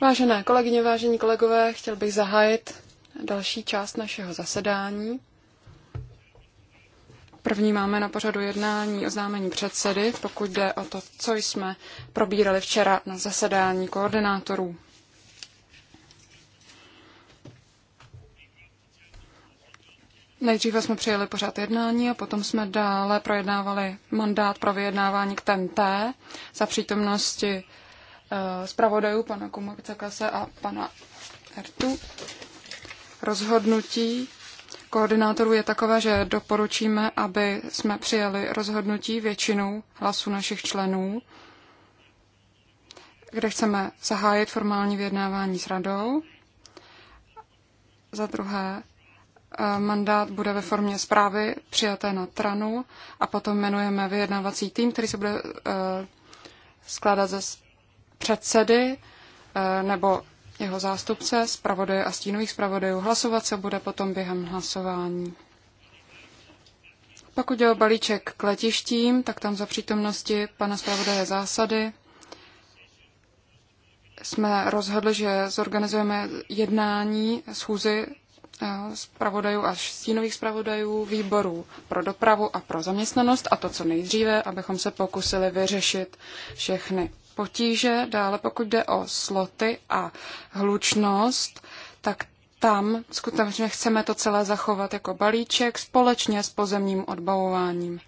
Vážené kolegyně, vážení kolegové, chtěl bych zahájit další část našeho zasedání. První máme na pořadu jednání oznámení předsedy, pokud jde o to, co jsme probírali včera na zasedání koordinátorů. Nejdříve jsme přijeli pořád jednání a potom jsme dále projednávali mandát pro vyjednávání k TNT za přítomnosti eh, zpravodajů pana Kumakcakase a pana Ertu. Rozhodnutí koordinátorů je takové, že doporučíme, aby jsme přijeli rozhodnutí většinou hlasů našich členů, kde chceme zahájit formální vyjednávání s radou. Za druhé, Eh, mandát bude ve formě zprávy přijaté na Tranu a potom jmenujeme vyjednávací tým, který se bude eh, skládat ze předsedy eh, nebo jeho zástupce, zpravodaje a stínových zpravodajů. Hlasovat se bude potom během hlasování. Pokud jde o balíček k letištím, tak tam za přítomnosti pana zpravodaje zásady jsme rozhodli, že zorganizujeme jednání schůzy zpravodajů a stínových zpravodajů výborů pro dopravu a pro zaměstnanost a to co nejdříve, abychom se pokusili vyřešit všechny potíže. Dále pokud jde o sloty a hlučnost, tak tam skutečně chceme to celé zachovat jako balíček společně s pozemním odbavováním.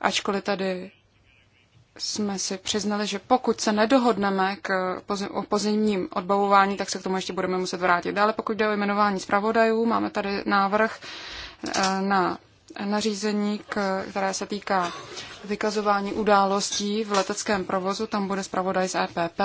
Ačkoliv tady jsme si přiznali, že pokud se nedohodneme k o pozemním odbavování, tak se k tomu ještě budeme muset vrátit. Dále pokud jde o jmenování zpravodajů, máme tady návrh eh, na nařízení, které se týká vykazování událostí v leteckém provozu. Tam bude zpravodaj z EPP.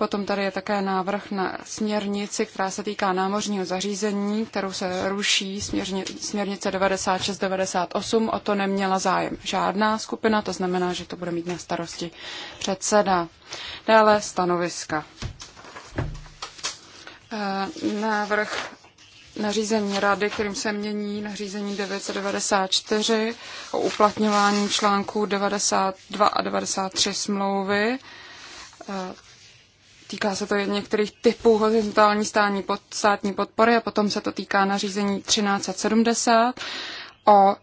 Potom tady je také návrh na směrnici, která se týká námořního zařízení, kterou se ruší směrni, směrnice 96-98. O to neměla zájem žádná skupina, to znamená, že to bude mít na starosti předseda. Dále stanoviska. Eh, návrh nařízení rady, kterým se mění nařízení 994 o uplatňování článků 92 a 93 smlouvy eh, Týká se to některých typů horizontální stání pod, státní podpory a potom se to týká nařízení 1370 o e,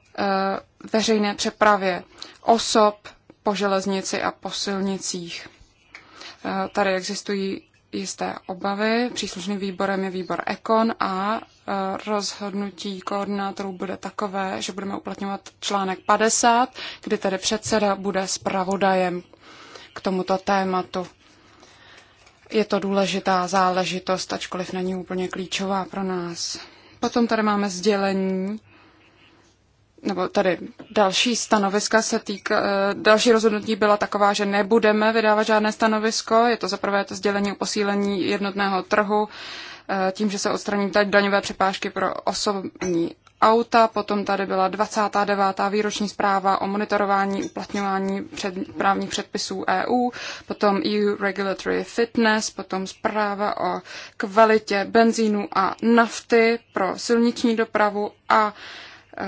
veřejné přepravě osob po železnici a po silnicích. E, tady existují jisté obavy. Příslušným výborem je výbor Ekon a e, rozhodnutí koordinátorů bude takové, že budeme uplatňovat článek 50, kdy tedy předseda bude zpravodajem k tomuto tématu je to důležitá záležitost, ačkoliv není úplně klíčová pro nás. Potom tady máme sdělení, nebo tady další stanoviska se týká, eh, další rozhodnutí byla taková, že nebudeme vydávat žádné stanovisko. Je to zaprvé to sdělení o posílení jednotného trhu, eh, tím, že se odstraní daňové přepážky pro osobní auta, potom tady byla 29. výroční zpráva o monitorování uplatňování před, právních předpisů EU, potom EU Regulatory Fitness, potom zpráva o kvalitě benzínu a nafty pro silniční dopravu a e,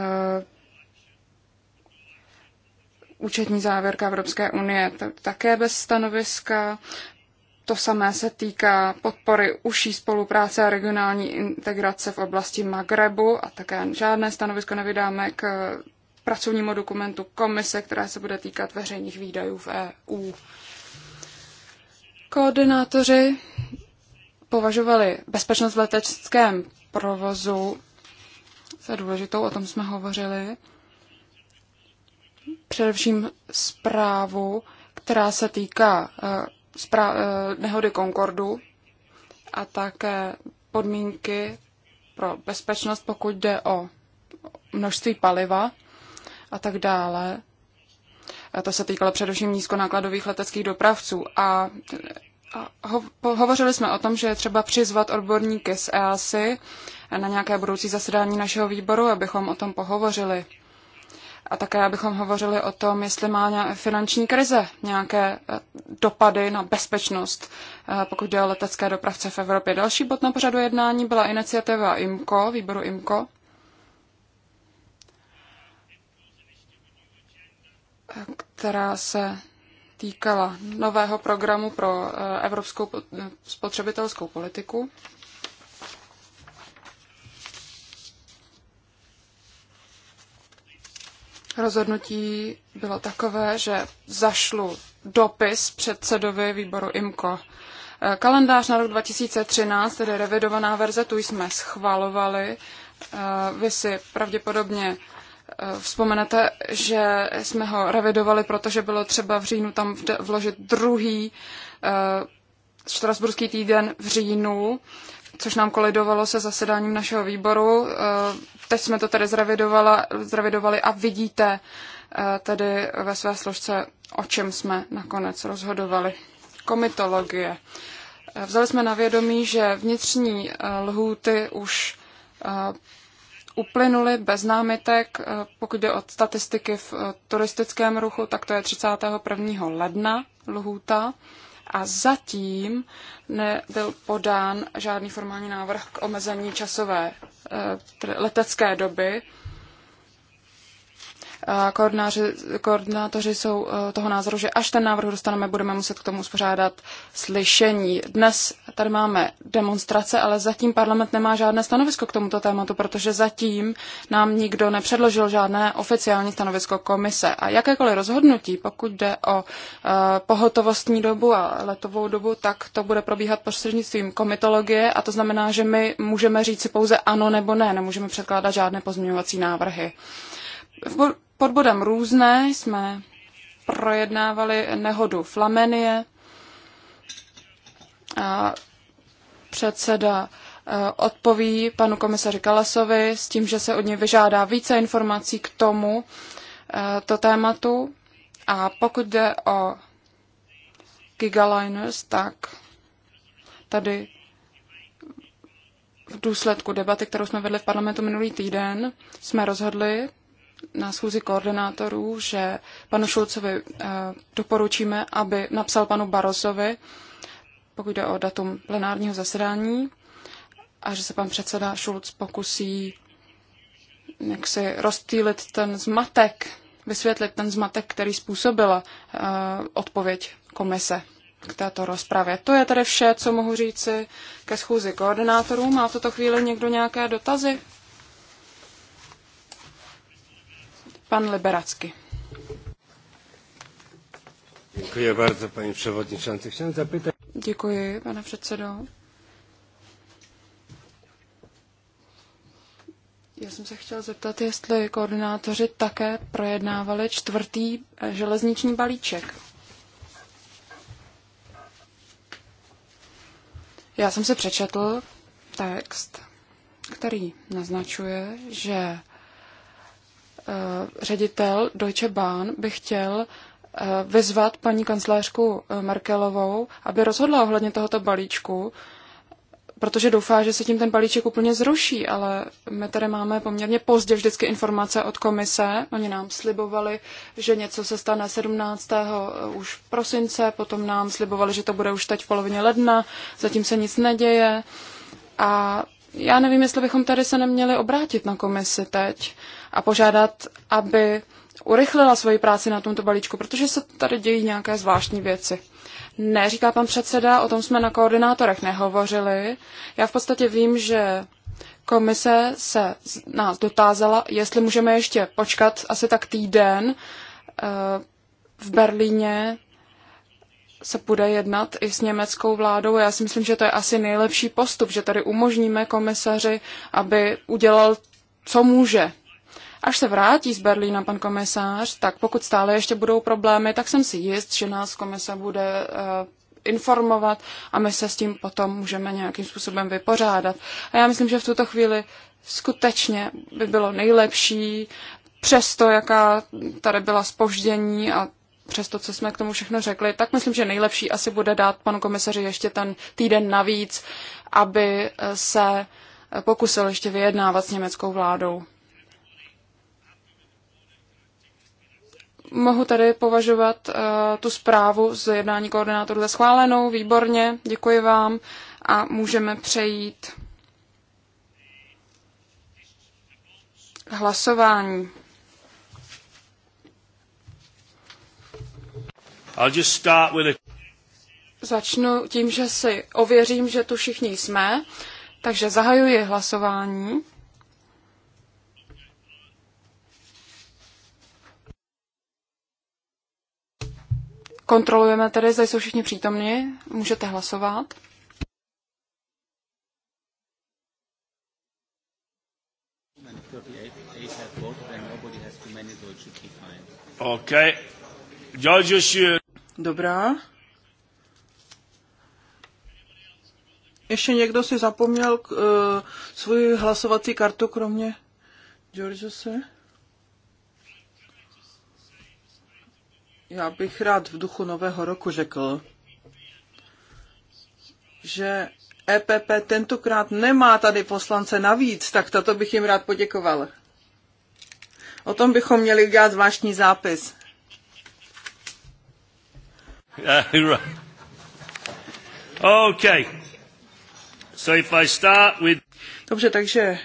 účetní závěrka Evropské unie také bez stanoviska, to samé se týká podpory užší spolupráce a regionální integrace v oblasti Magrebu a také žádné stanovisko nevydáme k pracovnímu dokumentu komise, která se bude týkat veřejných výdajů v EU. Koordinátoři považovali bezpečnost v leteckém provozu za důležitou, o tom jsme hovořili. Především zprávu, která se týká eh, Eh, nehody Concordu a také podmínky pro bezpečnost, pokud jde o množství paliva a tak dále. A to se týkalo především nízkonákladových leteckých dopravců. A, a ho, po, hovořili jsme o tom, že je třeba přizvat odborníky z EASY na nějaké budoucí zasedání našeho výboru, abychom o tom pohovořili. A také, abychom hovořili o tom, jestli má finanční krize nějaké eh, dopady na bezpečnost, eh, pokud jde o letecké dopravce v Evropě. Další bod na pořadu jednání byla iniciativa IMCO, výboru IMCO, která se týkala nového programu pro eh, evropskou spotřebitelskou politiku. rozhodnutí bylo takové, že zašlu dopis předsedovi výboru IMCO. Eh, kalendář na rok 2013, tedy revidovaná verze, tu jsme schvalovali. Eh, vy si pravděpodobně eh, vzpomenete, že jsme ho revidovali, protože bylo třeba v říjnu tam vložit druhý štrasburský týden v říjnu což nám kolidovalo se zasedáním našeho výboru. Eh, teď jsme to tedy zrevidovali a vidíte eh, tedy ve své složce, o čem jsme nakonec rozhodovali. Komitologie. Eh, vzali jsme na vědomí, že vnitřní lhůty už uplynuly bez námitek. Pokud jde o statistiky v turistickém ruchu, tak to je 31. ledna lhůta a zatím nebyl podán žádný formální návrh k omezení časové eh, letecké doby koordinátoři jsou eh, toho názoru, že až ten návrh dostaneme, budeme muset k tomu spořádat slyšení. Dnes tady máme demonstrace, ale zatím parlament nemá žádné stanovisko k tomuto tématu, protože zatím nám nikdo nepředložil žádné oficiální stanovisko komise. A jakékoliv rozhodnutí, pokud jde o eh, pohotovostní dobu a letovou dobu, tak to bude probíhat prostřednictvím komitologie a to znamená, že my můžeme říci pouze ano nebo ne, nemůžeme předkládat žádné pozměňovací návrhy. V pod bodem různé jsme projednávali nehodu Flamenie a předseda e, odpoví panu komisaři Kalasovi s tím, že se od něj vyžádá více informací k tomu e, to tématu. A pokud jde o Gigaliners, tak tady v důsledku debaty, kterou jsme vedli v parlamentu minulý týden, jsme rozhodli, na schůzi koordinátorů, že panu Šulcovi eh, doporučíme, aby napsal panu Barozovi, pokud jde o datum plenárního zasedání, a že se pan předseda Šulc pokusí jak si rozptýlit ten zmatek, vysvětlit ten zmatek, který způsobila eh, odpověď komise k této rozpravě. To je tedy vše, co mohu říci ke schůzi koordinátorů. Má v tuto chvíli někdo nějaké dotazy? Pan Liberacky. Děkuji bardzo, paní przewodniczący. Chciałem zapytać... Děkuji, pane předsedo. Já jsem se chtěl zeptat, jestli koordinátoři také projednávali čtvrtý eh, železniční balíček. Já jsem si přečetl text, který naznačuje, že Eh, ředitel Deutsche Bahn by chtěl eh, vyzvat paní kancléřku eh, Merkelovou, aby rozhodla ohledně tohoto balíčku, protože doufá, že se tím ten balíček úplně zruší, ale my tady máme poměrně pozdě vždycky informace od komise. Oni nám slibovali, že něco se stane 17. už v prosince, potom nám slibovali, že to bude už teď v polovině ledna, zatím se nic neděje. A já nevím, jestli bychom tady se neměli obrátit na komisi teď. Uh, a požádat, aby urychlila svoji práci na tomto balíčku, protože se tady dějí nějaké zvláštní věci. Ne, říká pan předseda, o tom jsme na koordinátorech nehovořili. Já v podstatě vím, že komise se nás dotázala, jestli můžeme ještě počkat asi tak týden. Eh, v Berlíně se bude jednat i s německou vládou. Já si myslím, že to je asi nejlepší postup, že tady umožníme komisaři, aby udělal, co může Až se vrátí z Berlína pan komisář, tak pokud stále ještě budou problémy, tak jsem si jist, že nás komise bude eh, informovat a my se s tím potom můžeme nějakým způsobem vypořádat. A já myslím, že v tuto chvíli skutečně by bylo nejlepší, přesto jaká tady byla spoždění a přesto, co jsme k tomu všechno řekli, tak myslím, že nejlepší asi bude dát panu komisaři ještě ten týden navíc, aby eh, se pokusil ještě vyjednávat s německou vládou. mohu tady považovat uh, tu zprávu z jednání koordinátorů za schválenou. Výborně, děkuji vám a můžeme přejít k hlasování. I'll just start with a... Začnu tím, že si ověřím, že tu všichni jsme, takže zahajuji hlasování. Kontrolujeme tedy, zda jsou všichni přítomni. Můžete hlasovat. OK. Dobrá. Ještě někdo si zapomněl uh, svoji hlasovací kartu, kromě Georgese? já bych rád v duchu Nového roku řekl, že EPP tentokrát nemá tady poslance navíc, tak tato bych jim rád poděkoval. O tom bychom měli udělat zvláštní zápis. Okay. So if I start with... Dobře, takže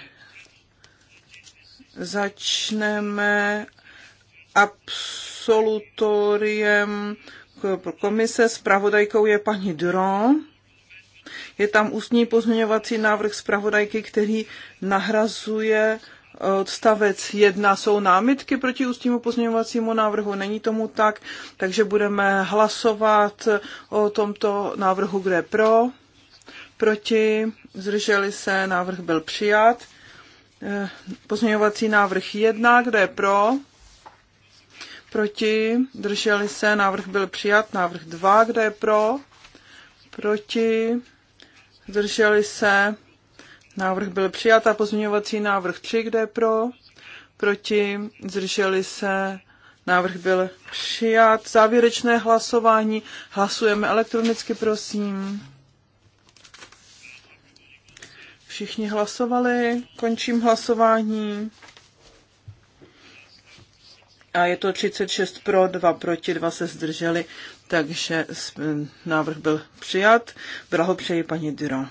začneme abs absolutoriem pro komise. Spravodajkou je paní Dro. Je tam ústní pozměňovací návrh zpravodajky, který nahrazuje eh, odstavec 1. Jsou námitky proti ústnímu pozměňovacímu návrhu? Není tomu tak, takže budeme hlasovat eh, o tomto návrhu, kde pro, proti, zdrželi se, návrh byl přijat. Eh, pozměňovací návrh 1, kde je pro, proti, drželi se, návrh byl přijat, návrh 2, kde je pro, proti, drželi se, návrh byl přijat a pozměňovací návrh 3, kde je pro, proti, zdrželi se, návrh byl přijat. Závěrečné hlasování, hlasujeme elektronicky, prosím. Všichni hlasovali, končím hlasování a je to 36 pro, 2 proti, 2 se zdrželi, takže návrh byl přijat. Blahopřeji paní Dyro.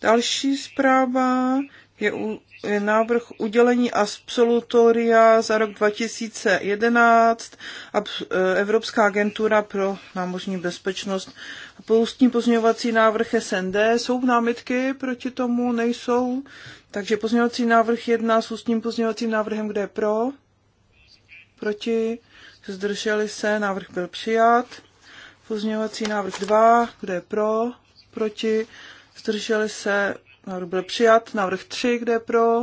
Další zpráva je, u, je návrh udělení absolutoria za rok 2011 e, Evropská agentura pro námořní bezpečnost. Poustní pozměňovací návrh SND. Jsou námitky proti tomu? Nejsou? Takže pozměňovací návrh 1 s ústním pozměňovacím návrhem, kde je pro, proti, zdrželi se, návrh byl přijat. Pozměňovací návrh 2, kde je pro, proti, zdrželi se, návrh byl přijat. Návrh 3, kde je pro,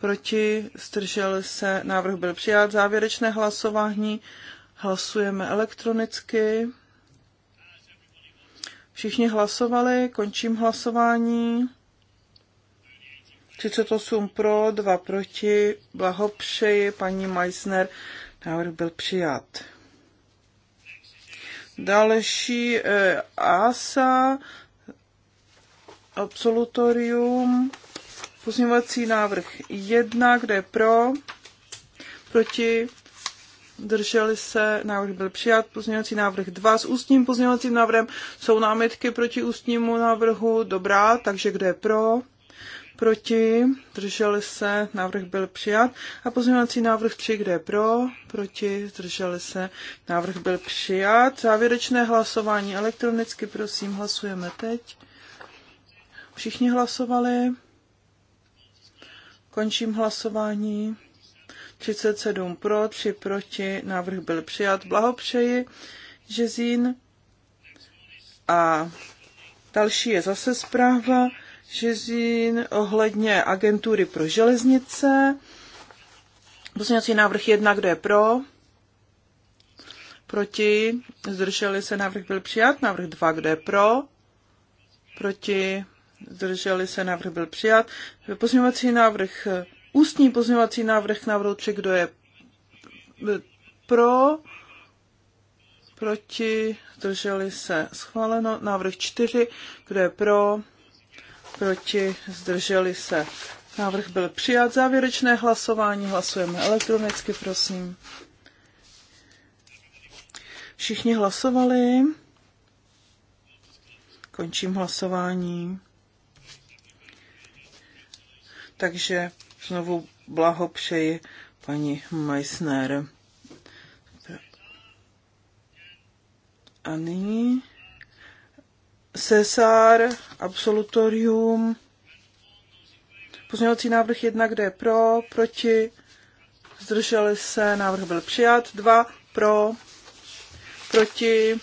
proti, zdrželi se, návrh byl přijat. Závěrečné hlasování hlasujeme elektronicky. Všichni hlasovali, končím hlasování. 38 pro, 2 proti. Blahopřeji paní Meissner. Návrh byl přijat. Další eh, ASA, absolutorium, pozměňovací návrh 1, kde je pro, proti, drželi se, návrh byl přijat, pozměňovací návrh 2 s ústním pozměňovacím návrhem, jsou námitky proti ústnímu návrhu, dobrá, takže kde je pro, proti, zdrželi se, návrh byl přijat. A pozměňovací návrh 3, kde je pro, proti, zdrželi se, návrh byl přijat. Závěrečné hlasování elektronicky, prosím, hlasujeme teď. Všichni hlasovali. Končím hlasování. 37 pro, 3 proti, návrh byl přijat. Blahopřeji, Žezín. A další je zase zpráva. Žezín ohledně agentury pro železnice. Pozměňovací návrh jedna, kdo je pro? Proti? Zdrželi se, návrh byl přijat. Návrh dva kdo je pro? Proti? Zdrželi se, návrh byl přijat. Pozměňovací návrh, ústní pozměňovací návrh k návrhu 3, kdo je pro? Proti? Zdrželi se, schváleno. Návrh čtyři kdo je pro? proti, zdrželi se. Návrh byl přijat. Závěrečné hlasování hlasujeme elektronicky, prosím. Všichni hlasovali. Končím hlasování. Takže znovu blahopřeji paní Meissner. A nyní Cesar, absolutorium, pozměňovací návrh 1, kde je pro, proti, zdrželi se, návrh byl přijat, 2, pro, proti,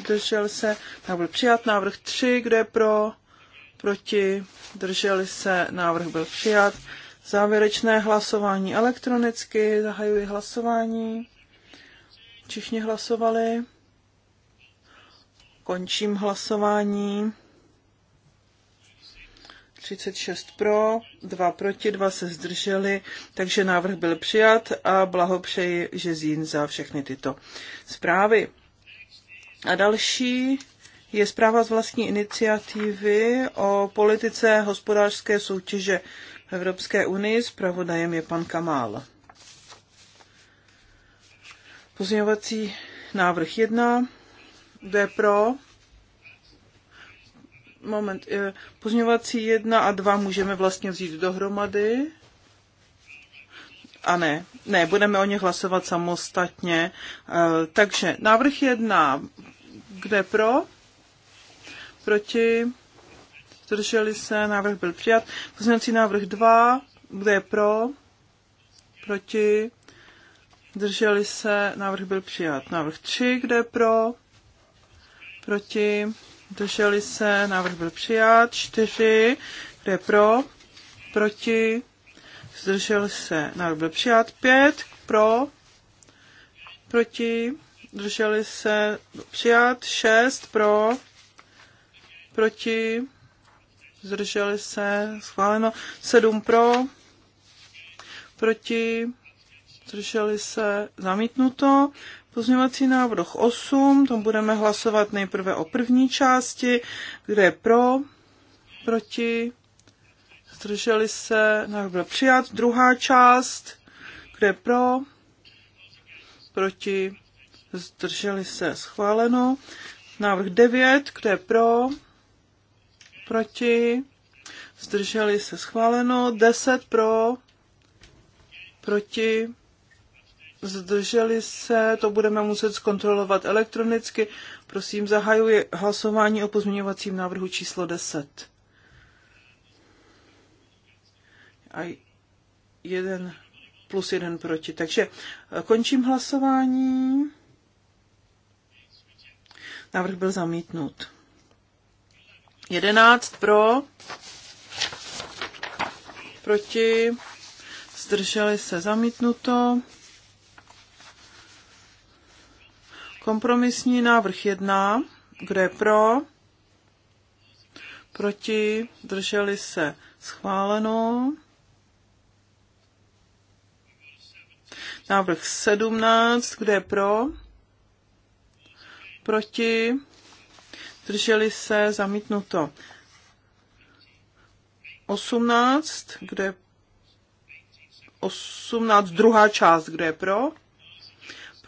zdrželi se, návrh byl přijat, návrh 3, kde je pro, proti, drželi se, návrh byl přijat. Závěrečné hlasování elektronicky, zahajuji hlasování. Všichni hlasovali. Končím hlasování. 36 pro, 2 proti, 2 se zdrželi, takže návrh byl přijat a blahopřeji Žezín za všechny tyto zprávy. A další je zpráva z vlastní iniciativy o politice hospodářské soutěže v Evropské unii. Zpravodajem je pan Kamál. Pozměňovací návrh 1 D pro? Moment. Pozměňovací jedna a dva můžeme vlastně vzít dohromady. A ne, ne, budeme o ně hlasovat samostatně. E, takže návrh jedna, kde pro? Proti? Zdrželi se, návrh byl přijat. Pozměňovací návrh dva, kde je pro? Proti? Zdrželi se, návrh byl přijat. Návrh tři, kde je pro? proti, drželi se, návrh byl přijat, čtyři, kdo je pro, proti, zdržel se, návrh byl přijat, pět, pro, proti, drželi se, přijat, šest, pro, proti, zdrželi se, schváleno, sedm pro, proti, zdrželi se, zamítnuto, Pozměňovací návrh 8, tam budeme hlasovat nejprve o první části, kde je pro, proti, zdrželi se, návrh byl přijat. Druhá část, kde je pro, proti, zdrželi se, schváleno. Návrh 9, kde je pro, proti, zdrželi se, schváleno. 10 pro, proti, zdrželi se, to budeme muset zkontrolovat elektronicky. Prosím, zahajuji hlasování o pozměňovacím návrhu číslo 10. A jeden plus jeden proti. Takže eh, končím hlasování. Návrh byl zamítnut. 11 pro, proti, zdrželi se zamítnuto. Kompromisní návrh 1, kdo je pro, proti, drželi se, schváleno. Návrh 17, kde je pro, proti, drželi se, zamítnuto. 18, kde 18, druhá část, kde je pro,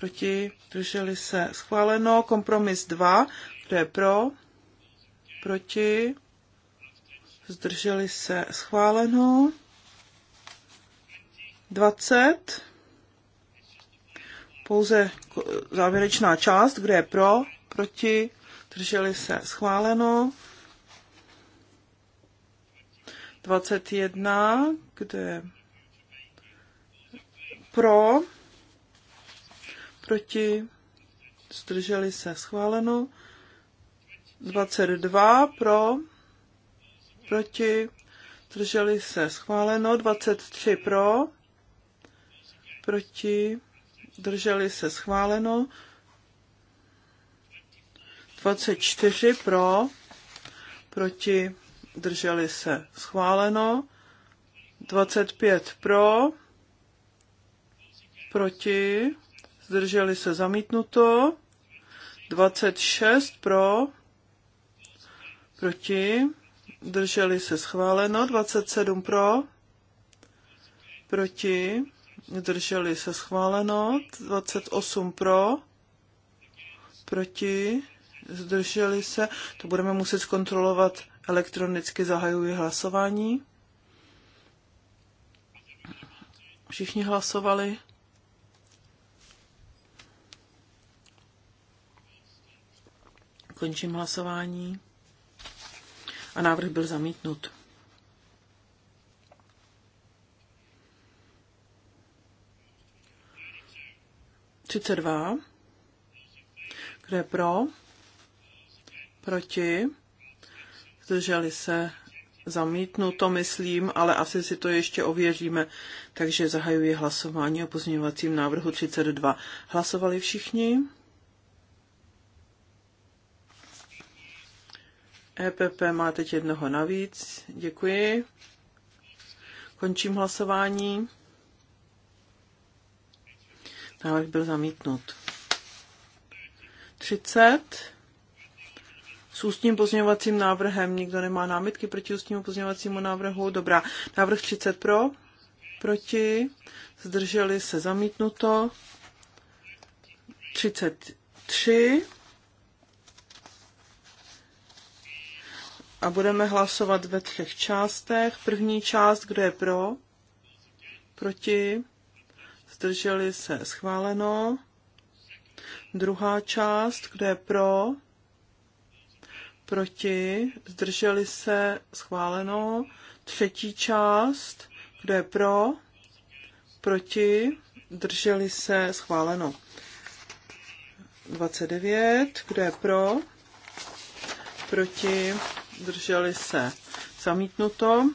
proti, drželi se schváleno. Kompromis 2, kdo je pro, proti, zdrželi se schváleno. 20, pouze závěrečná část, kdo je pro, proti, drželi se schváleno. 21, kde je pro, proti, zdrželi se schváleno. 22 pro, proti, zdrželi se schváleno. 23 pro, proti, zdrželi se schváleno. 24 pro, proti, drželi se schváleno. 25 pro, proti, zdrželi se zamítnuto, 26 pro, proti, zdrželi se schváleno, 27 pro, proti, zdrželi se schváleno, 28 pro, proti, zdrželi se, to budeme muset zkontrolovat elektronicky, zahajuji hlasování. Všichni hlasovali. Končím hlasování. A návrh byl zamítnut. Třicet dva. Kdo je pro? Proti? Zdrželi se zamítnuto, myslím, ale asi si to ještě ověříme. Takže zahajuji hlasování o pozměňovacím návrhu 32. Hlasovali všichni? EPP má teď jednoho navíc. Děkuji. Končím hlasování. Návrh byl zamítnut. 30. S ústním pozměňovacím návrhem. Nikdo nemá námitky proti ústnímu pozměňovacímu návrhu? Dobrá. Návrh 30 pro? Proti? Zdrželi se zamítnuto. 33 a budeme hlasovat ve třech částech. První část, kdo je pro, proti, zdrželi se, schváleno. Druhá část, kdo je pro, proti, zdrželi se, schváleno. Třetí část, kdo je pro, proti, zdrželi se, schváleno. 29, kdo je pro, proti, zdrželi se zamítnuto.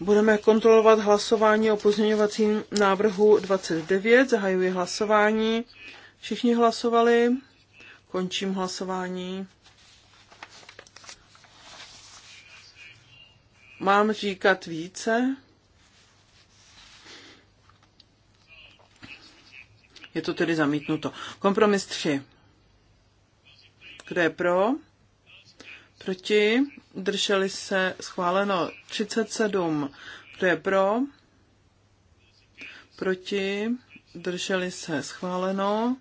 Budeme kontrolovat hlasování o pozměňovacím návrhu 29. Zahajuji hlasování. Všichni hlasovali. Končím hlasování. Mám říkat více? Je to tedy zamítnuto. Kompromis 3. Kdo je pro? Proti? Drželi se schváleno 37. Kdo je pro? Proti? Drželi se schváleno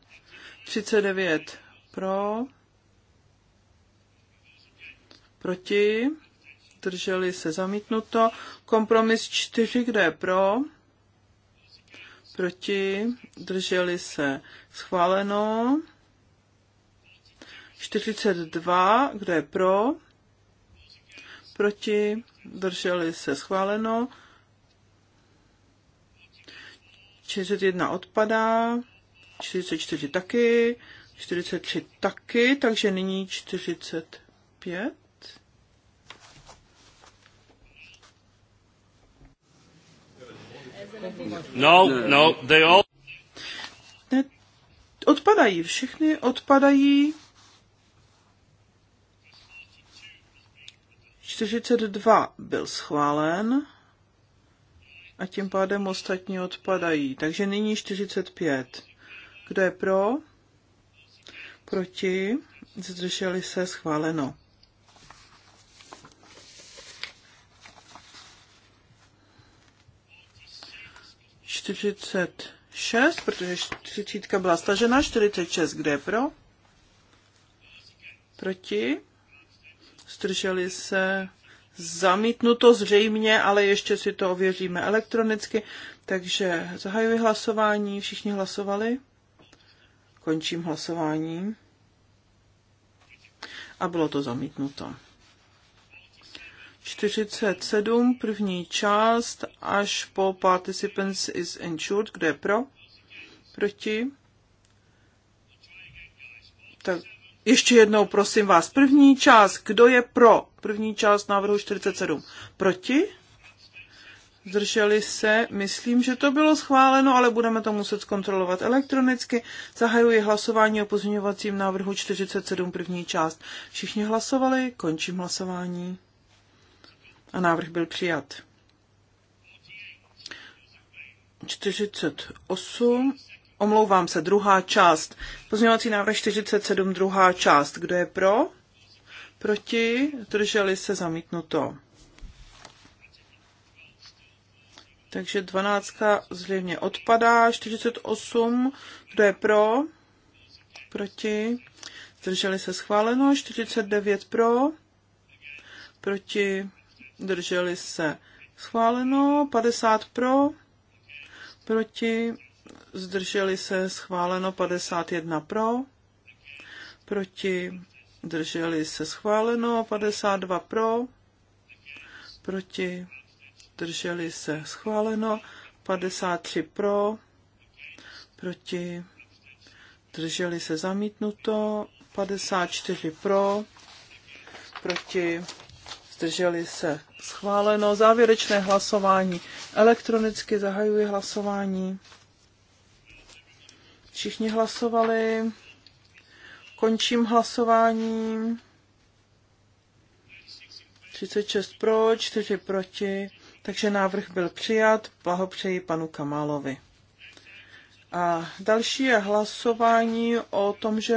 39. Pro? Proti? Drželi se zamítnuto. Kompromis 4. Kdo je pro? Proti? Drželi se schváleno. 42, kdo je pro, proti, drželi se schváleno. 41 odpadá, 44 taky, 43 taky, takže nyní 45. No, no, they all... Ne, odpadají, všechny odpadají. 42 byl schválen a tím pádem ostatní odpadají. Takže nyní 45. Kdo je pro? Proti? Zdrželi se schváleno. Čtyřicet šest, protože čtyřicítka byla stažena, čtyřicet šest, kde je pro? Proti? zdrželi se, zamítnuto zřejmě, ale ještě si to ověříme elektronicky. Takže zahajuji hlasování, všichni hlasovali. Končím hlasování. A bylo to zamítnuto. 47, první část, až po Participants is insured. kde je pro, proti. Tak ještě jednou prosím vás, první část, kdo je pro první část návrhu 47? Proti? Zdrželi se, myslím, že to bylo schváleno, ale budeme to muset zkontrolovat elektronicky. Zahajuji hlasování o pozměňovacím návrhu 47 první část. Všichni hlasovali, končím hlasování. A návrh byl přijat. 48 omlouvám se, druhá část. Pozměňovací návrh 47, druhá část. Kdo je pro? Proti? Drželi se zamítnuto. Takže 12 zřejmě odpadá. 48, kdo je pro? Proti? Drželi se schváleno. 49 pro? Proti? Drželi se schváleno. 50 pro? Proti? zdrželi se schváleno 51 pro, proti zdrželi se schváleno 52 pro, proti zdrželi se schváleno 53 pro, proti zdrželi se zamítnuto 54 pro, proti zdrželi se. Schváleno závěrečné hlasování. Elektronicky zahajuji hlasování. Všichni hlasovali. Končím hlasování. 36 pro, 4 proti, takže návrh byl přijat. Blahopřeji panu Kamálovi. A další je hlasování o tom, že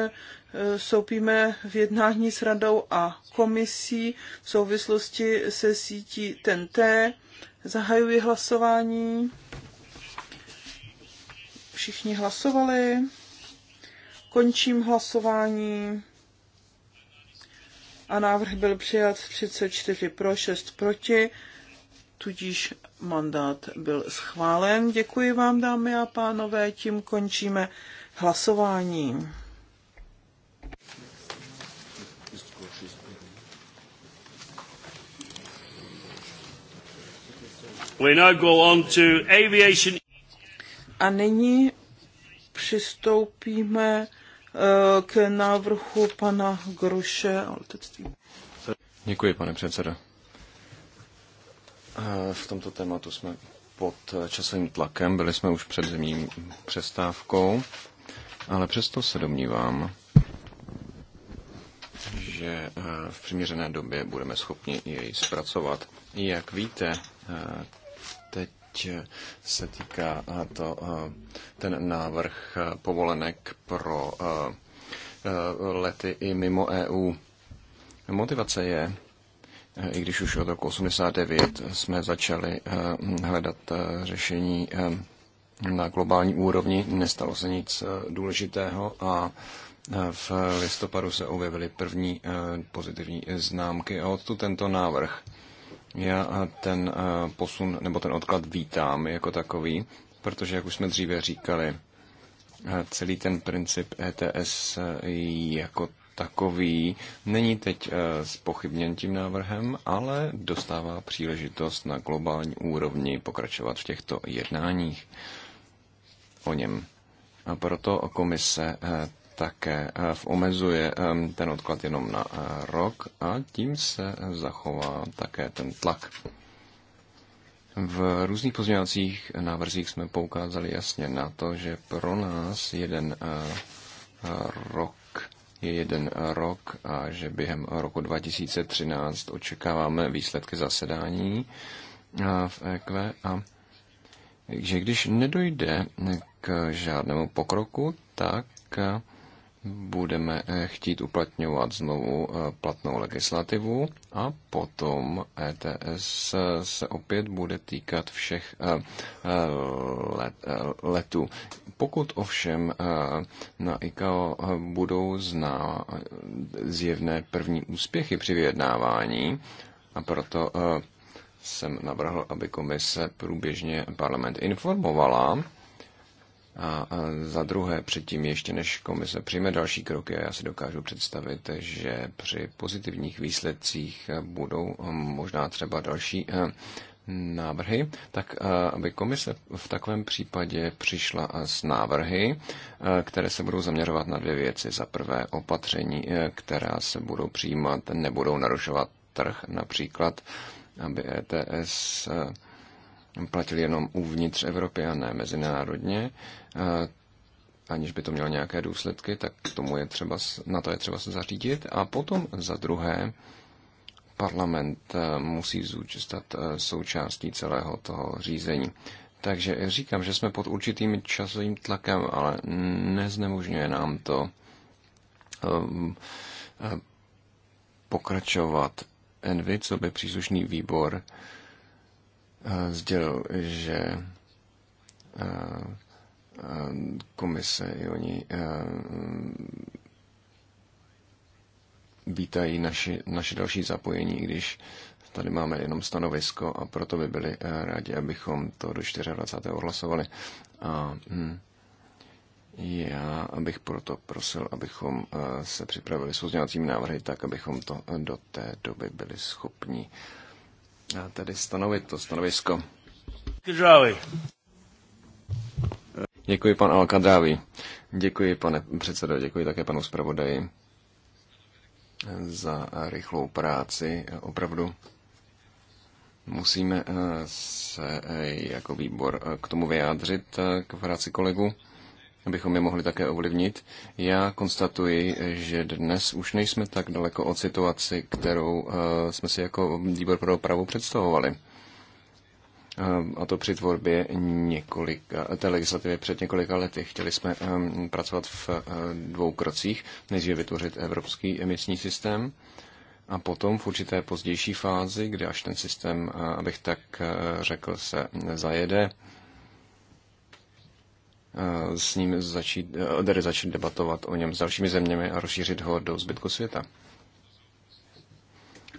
e, soupíme v jednání s radou a komisí v souvislosti se sítí TNT. Zahajuji hlasování. Všichni hlasovali. Končím hlasování. A návrh byl přijat 34 pro, 6 proti, tudíž mandát byl schválen. Děkuji vám, dámy a pánové, tím končíme hlasování. We now go on to aviation a nyní přistoupíme eh, k návrhu pana Groše Děkuji, pane předsedo. Eh, v tomto tématu jsme pod časovým tlakem, byli jsme už před zimní přestávkou, ale přesto se domnívám, že eh, v přiměřené době budeme schopni jej zpracovat. Jak víte, teď se týká to, ten návrh povolenek pro lety i mimo EU. Motivace je, i když už od roku 89 jsme začali hledat řešení na globální úrovni, nestalo se nic důležitého a v listopadu se objevily první pozitivní známky a odtud tento návrh. Já ten eh, posun nebo ten odklad vítám jako takový, protože, jak už jsme dříve říkali, eh, celý ten princip ETS eh, jako takový není teď spochybněn tím návrhem, ale dostává příležitost na globální úrovni pokračovat v těchto jednáních o něm. A proto komise také eh, omezuje eh, ten odklad jenom na eh, rok a tím se zachová také ten tlak. V různých pozměňovacích návrzích jsme poukázali jasně na to, že pro nás jeden rok je jeden rok a že během roku 2013 očekáváme výsledky zasedání v EQ a že když nedojde k žádnému pokroku, tak budeme eh, chtít uplatňovat znovu eh, platnou legislativu a potom ETS eh, se opět bude týkat všech letů. Pokud ovšem na ICAO budou zná zjevné první úspěchy při vyjednávání, a proto jsem navrhl, aby komise průběžně parlament informovala, a za druhé, předtím ještě než komise přijme další kroky, já si dokážu představit, že při pozitivních výsledcích budou eh, možná třeba další eh, návrhy, tak eh, aby komise v takovém případě přišla s návrhy, které se budou zaměřovat na dvě věci. Za prvé opatření, která se budou přijímat, nebudou narušovat trh, například aby ETS platil jenom uvnitř Evropy a ne mezinárodně, aniž by to mělo nějaké důsledky, tak tomu je třeba, na to je třeba se zařídit. A potom za druhé, parlament eh, musí zůčistat eh, součástí celého toho řízení. Takže říkám, že jsme pod určitým časovým tlakem, ale neznemožňuje nám to ehm, eh, pokračovat. Envy, co by příslušný výbor, Eh, sdělil, že eh, komise i oni eh, vítají naši, naše další zapojení, když tady máme jenom stanovisko a proto by byli rádi, abychom to do 24. odhlasovali. A, hm, já bych proto prosil, abychom se připravili s pozměňovacími návrhy tak, abychom to do té doby byli schopni uh, tedy stanovit to stanovisko. Kdraví. Děkuji, pan Alkadrávi. Děkuji, pane předsedo, děkuji také panu zpravodaji za rychlou práci. Opravdu musíme eh, se eh, jako výbor eh, k tomu vyjádřit, k práci kolegu abychom je mohli také ovlivnit. Já konstatuji, že dnes už nejsme tak daleko od situaci, kterou eh, jsme si jako výbor pro dopravu představovali. Eh, a to při tvorbě několika, té legislativy před několika lety. Chtěli jsme eh, pracovat v dvou krocích. je vytvořit evropský emisní systém, a potom v určité pozdější fázi, kdy až ten systém, abych tak řekl, se zajede, Eh, s ním začít, eh, tedy začít debatovat o něm s dalšími zeměmi a rozšířit ho do zbytku světa.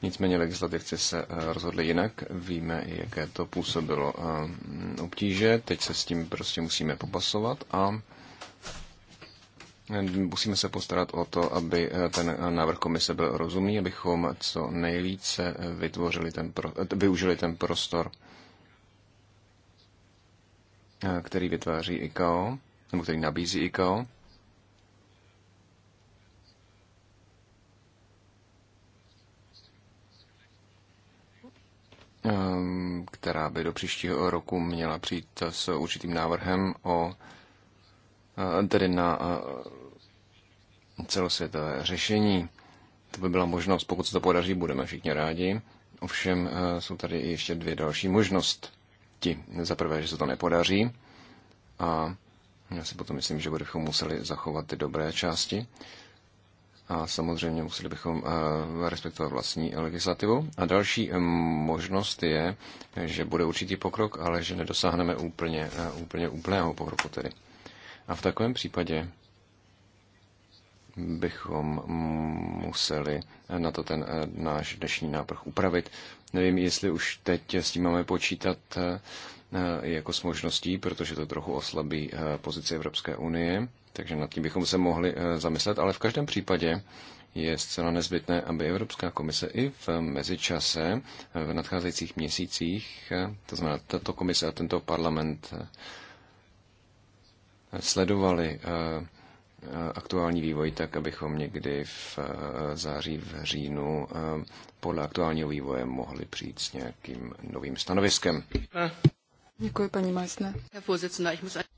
Nicméně legislativci se eh, rozhodli jinak, víme, jaké to působilo obtíže, teď se s tím prostě musíme popasovat a musíme se postarat o to, aby ten návrh komise byl rozumný, abychom co nejlíce vytvořili ten pro, využili ten prostor Eh, který vytváří ICAO, nebo který nabízí ICAO. Ehm, která by do příštího roku měla přijít s určitým návrhem o eh, tedy na eh, celosvětové řešení. To by byla možnost, pokud se to podaří, budeme všichni rádi. Ovšem jsou tady ještě dvě další možnost ti Za prvé, že se to nepodaří a já si potom myslím, že bychom museli zachovat ty dobré části a samozřejmě museli bychom eh, respektovat vlastní legislativu. A další eh, možnost je, že bude určitý pokrok, ale že nedosáhneme úplně, eh, úplně úplného pokroku tedy. A v takovém případě bychom museli na to ten eh, náš dnešní návrh upravit. Nevím, jestli už teď s tím máme počítat eh, jako s možností, protože to trochu oslabí eh, pozici Evropské unie, takže nad tím bychom se mohli zamyslet, ale v každém případě je zcela nezbytné, aby Evropská komise i v mezičase, v nadcházejících měsících, to znamená tato komise a tento parlament, sledovali Eh, aktuální vývoj tak, abychom někdy v eh, září, v říjnu eh, podle aktuálního vývoje mohli přijít s nějakým novým stanoviskem. Děkuji, paní Majsne.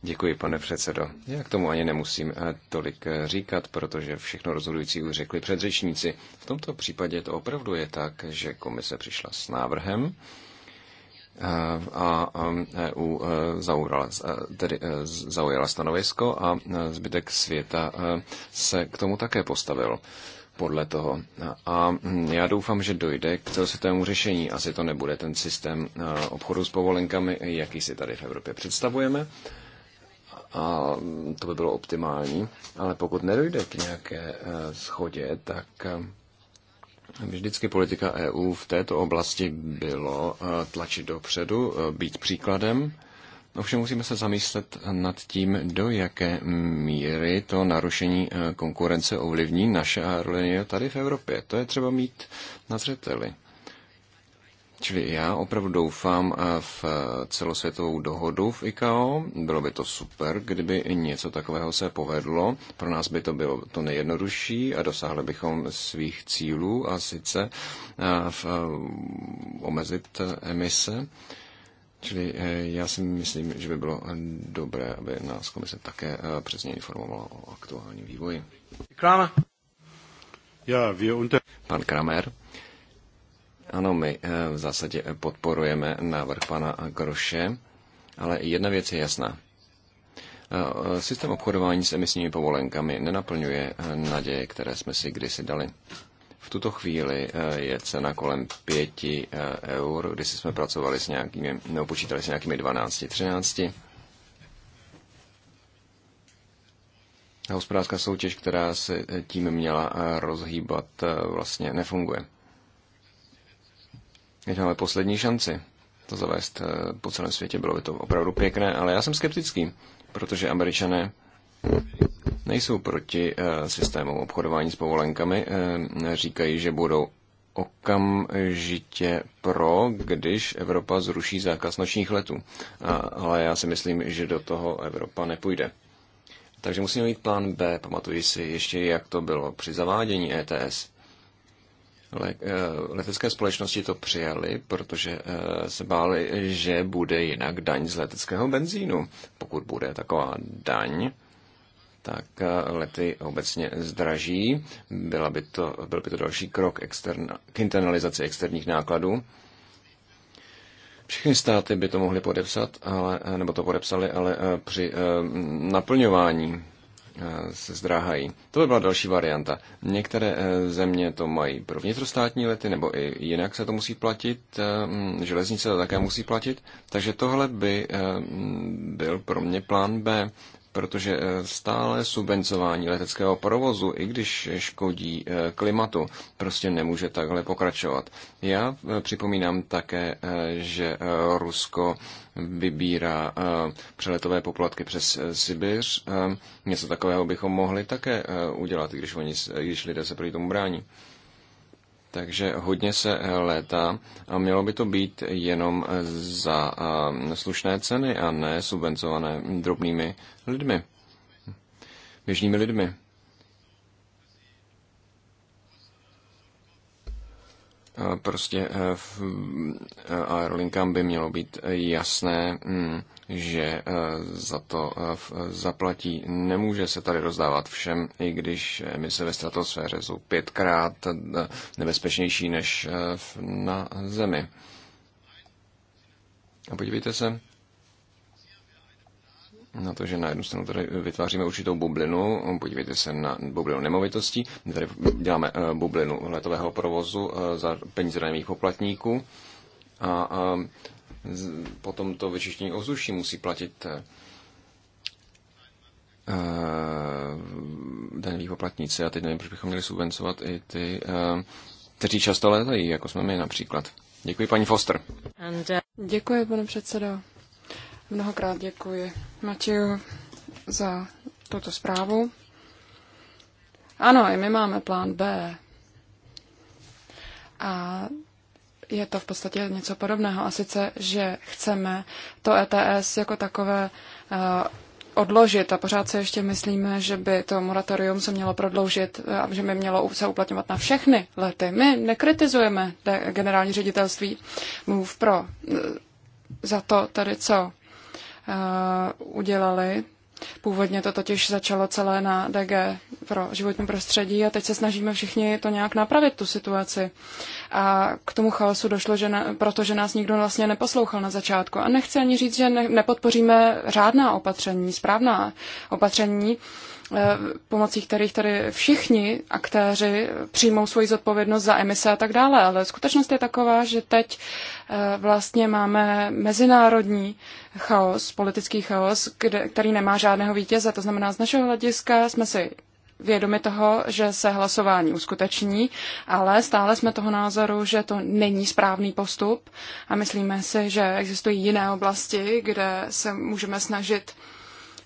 Děkuji, pane předsedo. Já k tomu ani nemusím tolik říkat, protože všechno rozhodující už řekli předřečníci. V tomto případě to opravdu je tak, že komise přišla s návrhem, a EU e, zaujala, e, tedy e, zaujala stanovisko a zbytek světa se k tomu také postavil podle toho. A mm, já doufám, že dojde k celosvětovému řešení. Asi to nebude ten systém obchodu s povolenkami, jaký si tady v Evropě představujeme. A mm, to by bylo optimální. Ale pokud nedojde k nějaké schodě, tak Vždycky politika EU v této oblasti bylo eh, tlačit dopředu, eh, být příkladem. Ovšem musíme se zamyslet nad tím, do jaké míry to narušení eh, konkurence ovlivní naše aerolinie tady v Evropě. To je třeba mít na zřeteli. Čili já opravdu doufám eh, v eh, celosvětovou dohodu v ICAO. Bylo by to super, kdyby něco takového se povedlo. Pro nás by to bylo to nejjednodušší a dosáhli bychom svých cílů a sice eh, v, omezit emise. Čili já si myslím, že by bylo dobré, aby nás komise také přesně informovala o aktuálním vývoji. Kramer. Pan Kramer. Ano, my eh, v zásadě eh, podporujeme návrh pana Groše, ale jedna věc je jasná. Eh, systém obchodování s emisními povolenkami nenaplňuje naděje, které jsme si kdysi dali. V tuto chvíli je cena kolem 5 eur, když jsme pracovali s nějakými, nebo počítali s nějakými 12, 13. A hospodářská soutěž, která se tím měla rozhýbat, vlastně nefunguje. Teď máme poslední šanci to zavést eh, po celém světě. Bylo by to opravdu pěkné, ale já jsem skeptický, protože američané nejsou proti eh, systému obchodování s povolenkami. Eh, říkají, že budou okamžitě pro, když Evropa zruší zákaz nočních letů. A, ale já si myslím, že do toho Evropa nepůjde. Takže musíme mít plán B. Pamatuji si ještě, jak to bylo při zavádění ETS. Eh, letecké společnosti to přijali, protože eh, se báli, že bude jinak daň z leteckého benzínu. Pokud bude taková daň, tak eh, lety obecně zdraží. Byla by to, byl by to další krok externa, k internalizaci externích nákladů. Všechny státy by to mohly podepsat, ale, nebo to podepsali, ale při naplňování Eh, se zdráhají. To by byla další varianta. Některé eh, země to mají pro vnitrostátní lety, nebo i jinak se to musí platit, eh, mm, železnice to také musí platit, takže tohle by mm, byl pro mě plán B, protože stále subvencování leteckého provozu, i když škodí klimatu, prostě nemůže takhle pokračovat. Já připomínám také, že Rusko vybírá eh, přeletové poplatky přes eh, Sibiř. Eh, něco takového bychom mohli také udělat, když, oni, když lidé se proti tomu brání. Takže hodně se létá a mělo by to být jenom za slušné ceny a ne subvencované drobnými lidmi, běžnými lidmi. Prostě eh, v eh, aerolinkám by mělo být eh, jasné, hm, že za to zaplatí. Nemůže se tady rozdávat všem, i když emise ve stratosféře jsou pětkrát nebezpečnější než na Zemi. A podívejte se, na no, to, že na jednu stranu tady vytváříme určitou bublinu, podívejte se na bublinu nemovitostí, my tady děláme eh, bublinu letového provozu eh, za peníze daných poplatníků a potom to vyčištění ovzduší musí platit eh, daných poplatníci a teď nevím, proč bychom měli subvencovat i ty, kteří často létají, jako jsme my například. Děkuji, paní Foster. And, uh, děkuji, pane předsedo. Mnohokrát děkuji Matěju za tuto zprávu. Ano, i my máme plán B. A je to v podstatě něco podobného. A sice, že chceme to ETS jako takové eh, odložit a pořád se ještě myslíme, že by to moratorium se mělo prodloužit a eh, že by mělo se uplatňovat na všechny lety. My nekritizujeme generální ředitelství MOVE Pro eh, za to tady, co Uh, udělali. Původně to totiž začalo celé na DG pro životní prostředí a teď se snažíme všichni to nějak napravit, tu situaci. A k tomu chaosu došlo, že na, protože nás nikdo vlastně neposlouchal na začátku. A nechci ani říct, že ne, nepodpoříme řádná opatření, správná opatření, Eh, pomocí kterých tady všichni aktéři přijmou svoji zodpovědnost za emise a tak dále. Ale skutečnost je taková, že teď eh, vlastně máme mezinárodní chaos, politický chaos, kde, který nemá žádného vítěze. To znamená, z našeho hlediska jsme si vědomi toho, že se hlasování uskuteční, ale stále jsme toho názoru, že to není správný postup a myslíme si, že existují jiné oblasti, kde se můžeme snažit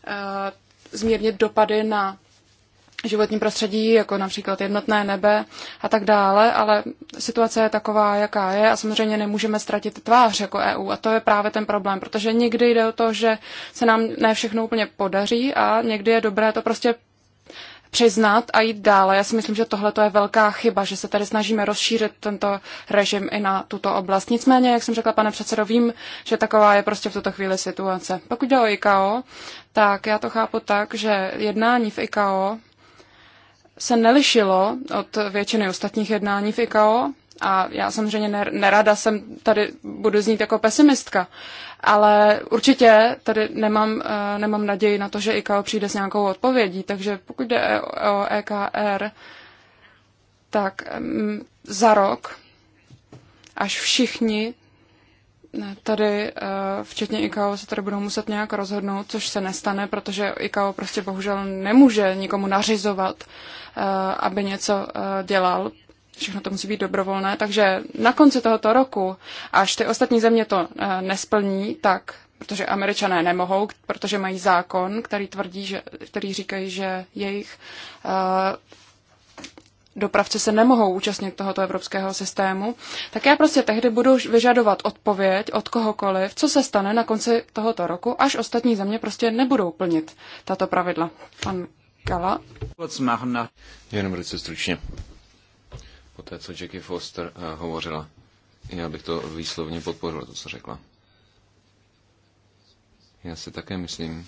eh, zmírnit dopady na životní prostředí, jako například jednotné nebe a tak dále, ale situace je taková, jaká je a samozřejmě nemůžeme ztratit tvář jako EU a to je právě ten problém, protože někdy jde o to, že se nám ne všechno úplně podaří a někdy je dobré to prostě přiznat a jít dále. Já si myslím, že tohle je velká chyba, že se tady snažíme rozšířit tento režim i na tuto oblast. Nicméně, jak jsem řekla, pane předsedo, vím, že taková je prostě v tuto chvíli situace. Pokud jde o ICAO, tak já to chápu tak, že jednání v ICAO se nelišilo od většiny ostatních jednání v ICAO, a já samozřejmě nerada jsem tady budu znít jako pesimistka, ale určitě tady nemám, eh, nemám naději na to, že IKO přijde s nějakou odpovědí. Takže pokud jde o EKR, tak mm, za rok, až všichni tady, eh, včetně IKO, se tady budou muset nějak rozhodnout, což se nestane, protože IKO prostě bohužel nemůže nikomu nařizovat, eh, aby něco dělal, všechno to musí být dobrovolné, takže na konci tohoto roku, až ty ostatní země to eh, nesplní, tak protože američané nemohou, protože mají zákon, který tvrdí, že, který říkají, že jejich uh, dopravci se nemohou účastnit tohoto evropského systému, tak já prostě tehdy budu vyžadovat odpověď od kohokoliv, co se stane na konci tohoto roku, až ostatní země prostě nebudou plnit tato pravidla. Pan Kala. Jenom velice stručně po té, co Jackie Foster eh, hovořila. Já bych to výslovně podpořil, to, co řekla. Já si také myslím,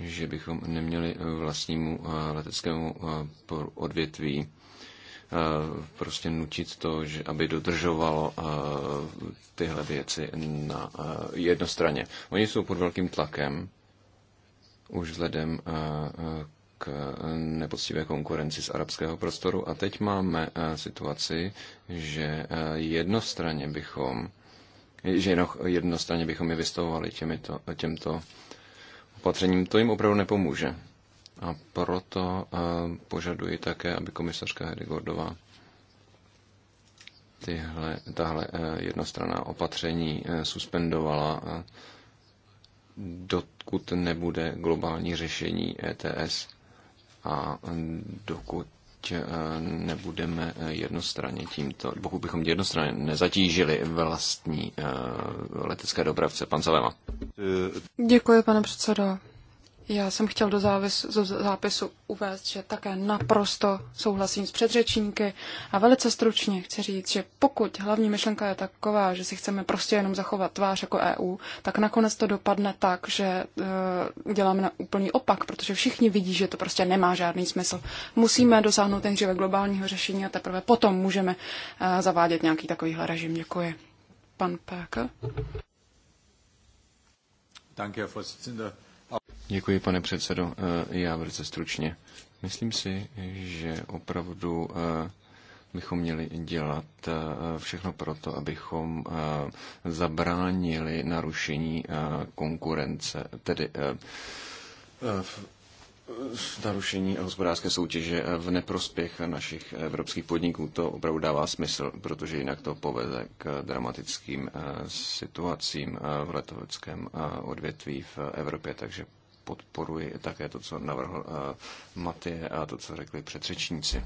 že bychom neměli vlastnímu eh, leteckému eh, odvětví prostě nutit to, že aby dodržovalo tyhle věci na jednostraně. Oni jsou pod velkým tlakem, už vzhledem k eh, nepoctivé konkurenci z arabského prostoru. A teď máme eh, situaci, že eh, jednostranně bychom, že jednostranně bychom je vystavovali těmito, těmto opatřením. To jim opravdu nepomůže. A proto požaduji také, aby komisařka Hedigordová tyhle, tahle jednostranná opatření suspendovala, dokud nebude globální řešení ETS a dokud eh, nebudeme jednostranně tímto, pokud bychom jednostranně nezatížili vlastní eh, letecké dopravce. Pan Zalema. Děkuji, pane předsedo. Já jsem chtěl do závis, zápisu uvést, že také naprosto souhlasím s předřečníky a velice stručně chci říct, že pokud hlavní myšlenka je taková, že si chceme prostě jenom zachovat tvář jako EU, tak nakonec to dopadne tak, že uh, eh, děláme na úplný opak, protože všichni vidí, že to prostě nemá žádný smysl. Musíme dosáhnout nejdříve globálního řešení a teprve potom můžeme uh, zavádět nějaký takovýhle režim. Děkuji. Pan Pékl. Danke, Herr Vorsitzender. Děkuji, pane předsedo. Eh, já velice stručně. Myslím si, že opravdu eh, bychom měli dělat eh, všechno proto, abychom zabránili narušení konkurence, tedy narušení hospodářské soutěže v neprospěch našich evropských podniků, to opravdu dává smysl, protože jinak to povede k dramatickým eh, situacím eh, v letoveckém eh, odvětví v Evropě, takže podporuji také to, co navrhl Matěj a to, co řekli předřečníci.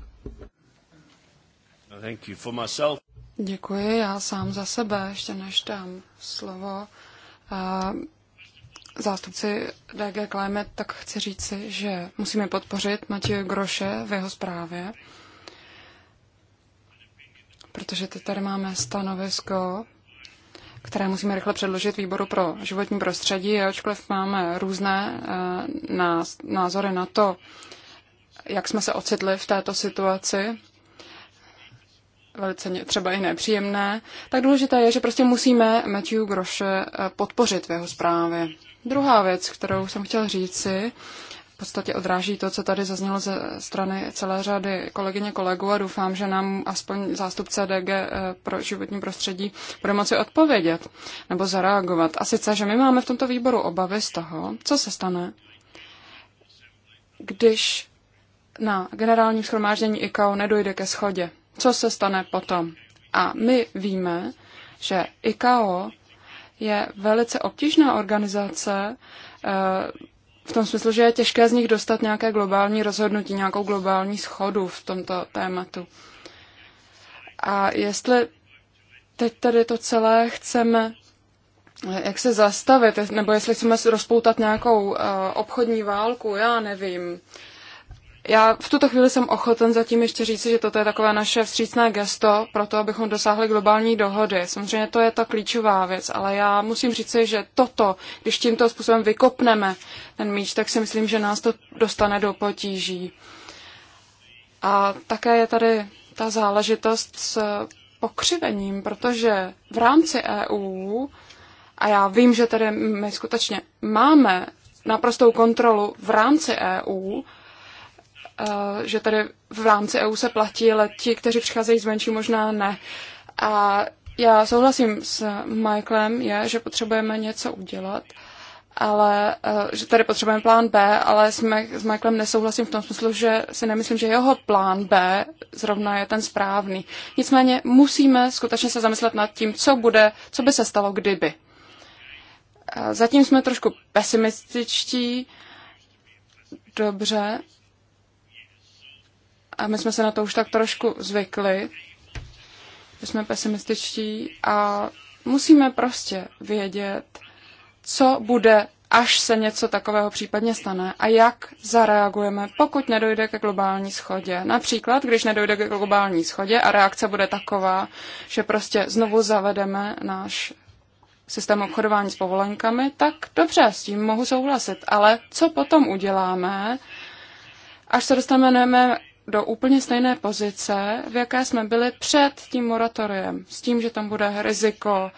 Děkuji, já sám za sebe, ještě než tam slovo zástupci DG Climate, tak chci říci, že musíme podpořit Matěje Groše v jeho zprávě, protože teď tady máme stanovisko, které musíme rychle předložit výboru pro životní prostředí, ačkoliv máme různé eh, názory na to, jak jsme se ocitli v této situaci, velice třeba i nepříjemné, tak důležité je, že prostě musíme Matthew Groše eh, podpořit v jeho zprávě. Druhá věc, kterou jsem chtěl říci, v podstatě odráží to, co tady zaznělo ze strany celé řady kolegyně kolegů a doufám, že nám aspoň zástupce DG eh, pro životní prostředí bude moci odpovědět nebo zareagovat. A sice, že my máme v tomto výboru obavy z toho, co se stane, když na generálním schromáždění ICAO nedojde ke schodě. Co se stane potom? A my víme, že ICAO je velice obtížná organizace, eh, v tom smyslu, že je těžké z nich dostat nějaké globální rozhodnutí, nějakou globální schodu v tomto tématu. A jestli teď tady to celé chceme eh, jak se zastavit, nebo jestli chceme rozpoutat nějakou eh, obchodní válku, já nevím já v tuto chvíli jsem ochoten zatím ještě říci, že toto je takové naše vstřícné gesto pro to, abychom dosáhli globální dohody. Samozřejmě to je ta klíčová věc, ale já musím říci, že toto, když tímto způsobem vykopneme ten míč, tak si myslím, že nás to dostane do potíží. A také je tady ta záležitost s pokřivením, protože v rámci EU, a já vím, že tady my skutečně máme naprostou kontrolu v rámci EU, Eh, že tady v rámci EU se platí, ale ti, kteří přicházejí zvenčí, možná ne. A já souhlasím s Michaelem, je, že potřebujeme něco udělat, ale eh, že tady potřebujeme plán B, ale s, s Michaelem nesouhlasím v tom smyslu, že si nemyslím, že jeho plán B zrovna je ten správný. Nicméně musíme skutečně se zamyslet nad tím, co bude, co by se stalo, kdyby. Eh, zatím jsme trošku pesimističtí, dobře, a my jsme se na to už tak trošku zvykli, že jsme pesimističtí a musíme prostě vědět, co bude, až se něco takového případně stane a jak zareagujeme, pokud nedojde ke globální schodě. Například, když nedojde ke globální schodě a reakce bude taková, že prostě znovu zavedeme náš systém obchodování s povolenkami, tak dobře, s tím mohu souhlasit. Ale co potom uděláme, až se dostaneme do úplně stejné pozice, v jaké jsme byli před tím moratoriem, s tím, že tam bude riziko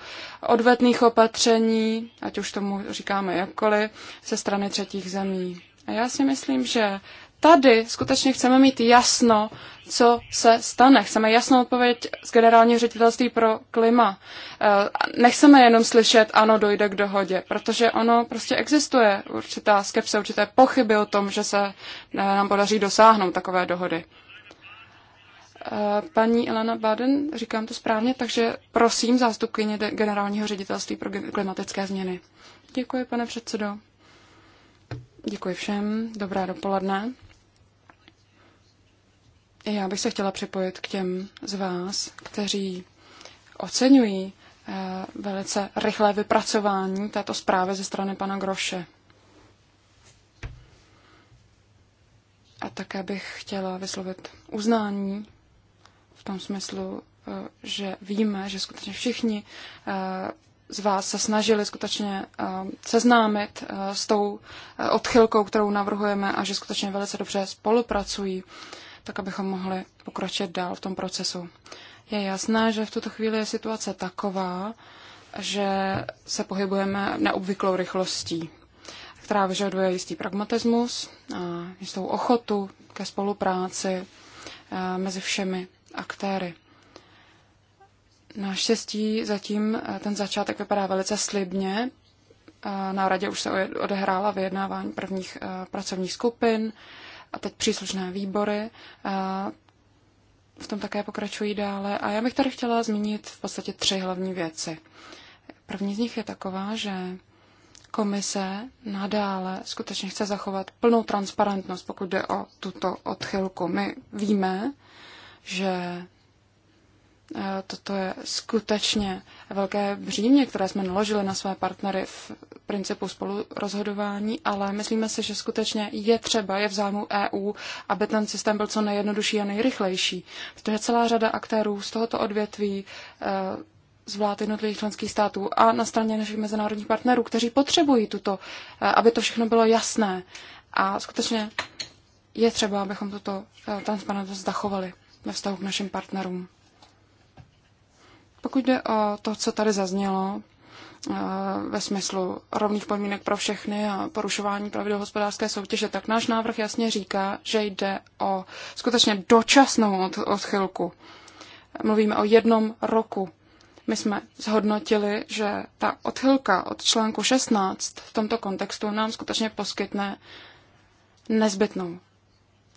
odvetných opatření, ať už tomu říkáme jakkoliv, ze strany třetích zemí. A já si myslím, že tady skutečně chceme mít jasno, co se stane. Chceme jasnou odpověď z generálního ředitelství pro klima. Eh, nechceme jenom slyšet, ano, dojde k dohodě, protože ono prostě existuje určitá skepse, určité pochyby o tom, že se eh, nám podaří dosáhnout takové dohody. Eh, paní Elena Baden, říkám to správně, takže prosím zástupkyně generálního ředitelství pro klimatické změny. Děkuji, pane předsedo. Děkuji všem. Dobrá dopoledne. Já bych se chtěla připojit k těm z vás, kteří oceňují eh, velice rychlé vypracování této zprávy ze strany pana Groše. A také bych chtěla vyslovit uznání v tom smyslu, eh, že víme, že skutečně všichni eh, z vás se snažili skutečně seznámit s tou odchylkou, kterou navrhujeme a že skutečně velice dobře spolupracují tak abychom mohli pokročit dál v tom procesu. Je jasné, že v tuto chvíli je situace taková, že se pohybujeme neobvyklou rychlostí, která vyžaduje jistý pragmatismus a jistou ochotu ke spolupráci eh, mezi všemi aktéry. Naštěstí zatím eh, ten začátek vypadá velice slibně. Eh, Na radě už se odehrála vyjednávání prvních pracovních skupin a teď příslušné výbory v tom také pokračují dále. A já bych tady chtěla zmínit v podstatě tři hlavní věci. První z nich je taková, že komise nadále skutečně chce zachovat plnou transparentnost, pokud jde o tuto odchylku. My víme, že Eh, toto je skutečně velké břímě, které jsme naložili na své partnery v principu spolurozhodování, ale myslíme si, že skutečně je třeba, je v zájmu EU, aby ten systém byl co nejjednodušší a nejrychlejší, protože celá řada aktérů z tohoto odvětví eh, z vlád jednotlivých členských států a na straně našich mezinárodních partnerů, kteří potřebují tuto, eh, aby to všechno bylo jasné. A skutečně je třeba, abychom tuto transparentnost zachovali ve vztahu k našim partnerům. Pokud jde o to, co tady zaznělo, eh, ve smyslu rovných podmínek pro všechny a porušování pravidel hospodářské soutěže, tak náš návrh jasně říká, že jde o skutečně dočasnou odchylku. Mluvíme o jednom roku. My jsme zhodnotili, že ta odchylka od článku 16 v tomto kontextu nám skutečně poskytne nezbytnou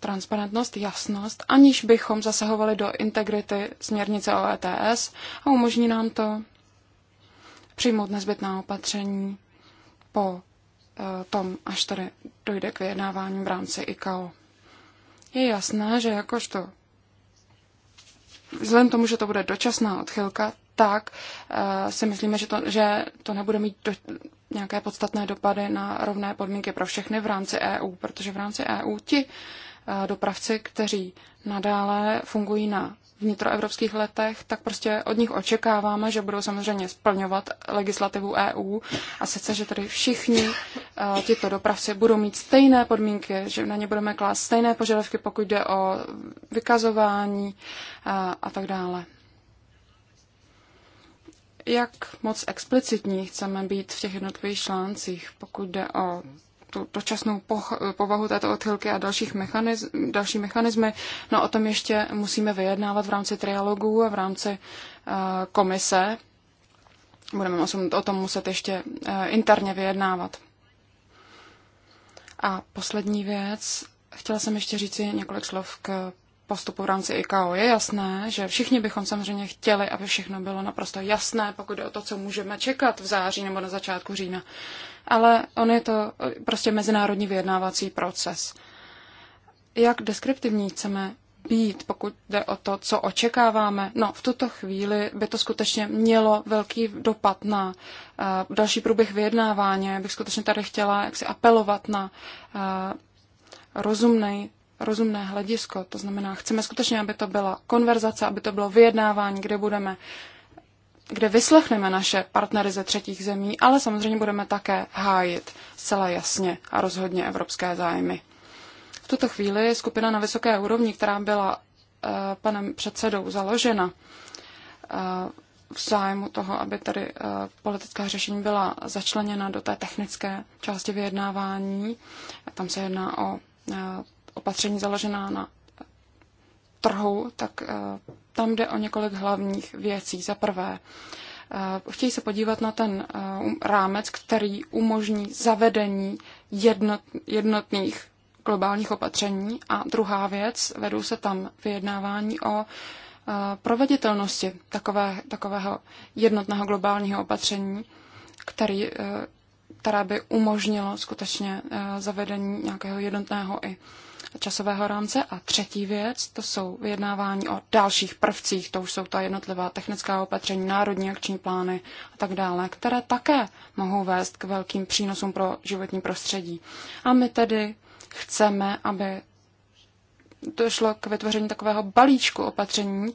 transparentnost, jasnost, aniž bychom zasahovali do integrity směrnice o ETS a umožní nám to přijmout nezbytná opatření po eh, tom, až tady dojde k vyjednávání v rámci ICAO. Je jasné, že jakožto vzhledem tomu, že to bude dočasná odchylka, tak eh, si myslíme, že to, že to nebude mít do, nějaké podstatné dopady na rovné podmínky pro všechny v rámci EU, protože v rámci EU ti dopravci, kteří nadále fungují na vnitroevropských letech, tak prostě od nich očekáváme, že budou samozřejmě splňovat legislativu EU a sice, že tedy všichni uh, tyto dopravci budou mít stejné podmínky, že na ně budeme klást stejné požadavky, pokud jde o vykazování uh, a tak dále. Jak moc explicitní chceme být v těch jednotlivých článcích, pokud jde o tu dočasnou povahu této odchylky a dalších mechaniz, další mechanizmy. No o tom ještě musíme vyjednávat v rámci trialogů a v rámci uh, komise. Budeme o tom muset ještě uh, interně vyjednávat. A poslední věc. Chtěla jsem ještě říci několik slov k postupu v rámci IKO. Je jasné, že všichni bychom samozřejmě chtěli, aby všechno bylo naprosto jasné, pokud jde o to, co můžeme čekat v září nebo na začátku října. Ale on je to eh, prostě mezinárodní vyjednávací proces. Jak deskriptivní chceme být, pokud jde o to, co očekáváme. No, v tuto chvíli by to skutečně mělo velký dopad na uh, další průběh vyjednávání. bych skutečně tady chtěla jaksi apelovat na uh, eh, rozumný rozumné hledisko. To znamená, chceme skutečně, aby to byla konverzace, aby to bylo vyjednávání, kde budeme kde vyslechneme naše partnery ze třetích zemí, ale samozřejmě budeme také hájit zcela jasně a rozhodně evropské zájmy. V tuto chvíli skupina na vysoké úrovni, která byla uh, panem předsedou založena uh, v zájmu toho, aby tady uh, politická řešení byla začleněna do té technické části vyjednávání, tam se jedná o opatření založená na trhu, tak eh, tam jde o několik hlavních věcí. Za prvé, eh, chtějí se podívat na ten eh, um, rámec, který umožní zavedení jednot, jednotných globálních opatření. A druhá věc, vedou se tam vyjednávání o proveditelnosti takové, takového jednotného globálního opatření, který, které by umožnilo skutečně zavedení nějakého jednotného i časového rámce. A třetí věc, to jsou vyjednávání o dalších prvcích, to už jsou ta jednotlivá technická opatření, národní akční plány a tak dále, které také mohou vést k velkým přínosům pro životní prostředí. A my tedy chceme, aby došlo k vytvoření takového balíčku opatření,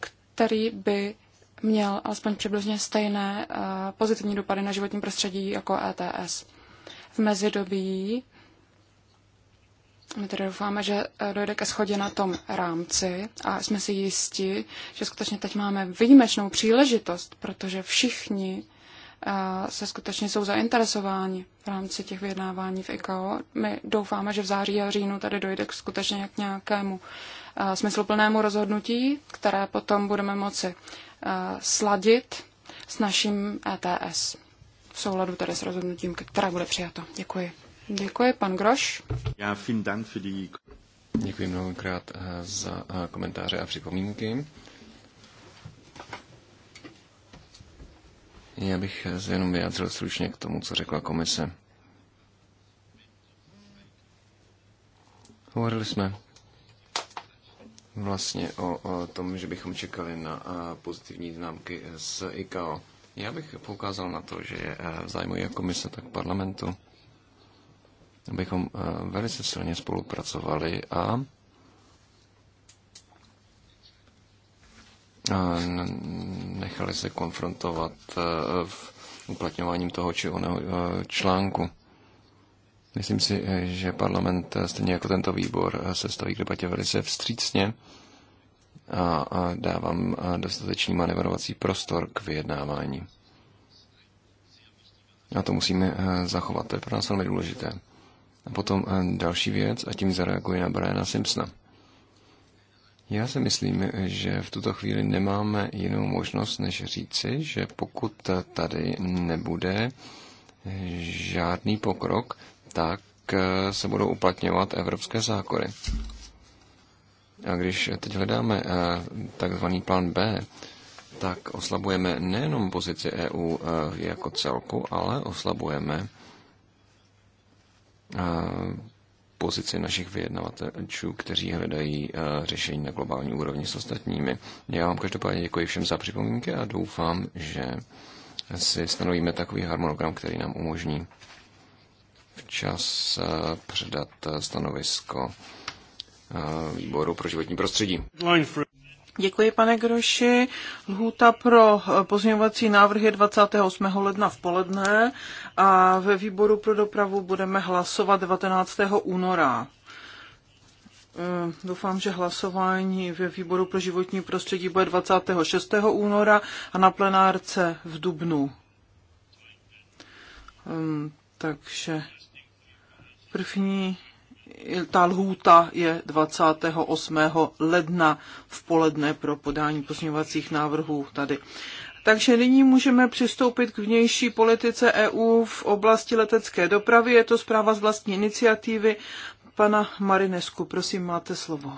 který by měl alespoň přibližně stejné eh, pozitivní dopady na životní prostředí jako ETS mezidobí my tedy doufáme, že eh, dojde ke schodě na tom rámci a jsme si jisti, že skutečně teď máme výjimečnou příležitost, protože všichni eh, se skutečně jsou zainteresováni v rámci těch vyjednávání v ICAO. My doufáme, že v září a říjnu tady dojde k skutečně k nějakému eh, smysluplnému rozhodnutí, které potom budeme moci sladit s naším ETS souladu tedy s rozhodnutím, které bude přijato. Děkuji. Děkuji, pan Groš. Já vielen Dank für die... Děkuji mnohokrát eh, za eh, komentáře a připomínky. Já bych eh, se jenom vyjádřil stručně k tomu, co řekla komise. Hovorili jsme vlastně o, o tom, že bychom čekali na pozitivní známky z ICAO. Já bych poukázal na to, že je eh, v zájmu jak komise, tak parlamentu, abychom eh, velice silně spolupracovali a nechali se konfrontovat eh, v uplatňováním toho či oného článku. Myslím si, že parlament, stejně jako tento výbor, se staví k debatě velice vstřícně a, a dávám dostatečný manevrovací prostor k vyjednávání. A to musíme e, zachovat, to je pro nás velmi důležité. A potom e, další věc, a tím zareaguji na Briana Simpsona. Já si myslím, že v tuto chvíli nemáme jinou možnost, než říci, že pokud tady nebude žádný pokrok, tak e, se budou uplatňovat evropské zákony. A když teď hledáme eh, takzvaný plán B, tak oslabujeme nejenom pozici EU eh, jako celku, ale oslabujeme eh, pozici našich vyjednavatelů, kteří hledají řešení na globální úrovni s ostatními. Já vám každopádně děkuji všem za připomínky a doufám, že si stanovíme takový harmonogram, který nám umožní včas předat stanovisko výboru pro životní prostředí. Děkuji, pane Groši. Lhůta pro eh, pozměňovací návrhy je 28. ledna v poledne a ve výboru pro dopravu budeme hlasovat 19. února. Eh, doufám, že hlasování ve výboru pro životní prostředí bude 26. února a na plenárce v Dubnu. Ehm, takže první ta lhůta je 28. ledna v poledne pro podání pozměňovacích návrhů tady. Takže nyní můžeme přistoupit k vnější politice EU v oblasti letecké dopravy. Je to zpráva z vlastní iniciativy pana Marinesku. Prosím, máte slovo.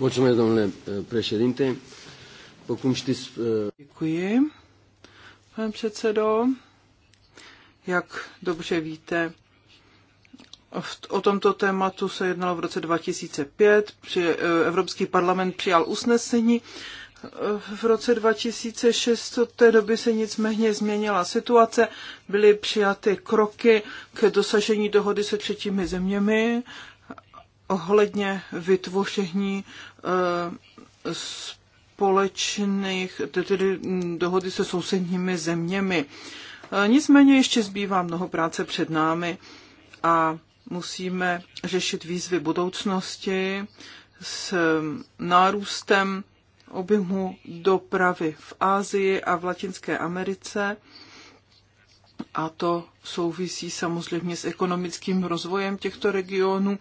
Eh, eh, Děkuji, pane předsedo. Jak dobře víte, O tomto tématu se jednalo v roce 2005, při, e, Evropský parlament přijal usnesení. E, v roce 2006 od té doby se nicméně změnila situace, byly přijaty kroky k dosažení dohody se třetími zeměmi ohledně vytvoření e, společných, tedy dohody se sousedními zeměmi. Nicméně ještě zbývá mnoho práce před námi a musíme řešit výzvy budoucnosti s ehm, nárůstem objemu dopravy v Ázii a v Latinské Americe. A to souvisí samozřejmě s ekonomickým rozvojem těchto regionů,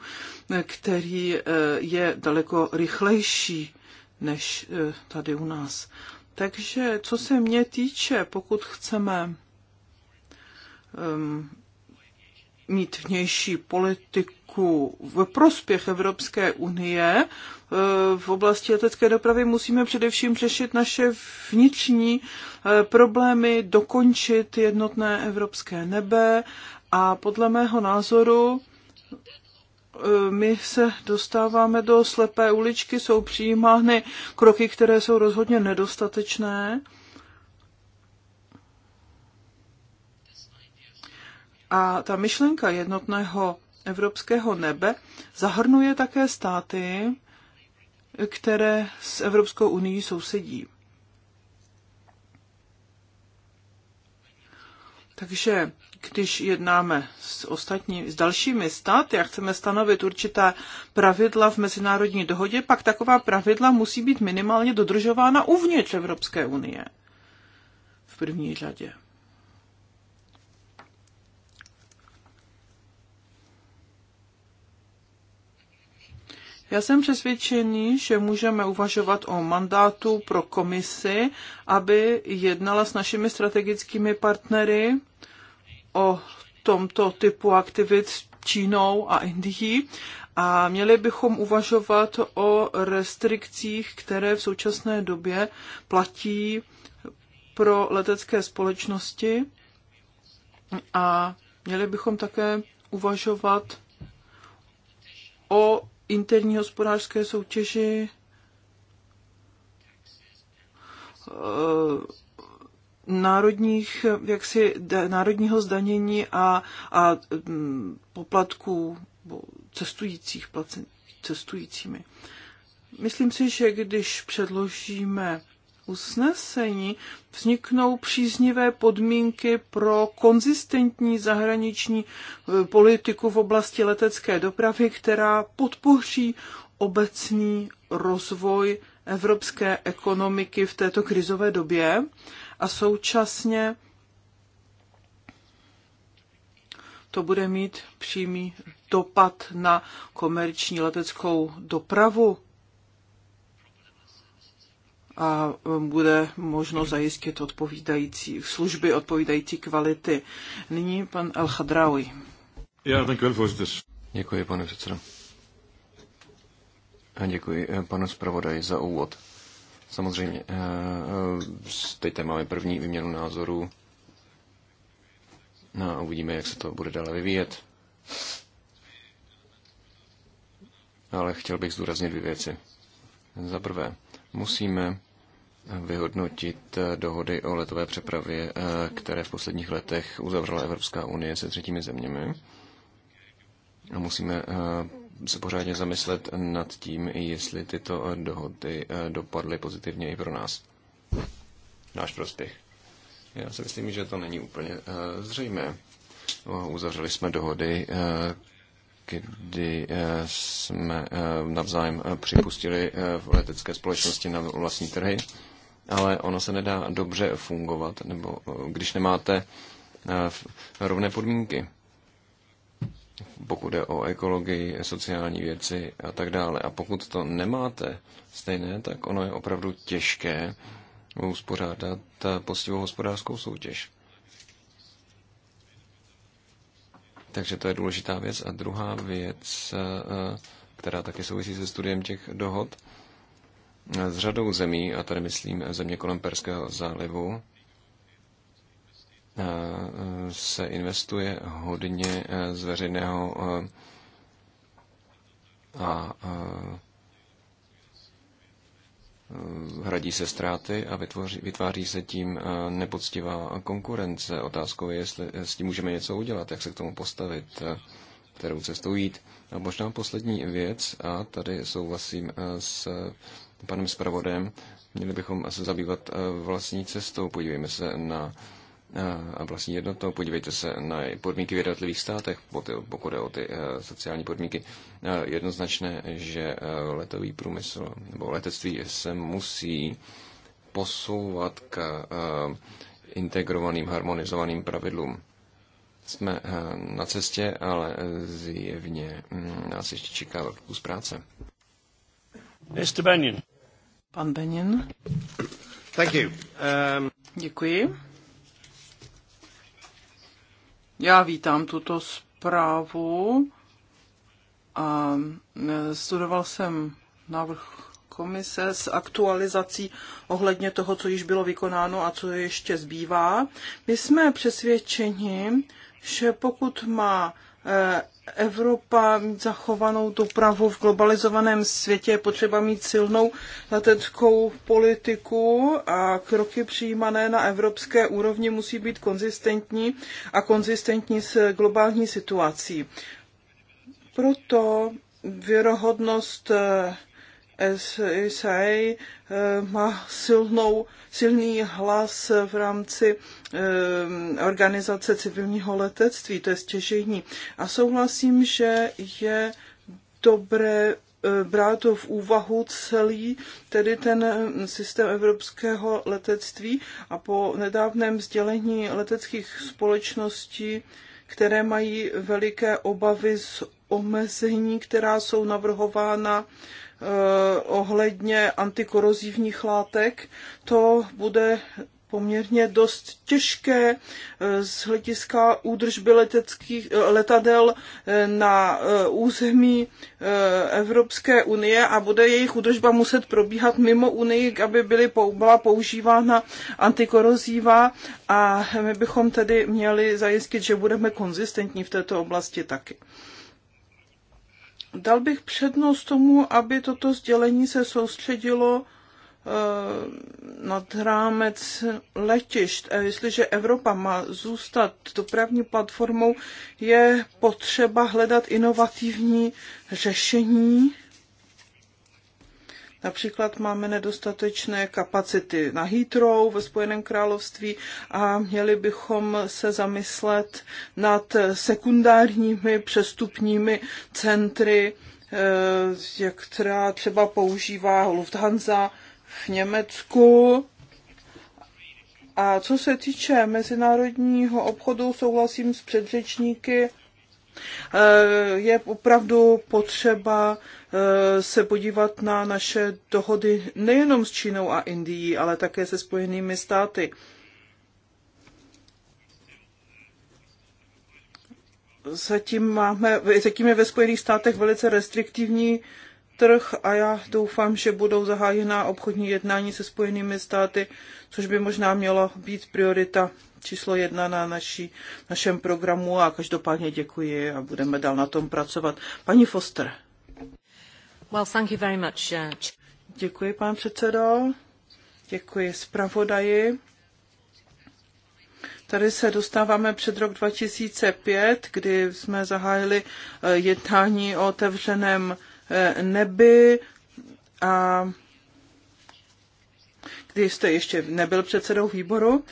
který eh, je daleko rychlejší než eh, tady u nás. Takže co se mě týče, pokud chceme ehm, mít vnější politiku v prospěch Evropské unie, e, v oblasti letecké dopravy musíme především řešit naše vnitřní e, problémy, dokončit jednotné evropské nebe a podle mého názoru e, my se dostáváme do slepé uličky, jsou přijímány kroky, které jsou rozhodně nedostatečné A ta myšlenka jednotného evropského nebe zahrnuje také státy, které s Evropskou unii sousedí. Takže když jednáme s, ostatní, s dalšími státy a chceme stanovit určitá pravidla v mezinárodní dohodě, pak taková pravidla musí být minimálně dodržována uvnitř Evropské unie. V první řadě. Já jsem přesvědčený, že můžeme uvažovat o mandátu pro komisi, aby jednala s našimi strategickými partnery o tomto typu aktivit s Čínou a Indií a měli bychom uvažovat o restrikcích, které v současné době platí pro letecké společnosti a měli bychom také uvažovat o interní hospodářské soutěži, eh, národních, jaksi, národního zdanění a, a mm, poplatků cestujících placen, cestujícími. Myslím si, že když předložíme usnesení vzniknou příznivé podmínky pro konzistentní zahraniční eh, politiku v oblasti letecké dopravy, která podpoří obecný rozvoj evropské ekonomiky v této krizové době a současně to bude mít přímý dopad na komerční leteckou dopravu a e, bude možno zajistit odpovídající služby odpovídající kvality. Nyní pan El Khadraoui. Já děkuji, voorzitter. Děkuji, pane předsedo. A děkuji e, panu zpravodaji za úvod. Samozřejmě, e, teď máme první výměnu názorů no a uvidíme, jak se to bude dále vyvíjet. Ale chtěl bych zdůraznit dvě věci. Za prvé, musíme vyhodnotit eh, dohody o letové přepravě, eh, které v posledních letech uzavřela Evropská unie se třetími zeměmi. A musíme eh, se pořádně zamyslet nad tím, jestli tyto dohody dopadly pozitivně i pro nás. Náš prospěch. Já si myslím, že to není úplně zřejmé. Uzavřeli jsme dohody, kdy jsme navzájem připustili v letecké společnosti na vlastní trhy ale ono se nedá dobře fungovat, nebo eh, když nemáte eh, rovné podmínky, pokud je o ekologii, sociální věci a tak dále. A pokud to nemáte stejné, tak ono je opravdu těžké uspořádat eh, postivou hospodářskou soutěž. Takže to je důležitá věc. A druhá věc, která také souvisí se studiem těch dohod, s řadou zemí, a tady myslím země kolem Perského zálivu, se investuje hodně e, z veřejného e, a hradí se ztráty a vytvoří, vytváří se tím e, nepoctivá konkurence. Otázkou je, jestli s tím můžeme něco udělat, jak se k tomu postavit, kterou cestou jít. A možná poslední věc, a tady souhlasím s panem zpravodem, měli bychom se zabývat eh, vlastní cestou. Podívejme se na a eh, vlastní jednotou. Podívejte se na podmínky v jednotlivých státech, pokud je o ty eh, sociální podmínky. Jednoznačné, že letový průmysl nebo letectví se musí posouvat k integrovaným, harmonizovaným pravidlům. Jsme na cestě, ale zjevně mm, nás ještě čeká velký kus práce. Mr. Bennion. Pan Benin. Thank you. Um... Děkuji. Já vítám tuto zprávu a e, studoval jsem návrh komise s aktualizací ohledně toho, co již bylo vykonáno a co ještě zbývá. My jsme přesvědčeni, že pokud má Eh, Evropa mít zachovanou dopravu v globalizovaném světě, je potřeba mít silnou leteckou politiku a kroky přijímané na evropské úrovni musí být konzistentní a konzistentní s globální situací. Proto věrohodnost eh, SSI eh, má silnou, silný hlas v rámci eh, organizace civilního letectví, to je stěžení. A souhlasím, že je dobré eh, brát v úvahu celý tedy ten systém evropského letectví a po nedávném sdělení leteckých společností, které mají veliké obavy z omezení, která jsou navrhována Eh, ohledně antikorozivních látek. To bude poměrně dost těžké eh, z hlediska údržby leteckých, eh, letadel na území Evropské unie a bude jejich údržba muset probíhat mimo unii, aby byly, byla používána antikorozíva a my bychom tedy měli zajistit, že budeme konzistentní v této oblasti taky. Dal bych přednost tomu, aby toto sdělení se soustředilo eh, nad rámec letišť. A jestliže Evropa má zůstat dopravní platformou, je potřeba hledat inovativní řešení Například máme nedostatečné kapacity na Heathrow ve Spojeném království a měli bychom se zamyslet nad sekundárními přestupními centry, eh, jak která třeba používá Lufthansa v Německu. A co se týče mezinárodního obchodu, souhlasím s předřečníky, Eh, je opravdu potřeba eh, se podívat na naše dohody nejenom s Čínou a Indií, ale také se Spojenými státy. Zatím, máme, zatím je ve Spojených státech velice restriktivní trh a já doufám, že budou zahájená obchodní jednání se Spojenými státy, což by možná mělo být priorita číslo jedna na naší, našem programu a každopádně děkuji a budeme dál na tom pracovat. Paní Foster. Well, thank you very much. Uh, děkuji, pan předsedo. Děkuji zpravodaji. Tady se dostáváme před rok 2005, kdy jsme zahájili eh, jednání o otevřeném eh, nebi a kdy jste ještě nebyl předsedou výboru.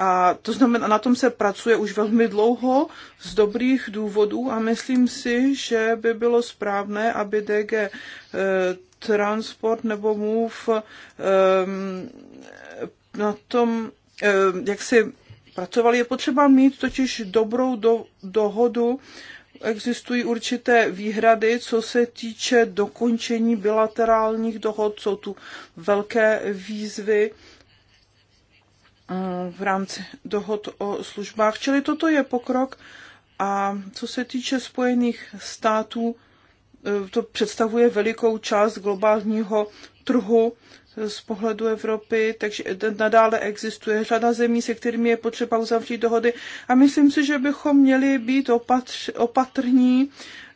A to znamená, na tom se pracuje už velmi dlouho z dobrých důvodů a myslím si, že by bylo správné, aby DG e, eh, Transport nebo move e, na tom, e, jak si pracovali, je potřeba mít totiž dobrou do, dohodu. Existují určité výhrady, co se týče dokončení bilaterálních dohod, jsou tu velké výzvy Eh, v rámci dohod o službách. Čili toto je pokrok. A co se týče Spojených států, eh, to představuje velikou část globálního trhu z pohledu Evropy, takže nadále existuje řada zemí, se kterými je potřeba uzavřít dohody a myslím si, že bychom měli být opatř, opatrní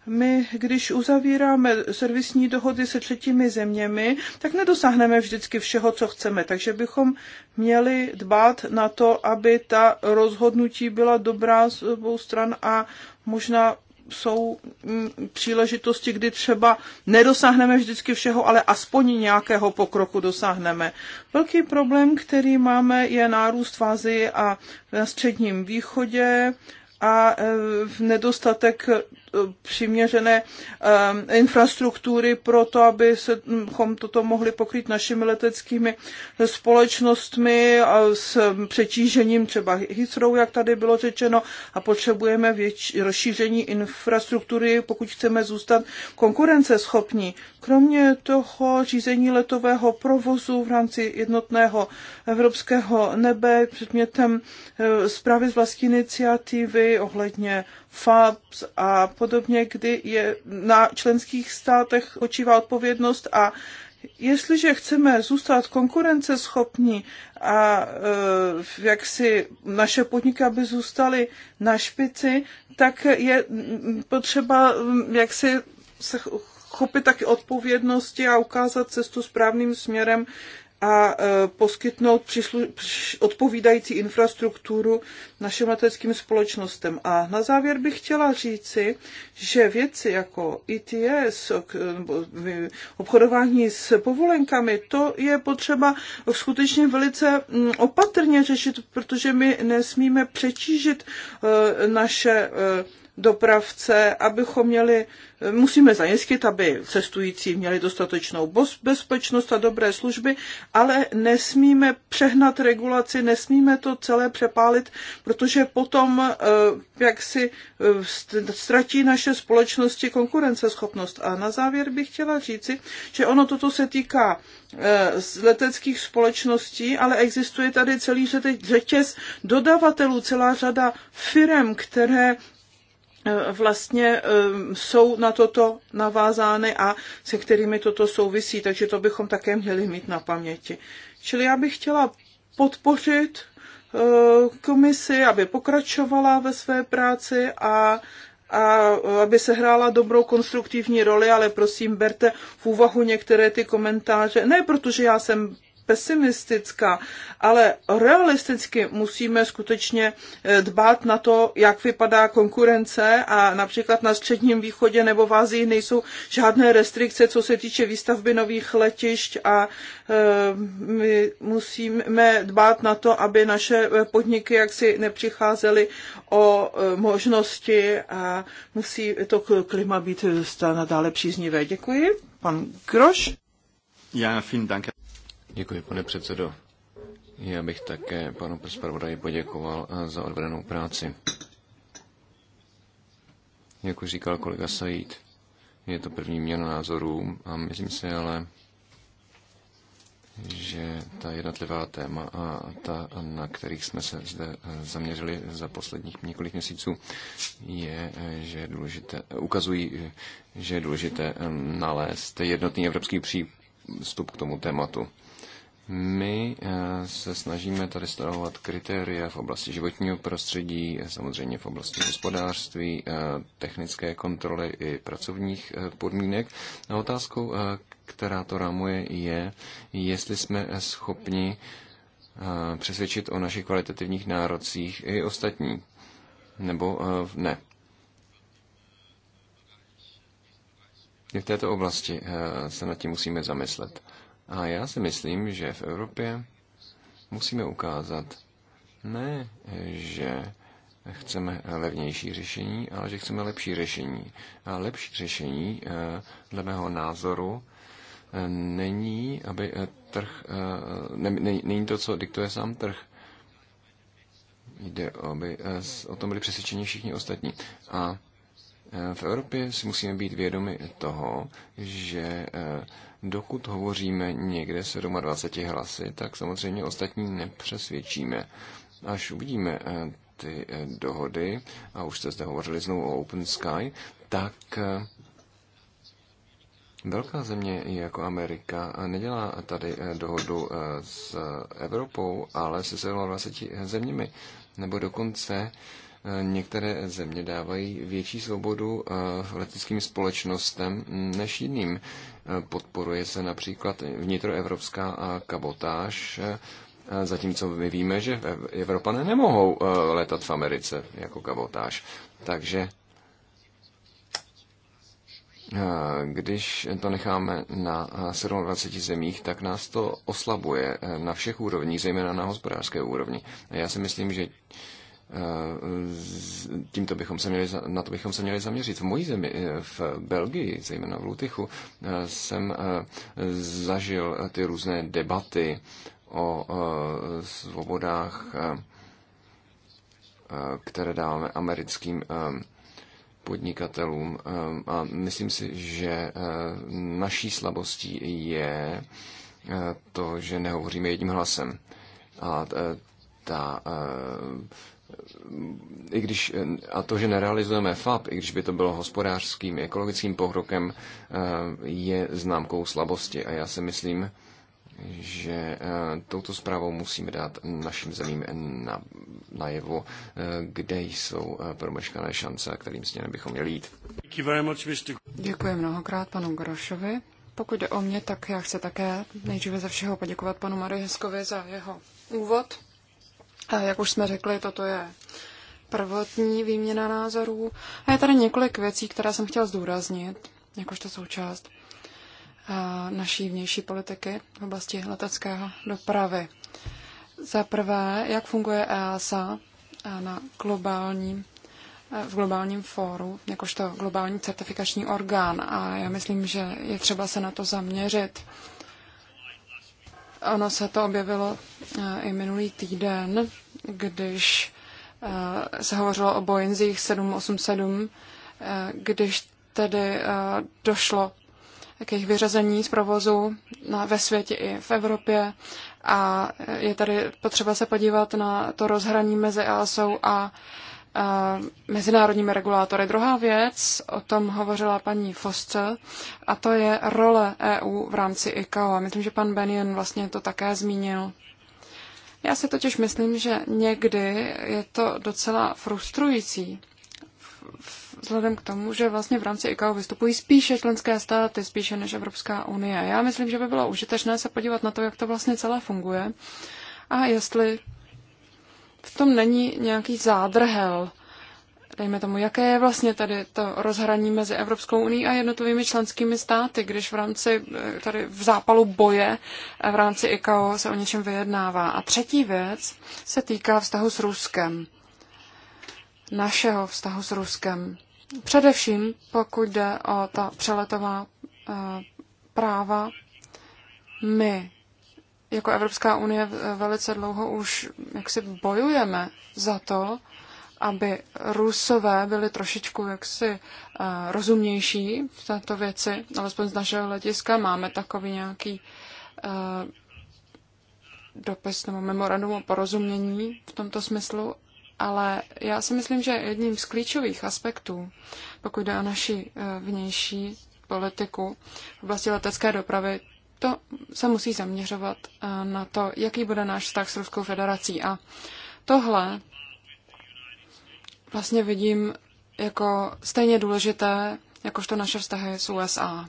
my, když uzavíráme servisní dohody se třetími zeměmi, tak nedosáhneme vždycky všeho, co chceme. Takže bychom měli dbát na to, aby ta rozhodnutí byla dobrá z obou stran a možná jsou mm, příležitosti, kdy třeba nedosáhneme vždycky všeho, ale aspoň nějakého pokroku dosáhneme. Velký problém, který máme, je nárůst v Azii a na středním východě a e, nedostatek přiměřené ehm, infrastruktury pro to, aby se hm, toto mohli pokrýt našimi leteckými společnostmi a s přetížením třeba Heathrow, jak tady bylo řečeno, a potřebujeme rozšíření infrastruktury, pokud chceme zůstat konkurenceschopní. Kromě toho řízení letového provozu v rámci jednotného evropského nebe předmětem eh, zprávy z vlastní iniciativy ohledně FABS a podobně, kdy je na členských státech očívá odpovědnost a jestliže chceme zůstat konkurenceschopní a e, jak si naše podniky, aby zůstaly na špici, tak je potřeba jak si se chopit taky odpovědnosti a ukázat cestu správným směrem a e, poskytnout odpovídající infrastrukturu našim leteckým společnostem. A na závěr bych chtěla říci, že věci jako ETS, e, obchodování s povolenkami, to je potřeba skutečně velice opatrně řešit, protože my nesmíme přetížit e, naše dopravce, abychom měli, musíme zajistit, aby cestující měli dostatečnou bezpečnost a dobré služby, ale nesmíme přehnat regulaci, nesmíme to celé přepálit, protože potom eh, jak si eh, ztratí naše společnosti konkurenceschopnost. A na závěr bych chtěla říci, že ono toto se týká eh, z leteckých společností, ale existuje tady celý řetěz dodavatelů, celá řada firm, které vlastně jsou na toto navázány a se kterými toto souvisí, takže to bychom také měli mít na paměti. Čili já bych chtěla podpořit eh, komisi, aby pokračovala ve své práci a a aby se hrála dobrou konstruktivní roli, ale prosím, berte v úvahu některé ty komentáře. Ne, protože já jsem pesimistická, ale realisticky musíme skutečně eh, dbát na to, jak vypadá konkurence a například na Středním východě nebo v Azii nejsou žádné restrikce, co se týče výstavby nových letišť a eh, my musíme dbát na to, aby naše eh, podniky jaksi nepřicházely o možnosti a musí to klima být nadále příznivé. Děkuji. Pan kroš, Já, vielen Dank. Děkuji, pane předsedo. Já bych také panu zpravodaji poděkoval eh, za odvedenou práci. Jak už říkal kolega Said, je to první měna názorů a myslím si ale, že ta jednotlivá téma a ta, na kterých jsme se zde eh, zaměřili za posledních několik měsíců, je, eh, že je důležité, ukazují, že je důležité nalézt jednotný evropský přístup k tomu tématu. My eh, se snažíme tady stanovovat kritéria v oblasti životního prostředí, samozřejmě v oblasti hospodářství, eh, technické kontroly i pracovních eh, podmínek. A otázkou, která to rámuje, je, jestli jsme schopni přesvědčit o našich kvalitativních nárocích i ostatní, nebo ne. I v této oblasti se nad tím musíme zamyslet. A já si myslím, že v Evropě musíme ukázat ne, že chceme levnější řešení, ale že chceme lepší řešení. A lepší řešení, eh, dle mého názoru, eh, není, aby eh, trh, ne, ne, není to, co diktuje sám trh. Jde, aby o tom byli přesvědčeni všichni ostatní. A v Evropě si musíme být vědomi toho, že Dokud hovoříme někde 27 hlasy, tak samozřejmě ostatní nepřesvědčíme. Až uvidíme eh, ty eh, dohody, a už jste zde hovořili znovu o Open Sky, tak eh, Velká země jako Amerika nedělá tady dohodu s Evropou, ale se 27 zeměmi. Nebo dokonce některé země dávají větší svobodu leteckým společnostem než jiným. Podporuje se například vnitroevropská kabotáž, zatímco my víme, že Evropané nemohou e, letat v Americe jako kabotáž. Takže e, když to necháme na 27 e, zemích, tak nás to oslabuje na všech úrovních, zejména na hospodářské úrovni. Já si myslím, že Eh, tímto bychom se měli, na to bychom se měli zaměřit. V mojí zemi, eh, v Belgii, zejména v Lutychu, eh, jsem zažil ty různé debaty o svobodách, které dáváme americkým podnikatelům. A myslím si, že naší slabostí je to, že nehovoříme jedním hlasem. A ta eh, i když, a to, že nerealizujeme FAP, i když by to bylo hospodářským, ekologickým pohrokem, eh, je známkou slabosti. A já si myslím, že eh, touto zprávou musíme dát našim zemím na, najevo, kde jsou promeškané šance a kterým směrem bychom měli jít. Děkuji mnohokrát panu Grošovi. Pokud jde o mě, tak já chci také nejdříve ze všeho poděkovat panu Heskovi za jeho úvod a Jak už jsme řekli, toto je prvotní výměna názorů. A je tady několik věcí, které jsem chtěl zdůraznit, jakožto součást naší vnější politiky v oblasti leteckého dopravy. Za prvé, jak funguje EASA na globálním e, v globálním fóru, jakožto globální certifikační orgán. A já myslím, že je třeba se na to zaměřit. Ono se to objevilo eh, i minulý týden, když eh, se hovořilo o Boeingzích 787, eh, když tedy došlo k jejich vyřazení z provozu ve světě i v Evropě. A je tady potřeba se podívat na to rozhraní mezi ASO e a mezinárodními regulátory. Druhá věc, o tom hovořila paní Foster, a to je role EU v rámci ICAO. Myslím, že pan Benjen vlastně to také zmínil. Já si totiž myslím, že někdy je to docela frustrující, vzhledem k tomu, že vlastně v rámci ICAO vystupují spíše členské státy, spíše než Evropská unie. Já myslím, že by bylo užitečné se podívat na to, jak to vlastně celé funguje a jestli v tom není nějaký zádrhel. Dejme tomu, jaké je vlastně tady to rozhraní mezi Evropskou unii a jednotlivými členskými státy, když v rámci eh, tady v zápalu boje eh, v rámci ICAO se o něčem vyjednává. A třetí věc se týká vztahu s Ruskem. Našeho vztahu s Ruskem. Především pokud jde o ta přeletová eh, práva, my jako Evropská unie velice dlouho už jaksi bojujeme za to, aby Rusové byli trošičku jaksi eh, rozumnější v této věci, alespoň z našeho hlediska. Máme takový nějaký eh, dopis nebo memorandum o porozumění v tomto smyslu, ale já si myslím, že jedním z klíčových aspektů, pokud jde o naši eh, vnější politiku v oblasti letecké dopravy, to se musí zaměřovat eh, na to, jaký bude náš vztah s Ruskou federací. A tohle vlastně vidím jako stejně důležité, jakožto naše vztahy s USA.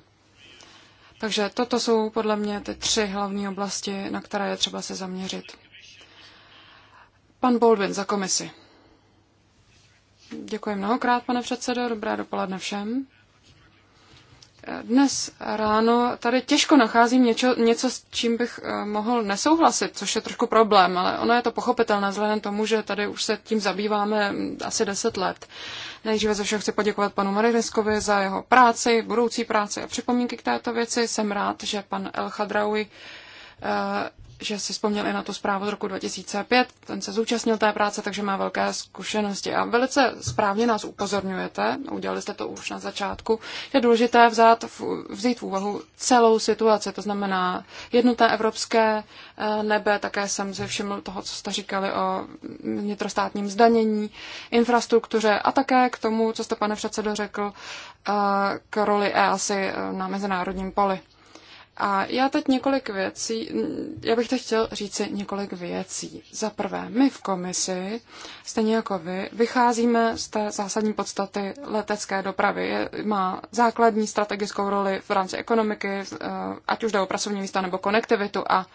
Takže toto jsou podle mě ty tři hlavní oblasti, na které je třeba se zaměřit. Pan Baldwin za komisi. Děkuji mnohokrát, pane předsedo. Dobré dopoledne všem. Dnes ráno tady těžko nacházím něčo, něco, s čím bych eh, mohl nesouhlasit, což je trošku problém, ale ono je to pochopitelné vzhledem tomu, že tady už se tím zabýváme mm, asi deset let. Nejdříve ze všeho chci poděkovat panu Marihliskovi za jeho práci, budoucí práci a připomínky k této věci. Jsem rád, že pan El Chadraoui eh, že si vzpomněl i na tu zprávu z roku 2005, ten se zúčastnil té práce, takže má velké zkušenosti. A velice správně nás upozorňujete, udělali jste to už na začátku, je důležité vzát, vzít v úvahu celou situaci, to znamená jednotné evropské eh, nebe, také jsem si všiml toho, co jste říkali o vnitrostátním zdanění, infrastruktuře a také k tomu, co jste pane předsedo řekl, eh, k roli EASI eh, na mezinárodním poli. A já teď několik věcí, já bych teď chtěl si několik věcí. Za prvé, my v komisi, stejně jako vy, vycházíme z té zásadní podstaty letecké dopravy. Je, má základní strategickou roli v rámci ekonomiky, eh, ať už jde o pracovní místa nebo konektivitu a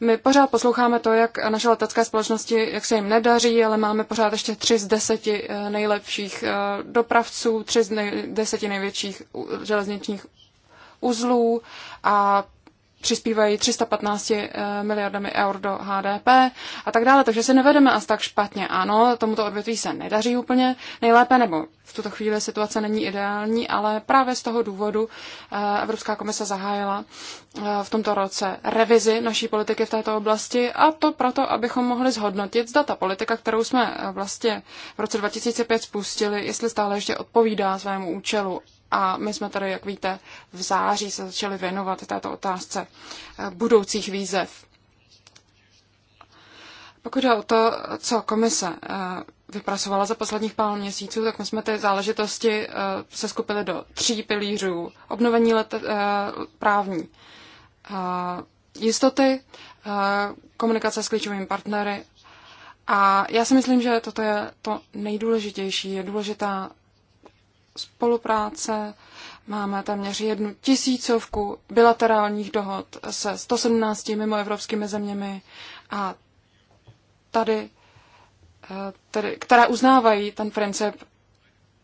my pořád posloucháme to, jak naše letecké společnosti, jak se jim nedaří, ale máme pořád ještě tři z deseti eh, nejlepších eh, dopravců, tři z nej, deseti největších železničních uzlů a přispívají 315 eh, miliardami eur do HDP a tak dále. Takže se nevedeme až tak špatně. Ano, tomuto odvětví se nedaří úplně nejlépe, nebo v tuto chvíli situace není ideální, ale právě z toho důvodu eh, Evropská komise zahájila eh, v tomto roce revizi naší politiky v této oblasti a to proto, abychom mohli zhodnotit, zda ta politika, kterou jsme vlastně v roce 2005 spustili, jestli stále ještě odpovídá svému účelu a my jsme tady, jak víte, v září se začali věnovat této otázce eh, budoucích výzev. Pokud jde o to, co komise eh, vypracovala za posledních pár měsíců, tak my jsme ty záležitosti eh, se skupili do tří pilířů. Obnovení let, právní jistoty, komunikace s klíčovými partnery. A já si myslím, že toto je to nejdůležitější. Je důležitá spolupráce. Máme téměř jednu tisícovku bilaterálních dohod se 117 mimoevropskými zeměmi a tady, eh, tady, které uznávají ten princip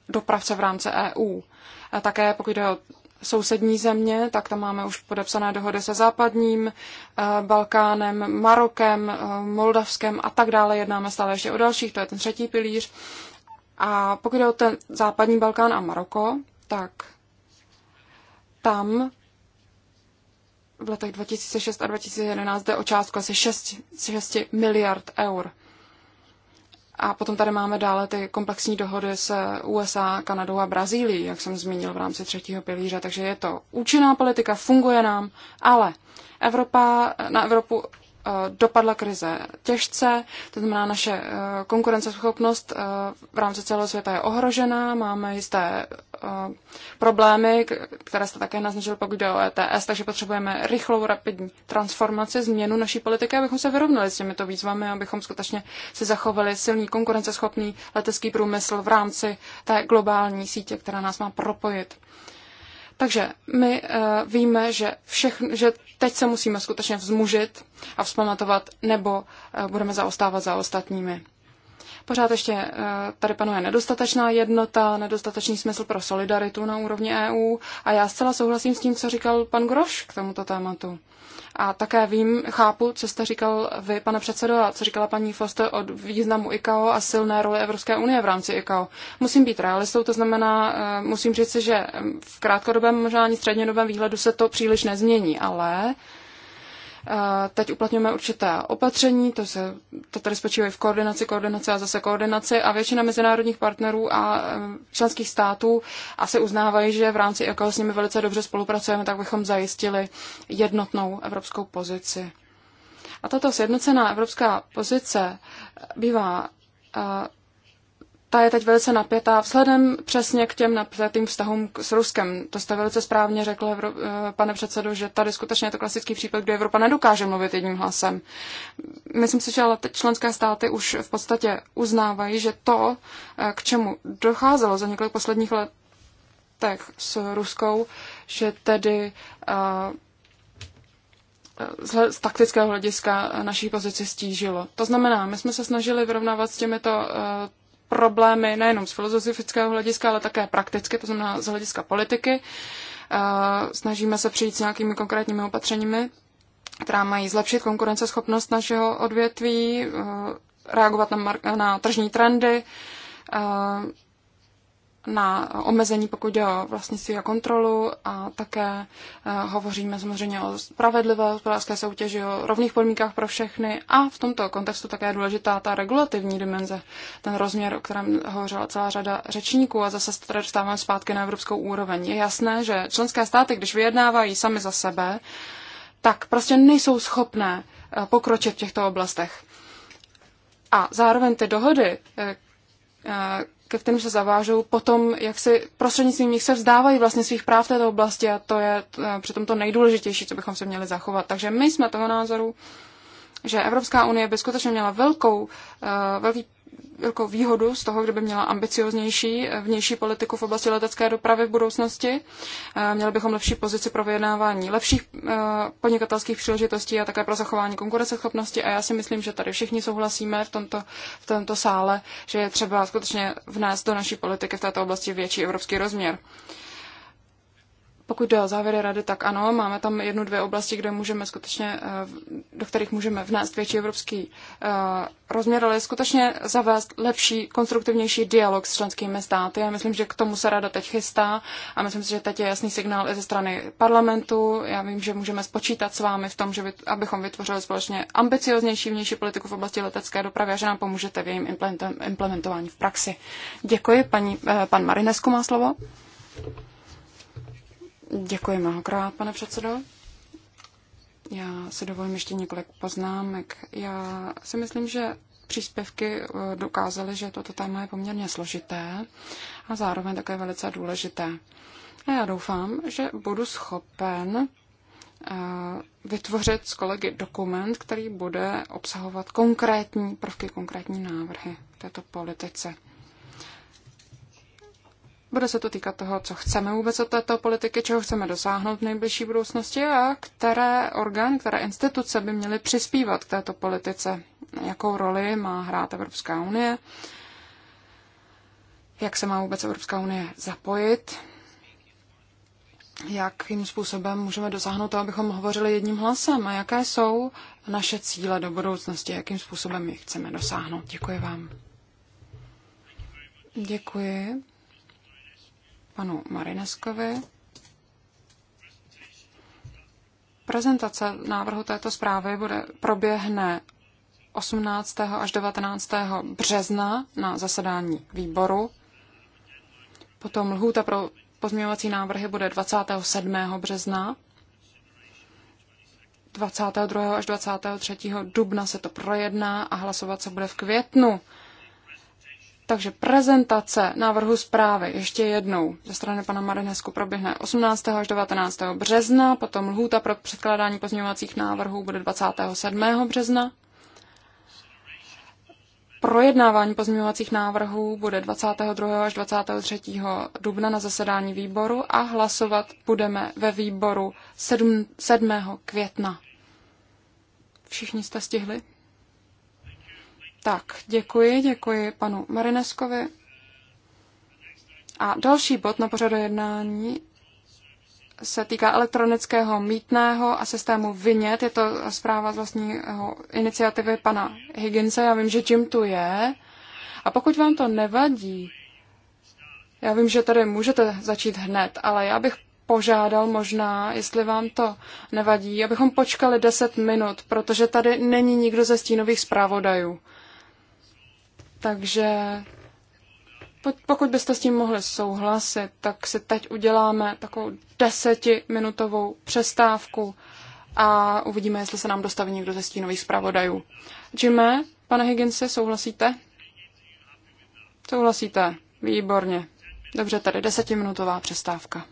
dopravce v rámci EU. A také pokud jde o sousední země, tak tam máme už podepsané dohody se západním eh, Balkánem, Marokem, eh, Moldavskem a tak dále. Jednáme stále ještě o dalších, to je ten třetí pilíř. A pokud jde o ten západní Balkán a Maroko, tak tam v letech 2006 a 2011 jde o částku asi 6, 6 miliard eur. A potom tady máme dále ty komplexní dohody s USA, Kanadou a Brazílií, jak jsem zmínil v rámci třetího pilíře. Takže je to účinná politika, funguje nám, ale Evropa, na Evropu Eh, dopadla krize těžce, to znamená naše eh, konkurenceschopnost eh, v rámci celého světa je ohrožená, máme jisté problémy, které jste také naznačil, pokud jde o ETS, takže potřebujeme rychlou, rapidní transformaci, změnu naší politiky, abychom se vyrovnali s těmito výzvami, abychom skutečně si zachovali silný konkurenceschopný letecký průmysl v rámci té globální sítě, která nás má propojit. Takže my uh, víme, že, všechno, že teď se musíme skutečně vzmužit a vzpamatovat, nebo uh, budeme zaostávat za ostatními. Pořád ještě uh, tady panuje nedostatečná jednota, nedostatečný smysl pro solidaritu na úrovni EU a já zcela souhlasím s tím, co říkal pan Groš k tomuto tématu. A také vím, chápu, co jste říkal vy, pane předsedo, a co říkala paní Foster o významu ICAO a silné roli Evropské unie v rámci ICAO. Musím být realistou, to znamená, eh, musím říct, že v krátkodobém, možná ani střednědobém výhledu se to příliš nezmění, ale Teď uplatňujeme určité opatření, to, se, to tady spočívají v koordinaci, koordinaci a zase koordinaci a většina mezinárodních partnerů a e, členských států asi uznávají, že v rámci jako s nimi velice dobře spolupracujeme, tak bychom zajistili jednotnou evropskou pozici. A tato sjednocená evropská pozice bývá e, ta je teď velice napětá vzhledem přesně k těm napětým vztahům s Ruskem. To jste velice správně řekl, eh, pane předsedo, že tady skutečně je to klasický případ, kdy Evropa nedokáže mluvit jedním hlasem. Myslím si, že ale členské státy už v podstatě uznávají, že to, eh, k čemu docházelo za několik posledních letech s Ruskou, že tedy eh, z taktického hlediska naší pozici stížilo. To znamená, my jsme se snažili vyrovnávat s těmito problémy nejenom z filozofického hlediska, ale také prakticky, to znamená z hlediska politiky. Eh, snažíme se přijít s nějakými konkrétními opatřeními, která mají zlepšit konkurenceschopnost našeho odvětví, eh, reagovat na, na tržní trendy, eh, na omezení, pokud jde o vlastnictví a kontrolu a také eh, hovoříme samozřejmě o spravedlivé hospodářské soutěži, o rovných podmínkách pro všechny a v tomto kontextu také je důležitá ta regulativní dimenze, ten rozměr, o kterém hovořila celá řada řečníků a zase se tady dostáváme zpátky na evropskou úroveň. Je jasné, že členské státy, když vyjednávají sami za sebe, tak prostě nejsou schopné eh, pokročit v těchto oblastech. A zároveň ty dohody, eh, ke kterým se zavážou, potom jak si prostřednictvím nich se vzdávají vlastně svých práv v této oblasti a to je eh, přitom to nejdůležitější, co bychom se měli zachovat. Takže my jsme toho názoru, že Evropská unie by skutečně měla velkou, eh, velký velkou výhodu z toho, kdyby měla ambicioznější vnější politiku v oblasti letecké dopravy v budoucnosti. Eh, měli bychom lepší pozici pro vyjednávání lepších eh, podnikatelských příležitostí a také pro zachování konkurenceschopnosti. A já si myslím, že tady všichni souhlasíme v tomto, v tomto sále, že je třeba skutečně vnést do naší politiky v této oblasti větší evropský rozměr. Pokud jde o závěry rady, tak ano, máme tam jednu, dvě oblasti, kde můžeme skutečně, eh, do kterých můžeme vnést větší evropský eh, rozměr, ale skutečně zavést lepší, konstruktivnější dialog s členskými státy. Já myslím, že k tomu se rada teď chystá a myslím si, že teď je jasný signál i ze strany parlamentu. Já vím, že můžeme spočítat s vámi v tom, že vyt, abychom vytvořili společně ambicioznější vnější politiku v oblasti letecké dopravy a že nám pomůžete v jejím implementování v praxi. Děkuji. Paní, eh, pan Marinesku má slovo. Děkuji mnohokrát, pane předsedo. Já si dovolím ještě několik poznámek. Já si myslím, že příspěvky eh, dokázaly, že toto téma je poměrně složité a zároveň také velice důležité. A já doufám, že budu schopen eh, vytvořit s kolegy dokument, který bude obsahovat konkrétní prvky, konkrétní návrhy v této politice. Bude se to týkat toho, co chceme vůbec od této politiky, čeho chceme dosáhnout v nejbližší budoucnosti a které orgány, které instituce by měly přispívat k této politice, jakou roli má hrát Evropská unie, jak se má vůbec Evropská unie zapojit, jakým způsobem můžeme dosáhnout to, abychom hovořili jedním hlasem a jaké jsou naše cíle do budoucnosti, jakým způsobem je chceme dosáhnout. Děkuji vám. Děkuji panu Marineskovi. Prezentace návrhu této zprávy bude, proběhne 18. až 19. března na zasedání výboru. Potom lhůta pro pozměňovací návrhy bude 27. března. 22. až 23. dubna se to projedná a hlasovat se bude v květnu. Takže prezentace návrhu zprávy ještě jednou ze strany pana Marinesku proběhne 18. až 19. března, potom lhůta pro předkládání pozměňovacích návrhů bude 27. března. Projednávání pozměňovacích návrhů bude 22. až 23. dubna na zasedání výboru a hlasovat budeme ve výboru 7. května. Všichni jste stihli? Tak, děkuji, děkuji panu Marineskovi. A další bod na pořadu jednání se týká elektronického mítného a systému Vinět. Je to zpráva z vlastního iniciativy pana Higginsa. Já vím, že Jim tu je. A pokud vám to nevadí, já vím, že tady můžete začít hned, ale já bych požádal možná, jestli vám to nevadí, abychom počkali 10 minut, protože tady není nikdo ze stínových zpravodajů. Takže pokud byste s tím mohli souhlasit, tak si teď uděláme takovou desetiminutovou přestávku a uvidíme, jestli se nám dostaví někdo ze stínových zpravodajů. Jimé, pane Higginsi, souhlasíte? Souhlasíte, výborně. Dobře, tady desetiminutová přestávka.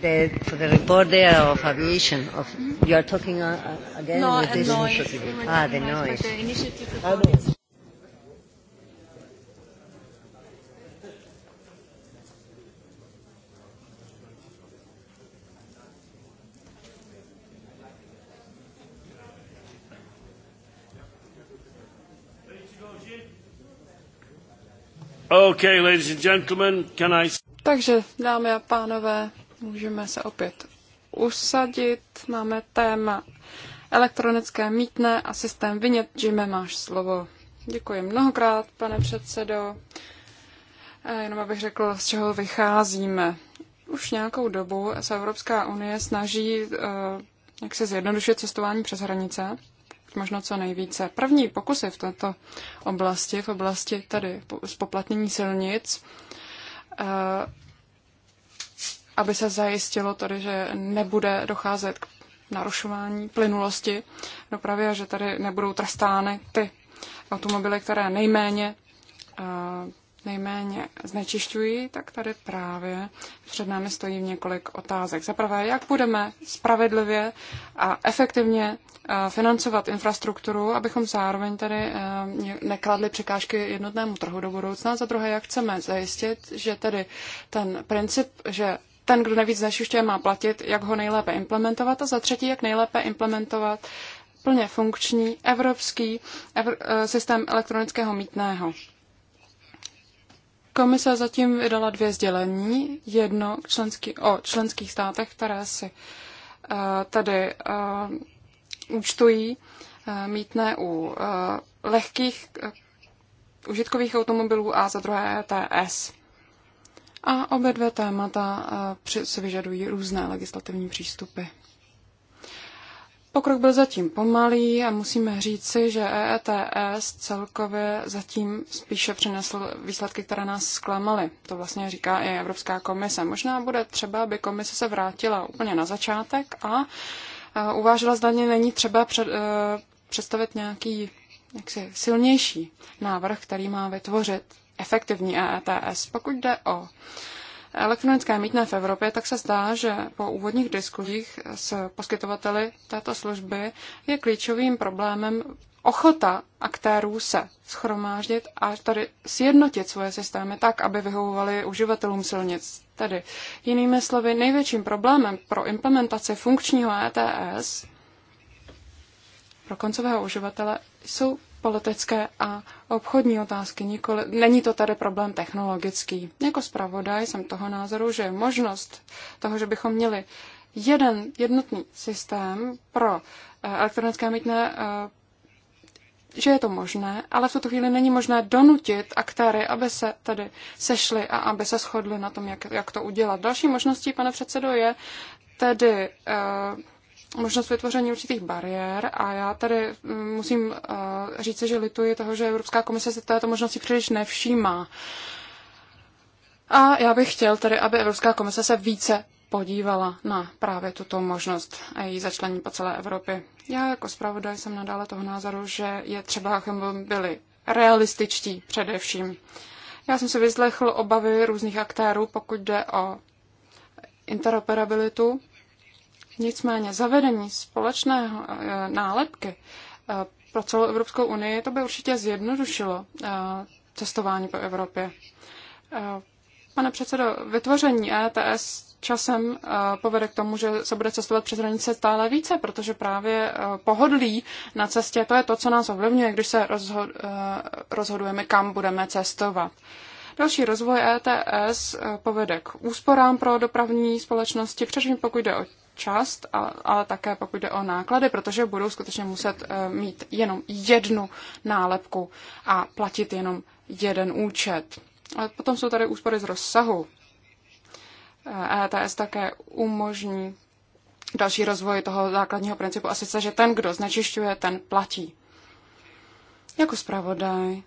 the, for the report there of aviation. Of, mm-hmm. you are talking uh, again no, with this noise. initiative. ah, the noise. Ah, no. Okay, ladies and gentlemen, can I... Takže, dámy a pánové, Můžeme se opět usadit. Máme téma elektronické mítné a systém vynět. Jimmy, máš slovo. Děkuji mnohokrát, pane předsedo. Eh, jenom abych řekl, z čeho vycházíme. Už nějakou dobu se Evropská unie snaží eh, jak se zjednodušit cestování přes hranice, možno co nejvíce. První pokusy v této oblasti, v oblasti tady spoplatnění silnic, eh, aby se zajistilo tady, že nebude docházet k narušování plynulosti dopravy a že tady nebudou trestány ty automobily, které nejméně, eh, nejméně znečišťují, tak tady právě před námi stojí několik otázek. Za prvé, jak budeme spravedlivě a efektivně eh, financovat infrastrukturu, abychom zároveň tady eh, nekladli překážky jednotnému trhu do budoucna. Za druhé, jak chceme zajistit, že tedy ten princip, že ten, kdo nevíc znešišťuje, má platit, jak ho nejlépe implementovat a za třetí, jak nejlépe implementovat plně funkční evropský evr, eh, systém elektronického mítného. Komise zatím vydala dvě sdělení, jedno členský, o členských státech, které si uh, eh, tady uh, eh, účtují uh, mítné u uh, lehkých uh, užitkových automobilů a za druhé ETS. A obě dvě témata eh, se vyžadují různé legislativní přístupy. Pokrok byl zatím pomalý a musíme říci, že EETS celkově zatím spíše přinesl výsledky, které nás zklamaly. To vlastně říká i Evropská komise. Možná bude třeba, aby komise se vrátila úplně na začátek a eh, uvážila, zda není třeba před, eh, představit nějaký jaksi silnější návrh, který má vytvořit efektivní EETS. Pokud jde o elektronické mítné v Evropě, tak se zdá, že po úvodních diskuzích s poskytovateli této služby je klíčovým problémem ochota aktérů se schromáždit a tady sjednotit svoje systémy tak, aby vyhovovaly uživatelům silnic. Tedy jinými slovy, největším problémem pro implementaci funkčního ETS pro koncového uživatele jsou politické a obchodní otázky. Nikoli, není to tady problém technologický. Jako zpravodaj jsem toho názoru, že možnost toho, že bychom měli jeden jednotný systém pro eh, elektronické mítné eh, že je to možné, ale v tuto chvíli není možné donutit aktéry, aby se tady sešli a aby se shodli na tom, jak, jak to udělat. Další možností, pane předsedo, je tedy uh, možnost vytvoření určitých bariér a já tady mm, musím uh, eh, říct, že lituji toho, že Evropská komise se této možnosti příliš nevšímá. A já bych chtěl tedy, aby Evropská komise se více podívala na právě tuto možnost a její začlení po celé Evropě. Já jako zpravodaj jsem nadále toho názoru, že je třeba, abychom byli realističtí především. Já jsem si vyslechl obavy různých aktérů, pokud jde o interoperabilitu Nicméně zavedení společného eh, nálepky eh, pro celou Evropskou unii to by určitě zjednodušilo eh, cestování po Evropě. Pane předsedo, vytvoření ETS časem povede k tomu, že se bude cestovat přes hranice stále více, protože právě pohodlí na cestě, to je to, co nás ovlivňuje, když se rozhodujeme, kam budeme cestovat. Další rozvoj ETS povede k úsporám pro dopravní společnosti, především pokud jde o část, ale také pokud jde o náklady, protože budou skutečně muset eh, mít jenom jednu nálepku a platit jenom jeden účet. A potom jsou tady úspory z rozsahu. ETS eh, e také umožní další rozvoj toho základního principu a sice, že ten, kdo znečišťuje, ten platí. Jako zpravodaj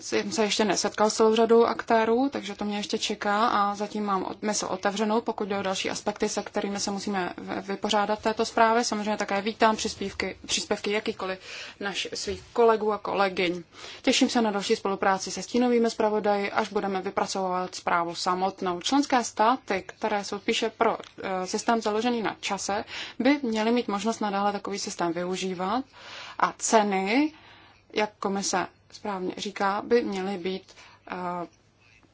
jsem se ještě nesetkal s celou řadou aktérů, takže to mě ještě čeká a zatím mám mysl otevřenou, pokud jde o další aspekty, se kterými se musíme vypořádat této zprávy. Samozřejmě také vítám příspěvky, příspěvky jakýkoliv naš, svých kolegů a kolegyň. Těším se na další spolupráci se stínovými zpravodaji, až budeme vypracovat zprávu samotnou. Členské státy, které jsou spíše pro e, systém založený na čase, by měly mít možnost nadále takový systém využívat a ceny jak komise správně říká, by měly být eh,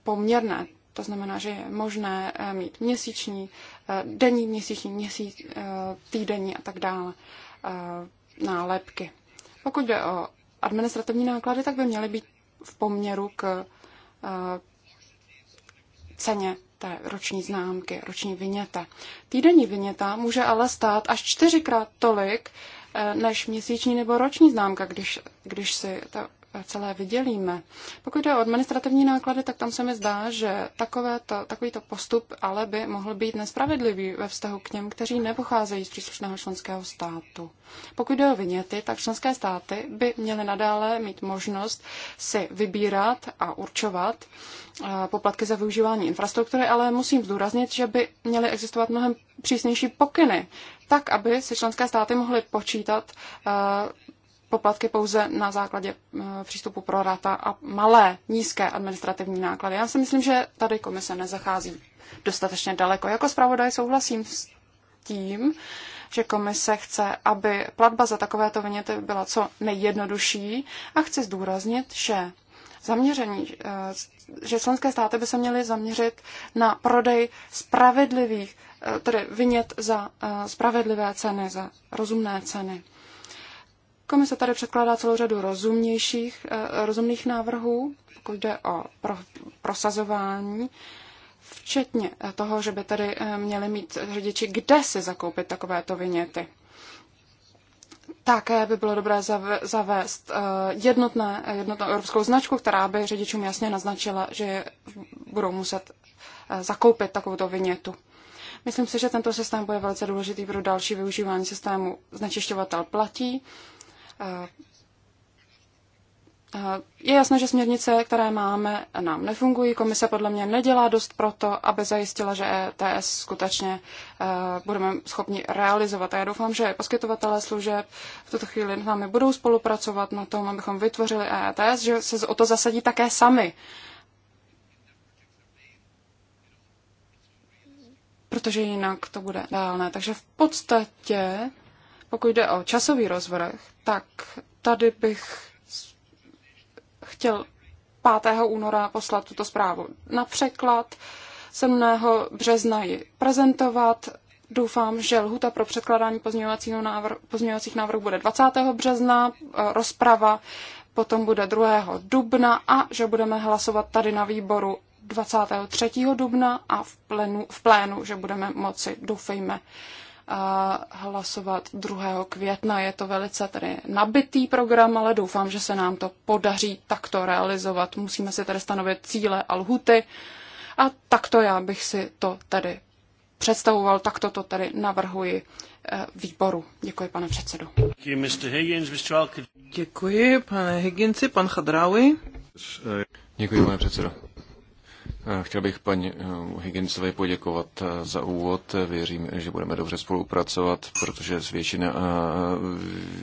poměrné. To znamená, že je možné eh, mít měsíční, eh, denní, měsíční, měsíc, týdenní a tak dále nálepky. Pokud jde o administrativní náklady, tak by měly být v poměru k ceně té roční známky, roční vyněta. Týdenní vyněta může ale stát až čtyřikrát tolik než měsíční nebo roční známka, když, když si ta celé vydělíme. Pokud jde o administrativní náklady, tak tam se mi zdá, že takovéto, takovýto postup ale by mohl být nespravedlivý ve vztahu k těm, kteří nepocházejí z příslušného členského státu. Pokud jde o vyněty, tak členské státy by měly nadále mít možnost si vybírat a určovat eh, poplatky za využívání infrastruktury, ale musím zdůraznit, že by měly existovat mnohem přísnější pokyny, tak aby si členské státy mohly počítat eh, poplatky pouze na základě eh, přístupu pro rata a malé, nízké administrativní náklady. Já si myslím, že tady komise nezachází dostatečně daleko. Jako zpravodaj souhlasím s tím, že komise chce, aby platba za takovéto vyněty byla co nejjednodušší a chci zdůraznit, že zaměření, eh, že členské státy by se měly zaměřit na prodej spravedlivých, eh, tedy vynět za spravedlivé ceny, za rozumné ceny. Komise tady předkládá celou řadu rozumnějších, eh, rozumných návrhů, pokud jde o pro, prosazování, včetně eh, toho, že by tady eh, měli mít řidiči kde si zakoupit takovéto viněty. Také by bylo dobré zavést jednotné, jednotnou evropskou značku, která by řidičům jasně naznačila, že budou muset zakoupit takovouto vinětu. Myslím si, že tento systém bude velice důležitý pro další využívání systému znečišťovatel platí je jasné, že směrnice, které máme, nám nefungují. Komise podle mě nedělá dost proto, aby zajistila, že ETS skutečně e, budeme schopni realizovat. A já doufám, že poskytovatelé služeb v tuto chvíli s námi budou spolupracovat na tom, abychom vytvořili ETS, že se o to zasadí také sami. Protože jinak to bude dálné. Takže v podstatě, pokud jde o časový rozvrh, tak tady bych chtěl 5. února poslat tuto zprávu na překlad. 7. března ji prezentovat. Doufám, že lhuta pro předkladání pozměňovacího návr- pozměňovacích návrhů bude 20. března, e, rozprava potom bude 2. dubna a že budeme hlasovat tady na výboru 23. dubna a v plénu, v plénu že budeme moci, doufejme, hlasovat 2. května. Je to velice tedy nabitý program, ale doufám, že se nám to podaří takto realizovat. Musíme si tedy stanovit cíle a lhuty a takto já bych si to tedy představoval, takto to tedy navrhuji eh, výboru. Děkuji, pane předsedo. Děkuji, pane Higginsi, pan Chadrawi. Děkuji, pane předsedo. Chtěl bych paní eh, Higginsové poděkovat eh, za úvod. Věřím, že budeme dobře spolupracovat, protože z většina eh,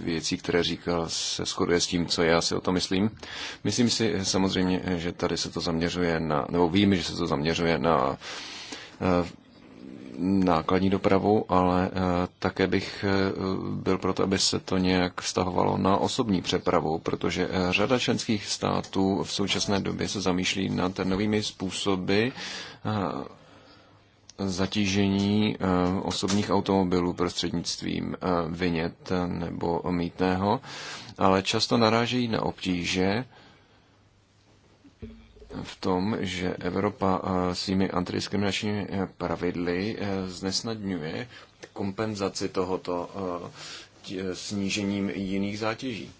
věcí, které říkal, se shoduje s tím, co já si o to myslím. Myslím si samozřejmě, že tady se to zaměřuje na, nebo vím, že se to zaměřuje na nákladní dopravu, ale eh, také bych eh, byl proto, aby se to nějak vztahovalo na osobní přepravu, protože eh, řada členských států v současné době se zamýšlí nad novými způsoby zatížení osobních automobilů prostřednictvím vinět nebo mítného, ale často narážejí na obtíže, v tom, že Evropa eh, svými antidiskriminačními eh, pravidly eh, znesnadňuje kompenzaci tohoto snížením jiných zátěží.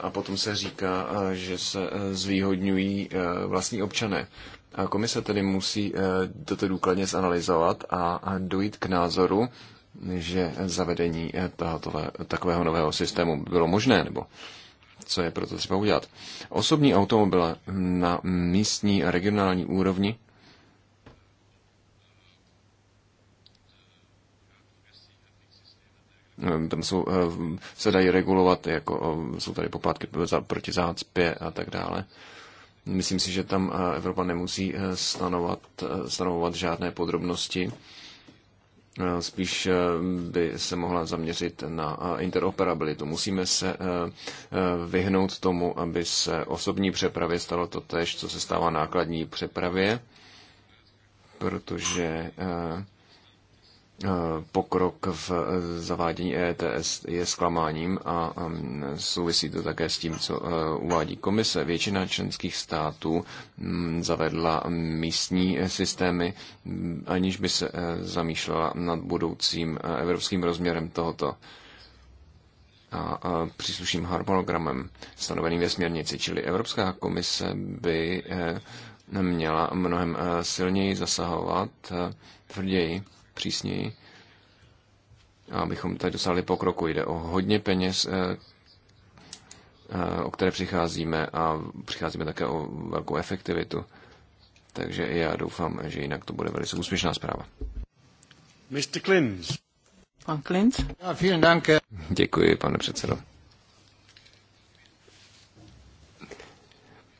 A potom se říká, že se zvýhodňují vlastní občané. A komise tedy musí toto důkladně zanalizovat a dojít k názoru, že zavedení tohoto, takového nového systému bylo možné, nebo co je proto třeba udělat. Osobní automobil na místní a regionální úrovni ehm, tam jsou, ehm, se dají regulovat, jako ehm, jsou tady poplatky proti zácpě a tak dále. Myslím si, že tam eh, Evropa nemusí eh, stanovat, eh, stanovovat žádné podrobnosti Eh, spíš eh, by se mohla zaměřit na eh, interoperabilitu. Musíme se vyhnout tomu, aby se osobní přepravě stalo to tež, co se stává nákladní přepravě, protože Eh, pokrok v eh, zavádění ETS je zklamáním a souvisí to také s tím, co eh, uvádí komise. Většina členských států mm, zavedla místní systémy, mm, aniž by se zamýšlela nad budoucím evropským rozměrem tohoto a příslušným harmonogramem stanoveným ve směrnici, čili Evropská komise by měla mnohem silněji zasahovat tvrději přísněji. A abychom tady dosáhli pokroku. Jde o hodně peněz, eh, eh, o které přicházíme a přicházíme také o velkou efektivitu. Takže já doufám, že jinak to bude velice úspěšná zpráva. Mr. Klins. Pan Klins. Děkuji, pane předsedo.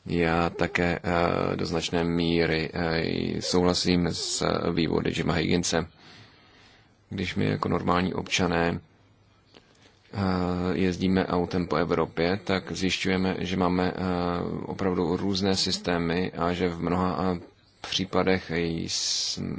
Já také eh, do značné míry souhlasím s vývody Jima Higginsem když my jako normální občané eh, jezdíme autem po Evropě, tak zjišťujeme, že máme eh, opravdu různé systémy a že v mnoha eh, případech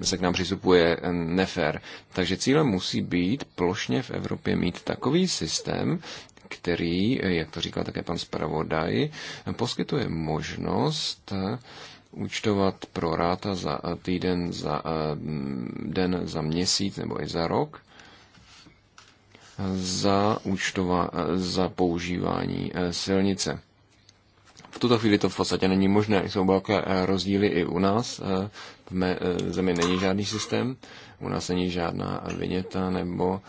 se k nám přistupuje nefér. Takže cílem musí být plošně v Evropě mít takový systém, který, jak to říkal také pan zpravodaj, poskytuje možnost účtovat pro ráta za týden, za mm, den, za měsíc nebo i za rok za, účtova, za používání e, silnice. V tuto chvíli to v podstatě není možné. Jsou velké e, rozdíly i u nás. E, v mé zemi není žádný systém. U nás není žádná viněta nebo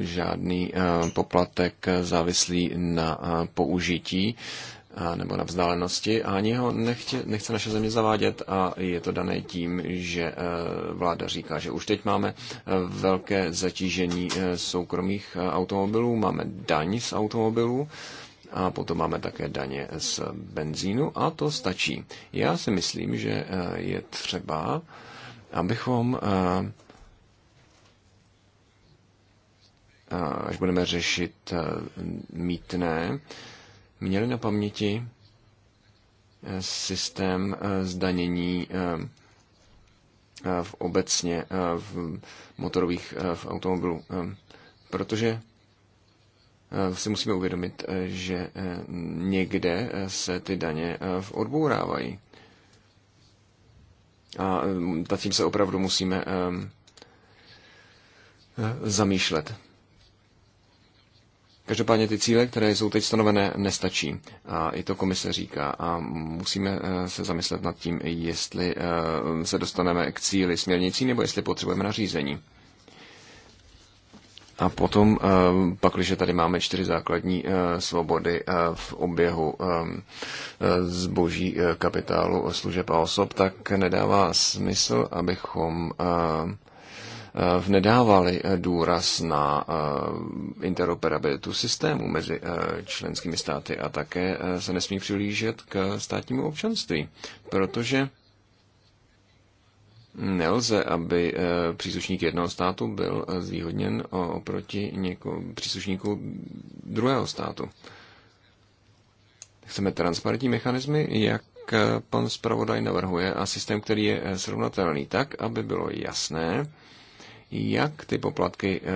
žádný poplatek závislý na použití a, nebo na vzdálenosti a ani ho nechtě, nechce naše země zavádět a je to dané tím, že e, vláda říká, že už teď máme e, velké zatížení e, soukromých automobilů, máme daň z automobilů a potom máme také daně z benzínu a to stačí. Já si myslím, že je třeba, abychom až budeme řešit mítné, měli na paměti eh, systém eh, zdanění eh, v obecně v motorových v automobilů. Protože si musíme uvědomit, že někde se ty daně odbourávají. A nad tím se opravdu musíme zamýšlet. Každopádně ty cíle, které jsou teď stanovené, nestačí. A i to komise říká. A musíme eh, se zamyslet nad tím, jestli eh, se dostaneme k cíli směrnicí, nebo jestli potřebujeme nařízení. A potom, eh, pak, když tady máme čtyři základní svobody v oběhu zboží, kapitálu, služeb a osob, tak nedává smysl, abychom Eh, nedávali eh, důraz na eh, interoperabilitu systému mezi členskými státy a také se nesmí přilížet k státnímu občanství, protože nelze, aby příslušník jednoho státu byl zvýhodněn oproti něko, příslušníku druhého státu. Chceme transparentní mechanismy, jak pan zpravodaj navrhuje, a systém, který je srovnatelný tak, aby bylo jasné, jak ty poplatky, eh,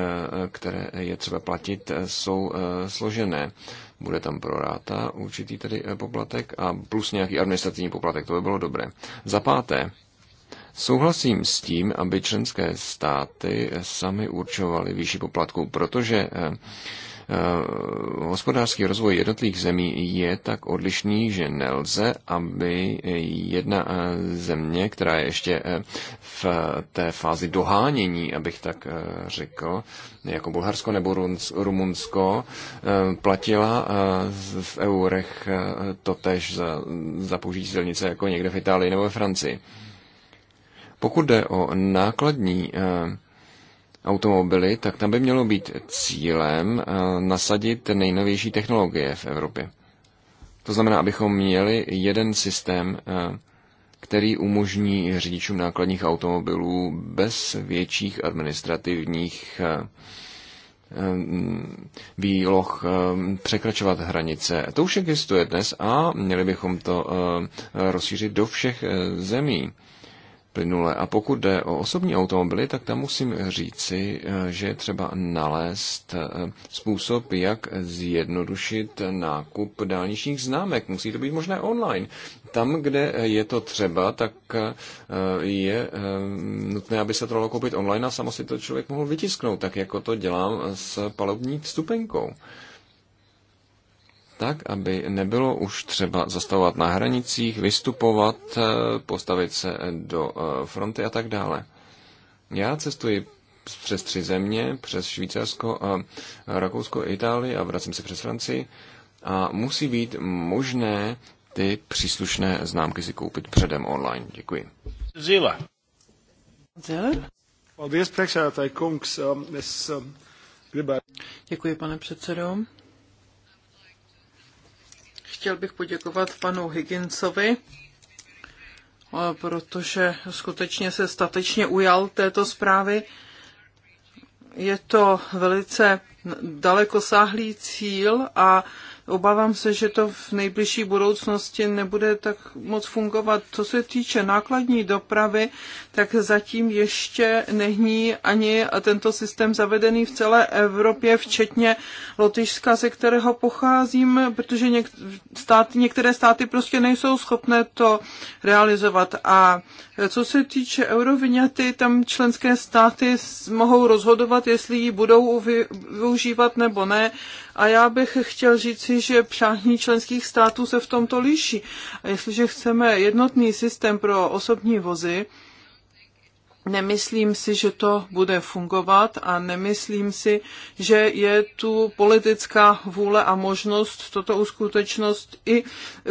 které je třeba platit, eh, jsou eh, složené. Bude tam ráta určitý tedy poplatek a plus nějaký administrativní poplatek, to by bylo dobré. Za páté, Souhlasím s tím, aby členské státy sami určovaly výši poplatku, protože Eh, hospodářský rozvoj jednotlivých zemí je tak odlišný, že nelze, aby jedna eh, země, která je ještě eh, v té fázi dohánění, abych tak řekl, jako Bulharsko nebo Rumunsko, platila v eurech totež za, za použití silnice jako někde v Itálii nebo ve Francii. Pokud jde o nákladní automobily, tak tam by mělo být cílem eh, nasadit nejnovější technologie v Evropě. To znamená, abychom měli jeden systém, eh, který umožní řidičům nákladních automobilů bez větších administrativních eh, výloh překračovat hranice. To už existuje dnes a měli bychom to rozšířit do všech zemí plynule. A pokud jde o osobní automobily, tak tam musím říci, eh, že je třeba nalézt eh, způsob, jak zjednodušit nákup dálničních známek. Musí to být možné online. Tam, kde je to třeba, tak eh, je nutné, aby se to dalo koupit online a samo si to člověk mohl vytisknout, tak jako to dělám s palubní vstupenkou tak, aby nebylo už třeba zastavovat na hranicích, vystupovat, eh, postavit se do eh, fronty a tak dále. Já cestuji přes tři země, přes Švýcarsko, eh, Rakousko, Itálii a vracím se přes Francii a musí být možné ty příslušné známky si koupit předem online. Děkuji. Zila. Paldies, um, um, Děkuji, pane předsedo chtěl bych poděkovat panu Higginsovi, protože skutečně se statečně ujal této zprávy. Je to velice dalekosáhlý cíl a obávám se, že to v nejbližší budoucnosti nebude tak moc fungovat. Co se týče nákladní dopravy, tak zatím ještě není ani tento systém zavedený v celé Evropě, včetně Lotyšska, ze kterého pocházím, protože něk- státy, některé státy prostě nejsou schopné to realizovat. A co se týče eurovinety, tam členské státy mohou rozhodovat, jestli ji budou využívat nebo ne. A já bych chtěl říci, že přání členských států se v tomto liší. A jestliže chceme jednotný systém pro osobní vozy, Nemyslím si, že to bude fungovat a nemyslím si, že je tu politická vůle a možnost toto uskutečnost i,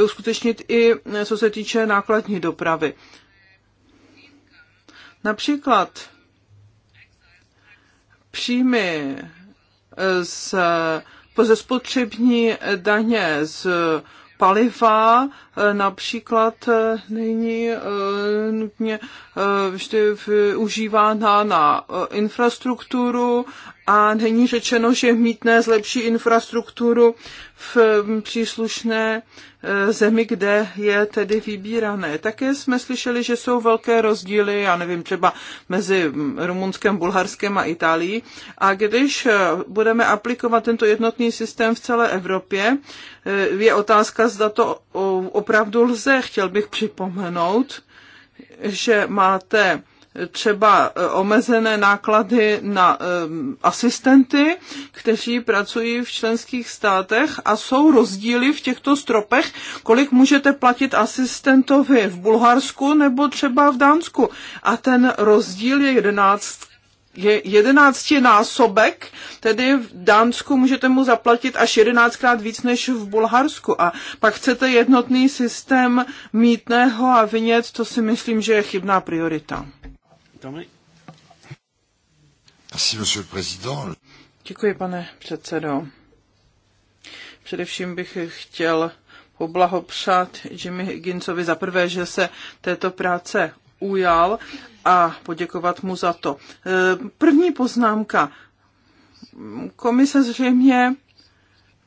uskutečnit i co se týče nákladní dopravy. Například příjmy z ze spotřební daně z paliva eh, například eh, není eh, nutně vždy využívána na infrastrukturu a není řečeno, že mítné zlepší infrastrukturu v mm, příslušné e, zemi, kde je tedy vybírané. Také jsme slyšeli, že jsou velké rozdíly, já nevím, třeba mezi mm, Rumunskem, Bulharskem a Itálií. A když e, budeme aplikovat tento jednotný systém v celé Evropě, e, je otázka, zda to opravdu lze. Chtěl bych připomenout, že máte třeba e, omezené náklady na e, asistenty, kteří pracují v členských státech a jsou rozdíly v těchto stropech, kolik můžete platit asistentovi v Bulharsku nebo třeba v Dánsku. A ten rozdíl je 11 je násobek. tedy v Dánsku můžete mu zaplatit až jedenáctkrát víc než v Bulharsku. A pak chcete jednotný systém mítného a vinět, to si myslím, že je chybná priorita. Dominik. Merci, monsieur le président. Děkuji, pane předsedo. Především bych chtěl poblahopřát Jimmy Higginsovi za prvé, že se této práce ujal a poděkovat mu za to. E, první poznámka. Komise zřejmě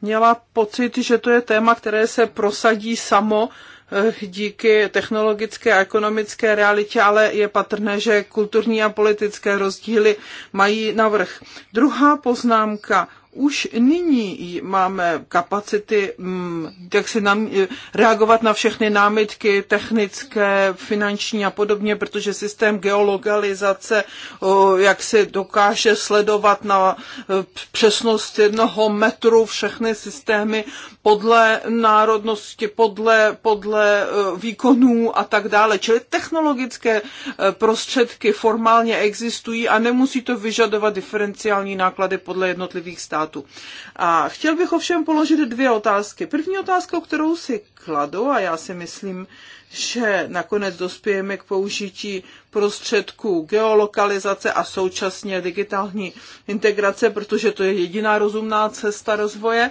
měla pocit, že to je téma, které se prosadí samo Eh, díky technologické a ekonomické realitě, ale je patrné, že kulturní a politické rozdíly mají navrh. Druhá poznámka už nyní máme kapacity, mm, jak si nám, eh, reagovat na všechny námitky technické, finanční a podobně, protože systém geolokalizace, jak se dokáže sledovat na eh, přesnost jednoho metru všechny systémy podle národnosti, podle, podle eh, výkonů a tak dále. Čili technologické prostředky formálně existují a nemusí to vyžadovat diferenciální náklady podle jednotlivých států státu. A chtěl bych ovšem položit dvě otázky. První otázka, kterou si kladu, a já si myslím, že nakonec dospějeme k použití prostředků geolokalizace a současně digitální integrace, protože to je jediná rozumná cesta rozvoje.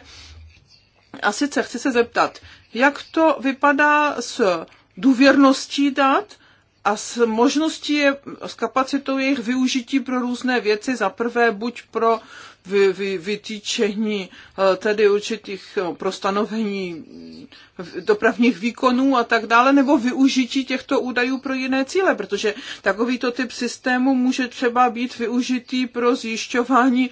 A sice chci se zeptat, jak to vypadá s důvěrností dat a s možností, s kapacitou jejich využití pro různé věci. Za prvé, buď pro vy, vy, vytýčení eh, tedy určitých eh, pro stanovení eh, dopravních výkonů a tak dále, nebo využití těchto údajů pro jiné cíle, protože takovýto typ systému může třeba být využitý pro zjišťování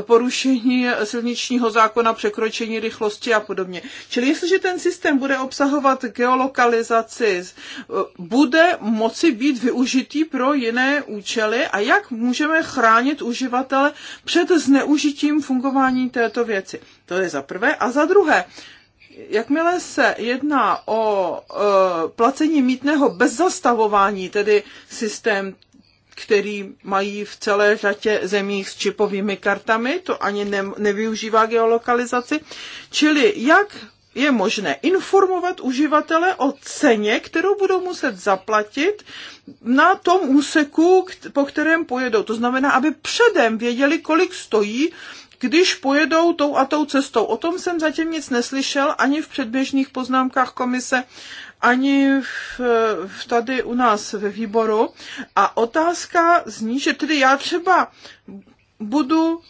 porušení silničního zákona, překročení rychlosti a podobně. Čili jestliže ten systém bude obsahovat geolokalizaci, bude moci být využitý pro jiné účely a jak můžeme chránit uživatele před zneužitím zneužitím fungování této věci. To je za prvé. A za druhé, jakmile se jedná o e, placení mítného bez zastavování, tedy systém, který mají v celé řadě zemích s čipovými kartami, to ani ne, nevyužívá geolokalizaci, čili jak je možné informovat uživatele o ceně, kterou budou muset zaplatit na tom úseku, po kterém pojedou. To znamená, aby předem věděli, kolik stojí, když pojedou tou a tou cestou. O tom jsem zatím nic neslyšel ani v předběžných poznámkách komise, ani v, v tady u nás ve výboru. A otázka zní, že tedy já třeba budu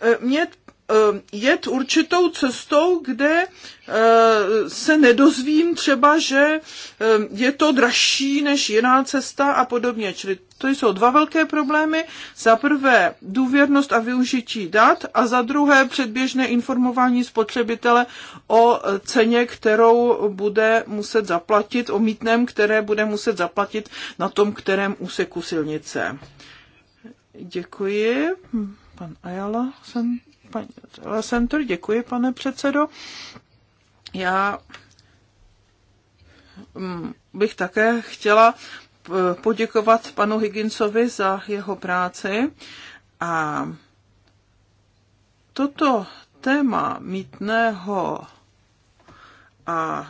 eh, mět Eh, jet určitou cestou, kde eh, se nedozvím třeba, že eh, je to dražší než jiná cesta a podobně. Čili to jsou dva velké problémy. Za prvé důvěrnost a využití dat a za druhé předběžné informování spotřebitele o ceně, kterou bude muset zaplatit, o mítném, které bude muset zaplatit na tom, kterém úseku silnice. Děkuji. Pan Ayala jsem paní Center, děkuji, pane předsedo. Já mm, bych také chtěla poděkovat panu Higginsovi za jeho práci a toto téma mítného a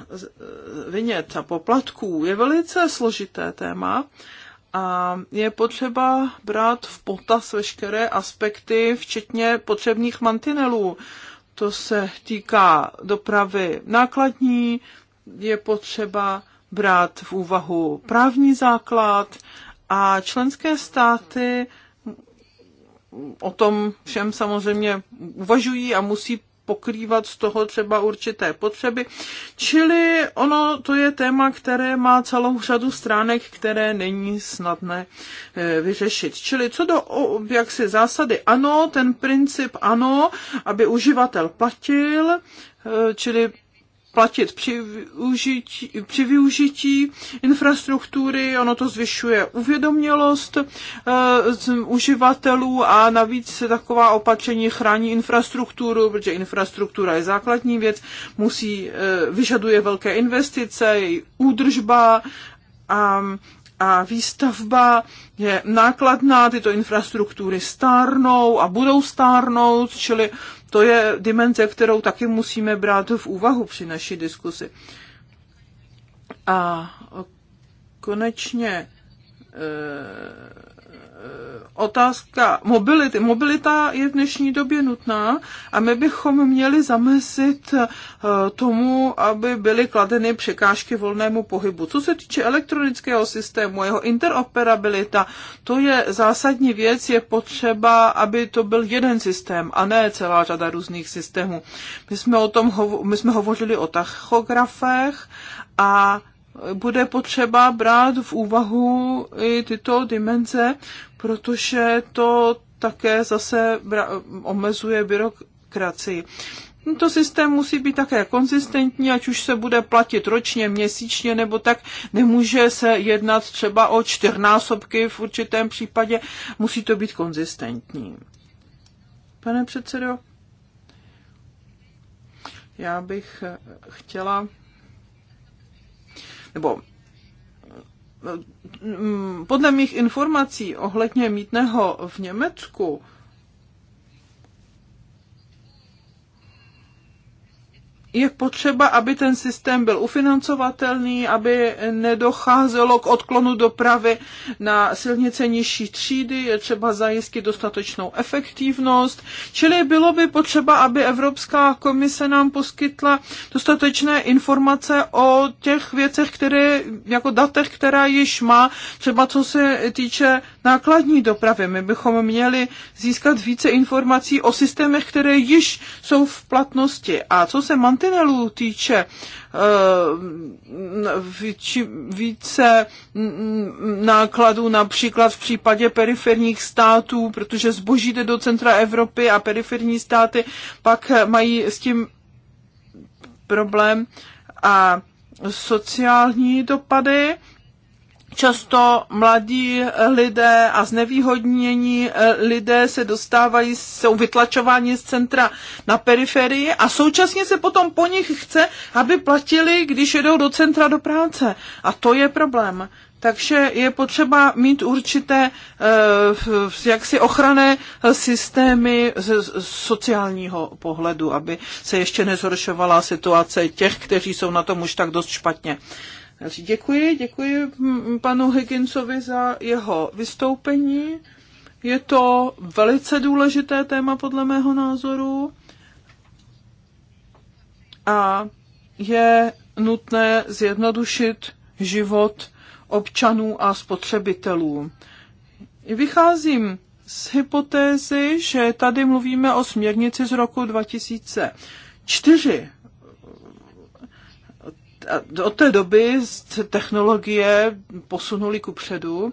vynět a poplatků je velice složité téma a je potřeba brát v potaz veškeré aspekty, včetně potřebných mantinelů. To se týká dopravy nákladní, je potřeba brát v úvahu právní základ a členské státy o tom všem samozřejmě uvažují a musí pokrývat z toho třeba určité potřeby. Čili ono to je téma, které má celou řadu stránek, které není snadné eh, vyřešit. Čili co do jaksi zásady ano, ten princip ano, aby uživatel platil, eh, čili platit při využití, při využití infrastruktury, ono to zvyšuje uvědomělost uh, uživatelů a navíc se taková opatření chrání infrastrukturu, protože infrastruktura je základní věc, musí, uh, vyžaduje velké investice, její údržba a a výstavba je nákladná, tyto infrastruktury stárnou a budou stárnout, čili to je dimenze, kterou taky musíme brát v úvahu při naší diskusi. A konečně eh, otázka mobility. Mobilita je v dnešní době nutná a my bychom měli zamezit eh, tomu, aby byly kladeny překážky volnému pohybu. Co se týče elektronického systému, jeho interoperabilita, to je zásadní věc, je potřeba, aby to byl jeden systém a ne celá řada různých systémů. My jsme, o tom hovo- my jsme hovořili o tachografech a bude potřeba brát v úvahu i tyto dimenze, protože to také zase omezuje byrokracii. To systém musí být také konzistentní, ať už se bude platit ročně, měsíčně nebo tak. Nemůže se jednat třeba o čtyřnásobky v určitém případě. Musí to být konzistentní. Pane předsedo, já bych chtěla, nebo podle mých informací ohledně mítného v Německu, je potřeba, aby ten systém byl ufinancovatelný, aby nedocházelo k odklonu dopravy na silnice nižší třídy, je třeba zajistit dostatečnou efektivnost, čili bylo by potřeba, aby Evropská komise nám poskytla dostatečné informace o těch věcech, které, jako datech, která již má, třeba co se týče nákladní dopravy. My bychom měli získat více informací o systémech, které již jsou v platnosti. A co se mantinuje, mantinelů týče, eh, více nákladů například v případě periferních států, protože zboží jde do centra Evropy a periferní státy pak mají s tím problém a sociální dopady často mladí lidé a znevýhodnění eh, lidé se dostávají, jsou vytlačováni z centra na periferii a současně se potom po nich chce, aby platili, když jedou do centra do práce. A to je problém. Takže je potřeba mít určité eh, jaksi ochranné eh, systémy z sociálního pohledu, aby se ještě nezhoršovala situace těch, kteří jsou na tom už tak dost špatně. Děkuji, děkuji panu Higginsovi za jeho vystoupení. Je to velice důležité téma podle mého názoru a je nutné zjednodušit život občanů a spotřebitelů. Vycházím z hypotézy, že tady mluvíme o směrnici z roku 2004 od té doby se technologie posunuly kupředu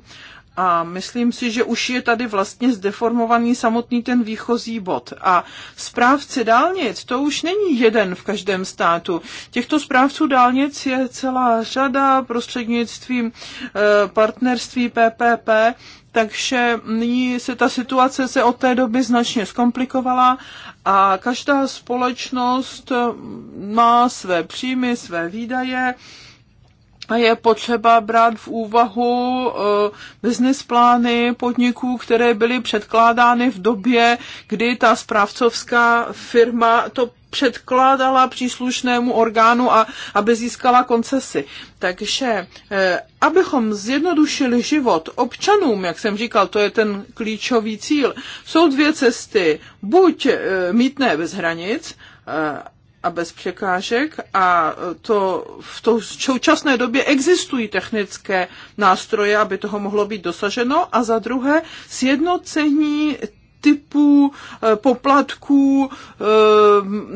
a myslím si, že už je tady vlastně zdeformovaný samotný ten výchozí bod. A správce dálnic, to už není jeden v každém státu. Těchto správců dálnic je celá řada prostřednictvím eh, partnerství PPP, takže nyní se ta situace se od té doby značně zkomplikovala a každá společnost má své příjmy, své výdaje a je potřeba brát v úvahu eh, business plány podniků, které byly předkládány v době, kdy ta správcovská firma to předkládala příslušnému orgánu a aby získala koncesy. Takže eh, abychom zjednodušili život občanům, jak jsem říkal, to je ten klíčový cíl, jsou dvě cesty. Buď eh, mítné bez hranic, eh, a bez překážek a to v to současné době existují technické nástroje, aby toho mohlo být dosaženo a za druhé sjednocení typů eh, poplatků eh,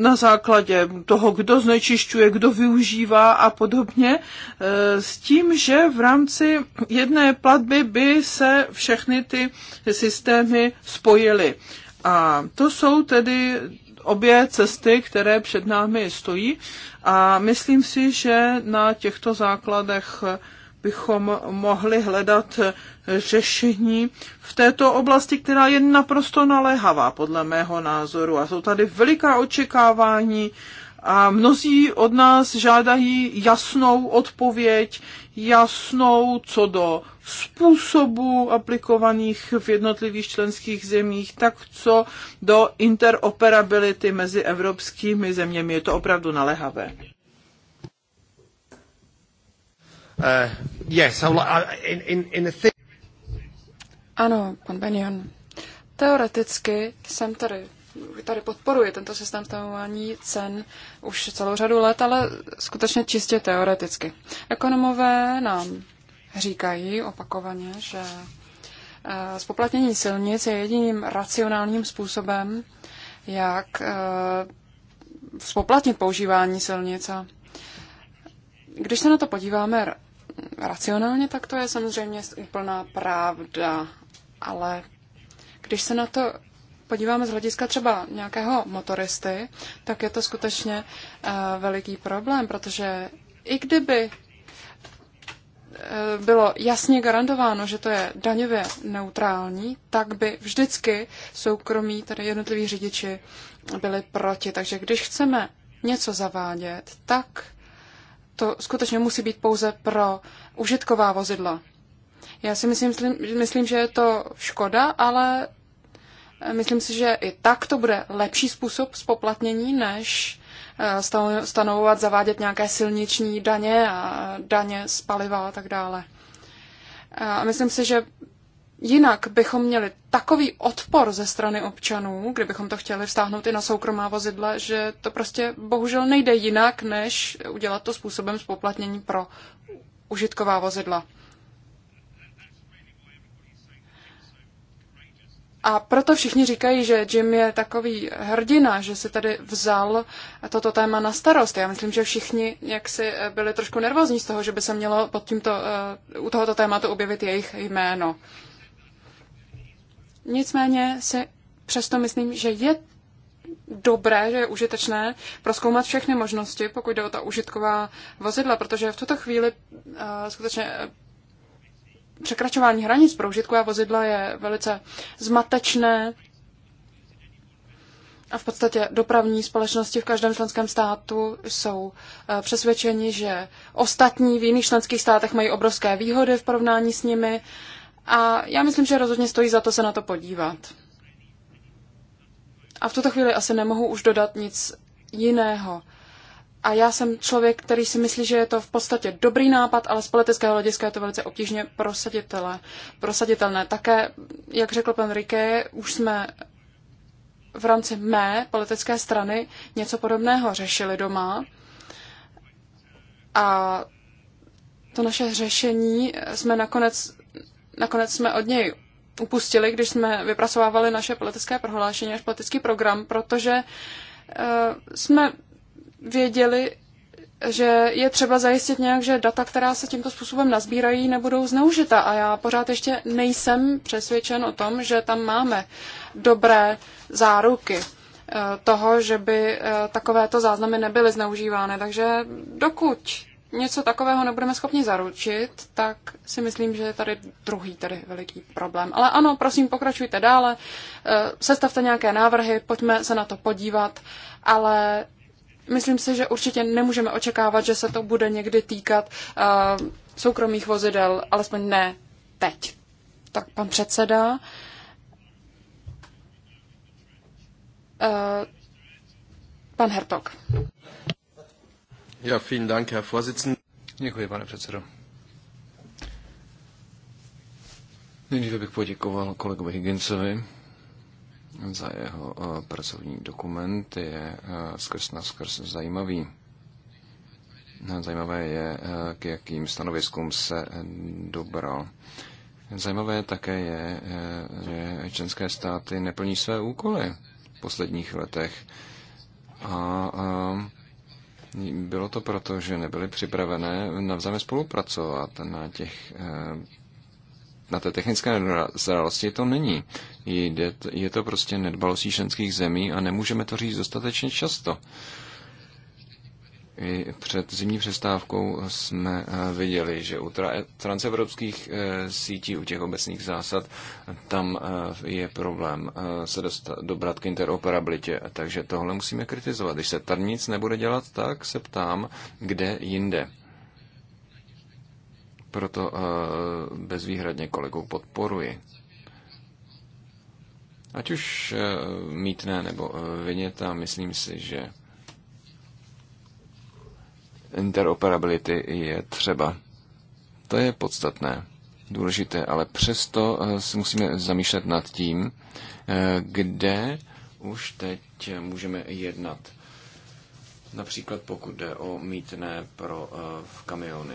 na základě toho, kdo znečišťuje, kdo využívá a podobně, eh, s tím, že v rámci jedné platby by se všechny ty systémy spojily. A to jsou tedy obě cesty, které před námi stojí a myslím si, že na těchto základech bychom mohli hledat řešení v této oblasti, která je naprosto naléhavá podle mého názoru. A jsou tady veliká očekávání a mnozí od nás žádají jasnou odpověď, jasnou co do způsobu aplikovaných v jednotlivých členských zemích, tak co do interoperability mezi evropskými zeměmi. Je to opravdu naléhavé. Uh, uh, ano, pan Benion. Teoreticky jsem tady tady podporuji tento systém stanovování cen už celou řadu let, ale skutečně čistě teoreticky. Ekonomové nám říkají opakovaně, že eh, spoplatnění silnic je jediným racionálním způsobem, jak spoplatnit eh, používání silnic. Když se na to podíváme racionálně, tak to je samozřejmě úplná pravda. Ale když se na to podíváme z hlediska třeba nějakého motoristy, tak je to skutečně eh, veliký problém, protože i kdyby eh, bylo jasně garantováno, že to je daňově neutrální, tak by vždycky soukromí, tedy jednotliví řidiči, byli proti. Takže když chceme něco zavádět, tak to skutečně musí být pouze pro užitková vozidla. Já si myslím, myslím, že je to škoda, ale myslím si, že i tak to bude lepší způsob spoplatnění, než eh, stanovovat, zavádět nějaké silniční daně a daně z paliva a tak dále. A myslím si, že Jinak bychom měli takový odpor ze strany občanů, kdybychom to chtěli vztáhnout i na soukromá vozidla, že to prostě bohužel nejde jinak, než udělat to způsobem spoplatnění pro užitková vozidla. A proto všichni říkají, že Jim je takový hrdina, že si tady vzal toto téma na starost. Já myslím, že všichni jaksi byli trošku nervózní z toho, že by se mělo pod tímto, eh, u tohoto tématu objevit jejich jméno. Nicméně si přesto myslím, že je dobré, že je užitečné proskoumat všechny možnosti, pokud jde o ta užitková vozidla, protože v tuto chvíli uh, skutečně eh, překračování hranic pro užitková vozidla je velice zmatečné a v podstatě dopravní společnosti v každém členském státu jsou eh, přesvědčeni, že ostatní v jiných členských státech mají obrovské výhody v porovnání s nimi a já myslím, že rozhodně stojí za to se na to podívat. A v tuto chvíli asi nemohu už dodat nic jiného. A já jsem člověk, který si myslí, že je to v podstatě dobrý nápad, ale z politického hlediska je to velice obtížně prosaditelné. Také, jak řekl pan Rike, už jsme v rámci mé politické strany něco podobného řešili doma. A to naše řešení jsme nakonec nakonec jsme od něj upustili, když jsme vypracovávali naše politické prohlášení, až politický program, protože e, jsme věděli, že je třeba zajistit nějak, že data, která se tímto způsobem nazbírají, nebudou zneužita. A já pořád ještě nejsem přesvědčen o tom, že tam máme dobré záruky e, toho, že by e, takovéto záznamy nebyly zneužívány. Takže dokud něco takového nebudeme schopni zaručit, tak si myslím, že je tady druhý tady veliký problém. Ale ano, prosím, pokračujte dále, eh, sestavte nějaké návrhy, pojďme se na to podívat, ale myslím si, že určitě nemůžeme očekávat, že se to bude někdy týkat eh, soukromých vozidel, alespoň ne teď. Tak pan předseda. Eh, pan Hertog. Děkuji, pane předsedo. Nejdříve bych poděkoval kolegovi Higginsovi za jeho eh, pracovní dokument. Je eh, skrz na skrz zajímavý. Zajímavé je, eh, k jakým stanoviskům se dobral. Zajímavé také je, že členské státy neplní své úkoly v posledních letech. A, a bylo to proto, že nebyly připravené navzájem spolupracovat na těch eh, na té technické zralosti to není. je to prostě nedbalostí členských zemí a nemůžeme to říct dostatečně často. I před zimní přestávkou jsme eh, viděli, že u transevropských eh, sítí, u těch obecných zásad, tam eh, je problém se dostat, dobrat k interoperabilitě. Takže tohle musíme kritizovat. Když se tam nic nebude dělat, tak se ptám, kde jinde. Proto bezvýhradně kolegou podporuji. Ať už mítné nebo vyněta, myslím si, že interoperability je třeba. To je podstatné, důležité, ale přesto eh, se musíme zamýšlet nad tím, eh, kde už teď můžeme jednat. Například pokud jde o mítné pro eh, v kamiony.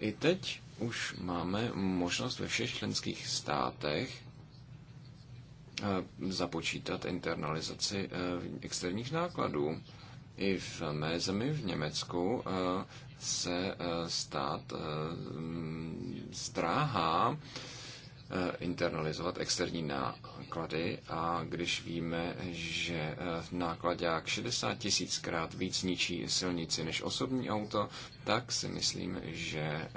I teď už máme možnost ve všech členských státech započítat internalizaci externích nákladů. I v mé zemi, v Německu, eh, se eh, stát stráhá eh, internalizovat externí náklady a když víme, že nákladák 60 tisíckrát víc ničí silnici než osobní auto, tak si myslím, že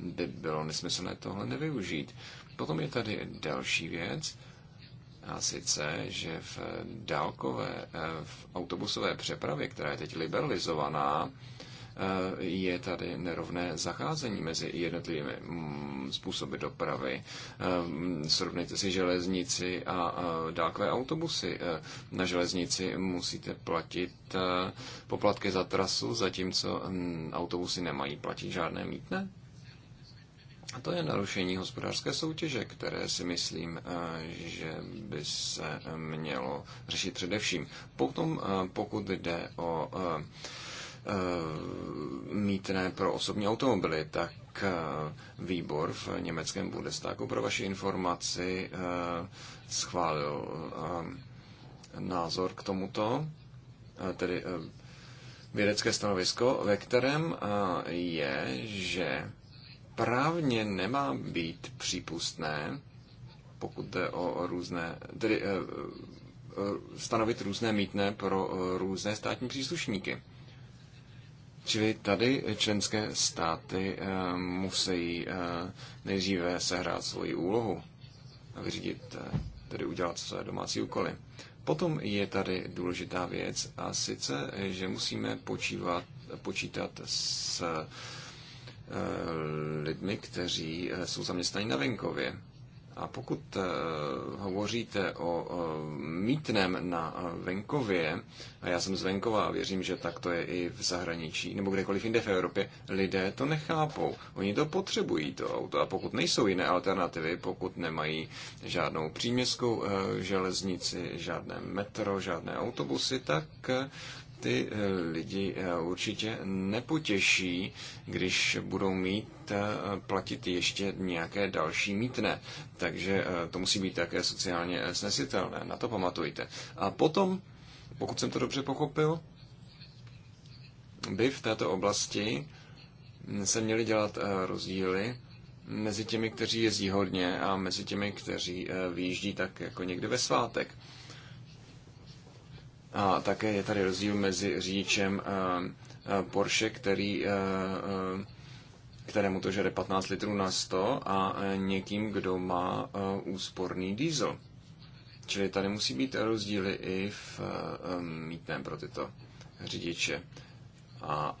by bylo nesmyslné tohle nevyužít. Potom je tady další věc, a sice, že v dálkové, eh, v autobusové přepravě, která je teď liberalizovaná, eh, je tady nerovné zacházení mezi jednotlivými mm, způsoby dopravy. Eh, srovnejte si železnici a dálkové autobusy. Na železnici musíte platit poplatky za trasu, zatímco mm, autobusy nemají platit žádné mítné. A to je narušení hospodářské soutěže, které si myslím, eh, že by se mělo řešit především. Potom, eh, pokud jde o eh, mítné pro osobní automobily, tak výbor v německém Bundestagu pro vaši informaci schválil názor k tomuto, tedy vědecké stanovisko, ve kterém je, že právně nemá být přípustné, pokud jde o různé, tedy eh, eh, stanovit různé mítné pro eh, různé státní příslušníky. Čili tady členské státy musí nejdříve sehrát svoji úlohu a vyřídit, tedy udělat své domácí úkoly. Potom je tady důležitá věc a sice, že musíme počívat, počítat s Eh, lidmi, kteří eh, jsou zaměstnaní na venkově. A pokud eh, hovoříte o mítném na venkově, a já jsem z venkova a věřím, že tak to je i v zahraničí, nebo kdekoliv jinde v Evropě, lidé to nechápou. Oni to potřebují, to auto. A pokud nejsou jiné alternativy, pokud nemají žádnou příměstskou železnici, žádné metro, žádné autobusy, tak ty eh, lidi eh, určitě nepotěší, když budou mít eh, platit ještě nějaké další mítné. Takže to musí být také sociálně snesitelné, na to pamatujte. A potom, pokud jsem to dobře pochopil, by v této oblasti se měly dělat rozdíly mezi těmi, kteří jezdí hodně a mezi těmi, kteří výjíždí tak jako někdy ve svátek. A také je tady rozdíl mezi řidičem eh, eh, Porsche, který eh, kterému to žere 15 litrů na 100 a někým, kdo má úsporný diesel. Čili tady musí být rozdíly i v mítném pro tyto řidiče. A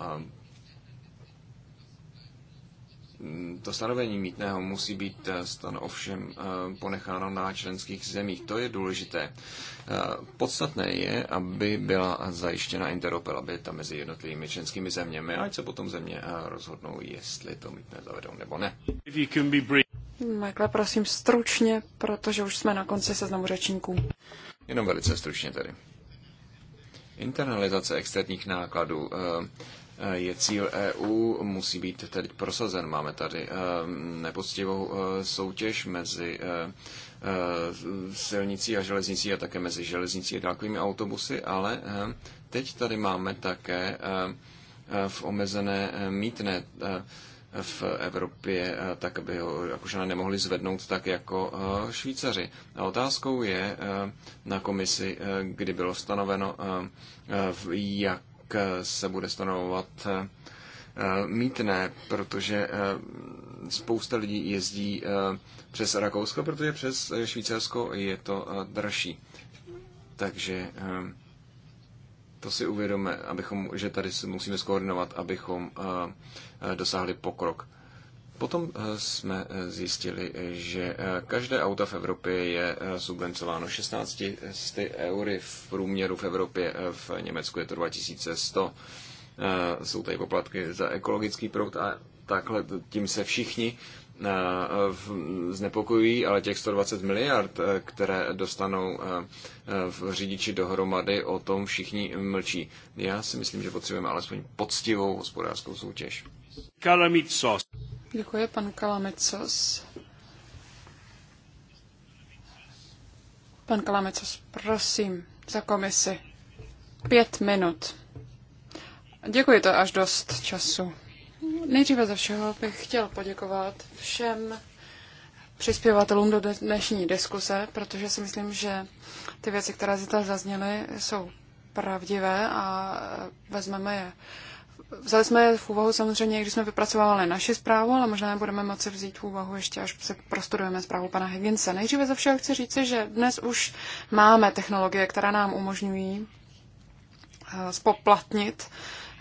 Mm, to stanovení mítného musí být eh, stan ovšem eh, ponecháno na členských zemích. To je důležité. Eh, podstatné je, aby byla zajištěna interoperabilita mezi jednotlivými členskými zeměmi, ať se potom země rozhodnou, jestli to mítné zavedou nebo ne. Michael, prosím stručně, protože už jsme na konci seznamu řečníků. Jenom velice stručně tedy. Internalizace externích nákladů je cíl EU, musí být tedy prosazen. Máme tady eh, nepoctivou eh, soutěž mezi eh, silnicí a železnicí a také mezi železnicí a dálkovými autobusy, ale teď tady máme také v omezené mítné v Evropě, tak aby ho Rakušané nemohli zvednout tak jako Švýcaři. A otázkou je na komisi, kdy bylo stanoveno, jak se bude stanovovat eh, mítné, protože eh, spousta lidí jezdí eh, přes Rakousko, protože přes Švýcarsko je to dražší. Takže to si uvědomíme, abychom, že tady musíme skoordinovat, abychom dosáhli pokrok. Potom eh, jsme eh, zjistili, že eh, každé auto v Evropě je subvencováno 16 eury v průměru v Evropě, v Německu je to 2100. Jsou tady poplatky za ekologický produkt a takhle tím se všichni znepokojují, ale těch 120 miliard, které dostanou v řidiči dohromady, o tom všichni mlčí. Já si myslím, že potřebujeme alespoň poctivou hospodářskou soutěž. Kalamitsos. Děkuji, pan Kalamecos. Pan Kalamecos, prosím, za komisi. Pět minut. Děkuji, to až dost času. Nejdříve za všeho bych chtěl poděkovat všem přispěvatelům do dnešní diskuse, protože si myslím, že ty věci, které zde zazněly, jsou pravdivé a vezmeme je Vzali jsme v úvahu samozřejmě, když jsme vypracovali naši zprávu, ale možná budeme moci vzít v úvahu ještě, až se prostudujeme zprávu pana Higginse. Nejdříve za všeho chci říci, že dnes už máme technologie, které nám umožňují eh, spoplatnit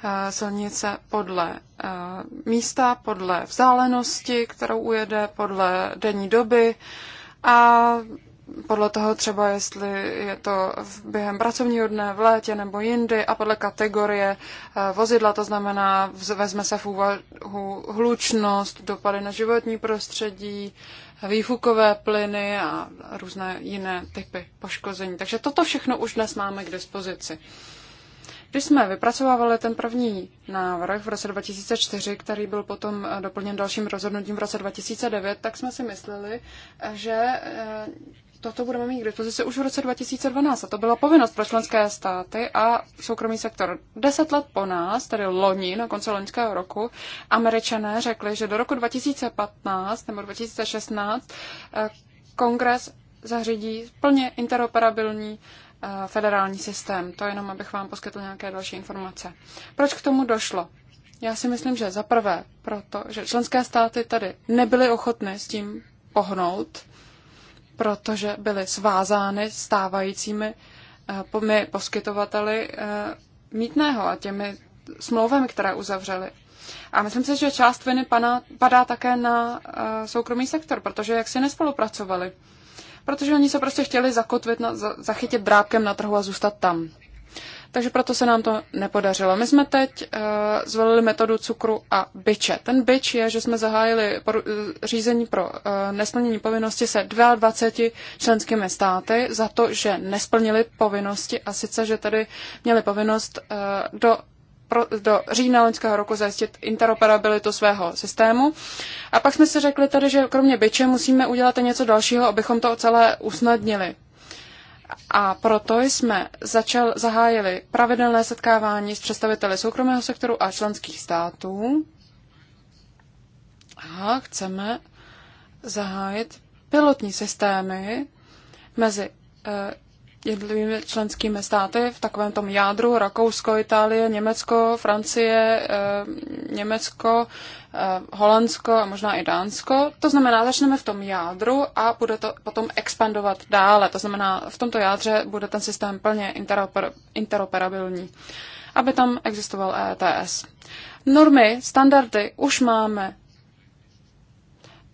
eh, silnice podle eh, místa, podle vzdálenosti, kterou ujede, podle denní doby a podle toho třeba, jestli je to během pracovního dne, v létě nebo jindy a podle kategorie eh, vozidla, to znamená, vezme se v úvahu hlučnost, dopady na životní prostředí, výfukové plyny a různé jiné typy poškození. Takže toto všechno už dnes máme k dispozici. Když jsme vypracovávali ten první návrh v roce 2004, který byl potom eh, doplněn dalším rozhodnutím v roce 2009, tak jsme si mysleli, eh, že toto budeme mít k dispozici už v roce 2012. A to byla povinnost pro členské státy a soukromý sektor. Deset let po nás, tedy loni, na konci loňského roku, američané řekli, že do roku 2015 nebo 2016 eh, kongres zařídí plně interoperabilní eh, federální systém. To jenom, abych vám poskytl nějaké další informace. Proč k tomu došlo? Já si myslím, že za prvé proto, že členské státy tady nebyly ochotny s tím pohnout protože byly svázány stávajícími eh, my poskytovateli eh, mítného a těmi smlouvami, které uzavřeli. A myslím si, že část viny pana, padá také na eh, soukromý sektor, protože jak si nespolupracovali. Protože oni se prostě chtěli zakotvit, na, zachytit drábkem na trhu a zůstat tam takže proto se nám to nepodařilo. My jsme teď uh, zvolili metodu cukru a byče. Ten byč je, že jsme zahájili poru, uh, řízení pro uh, nesplnění povinnosti se 22 členskými státy za to, že nesplnili povinnosti a sice, že tady měli povinnost uh, do do října loňského roku zajistit interoperabilitu svého systému. A pak jsme si řekli tady, že kromě byče musíme udělat něco dalšího, abychom to celé usnadnili. A proto jsme začal, zahájili pravidelné setkávání s představiteli soukromého sektoru a členských států. A chceme zahájit pilotní systémy mezi eh, jednotlivými členskými státy v takovém tom jádru Rakousko, Itálie, Německo, Francie, eh, Německo, Eh, Holandsko a možná i Dánsko. To znamená, začneme v tom jádru a bude to potom expandovat dále. To znamená, v tomto jádře bude ten systém plně interoper, interoperabilní, aby tam existoval ETS. Normy, standardy už máme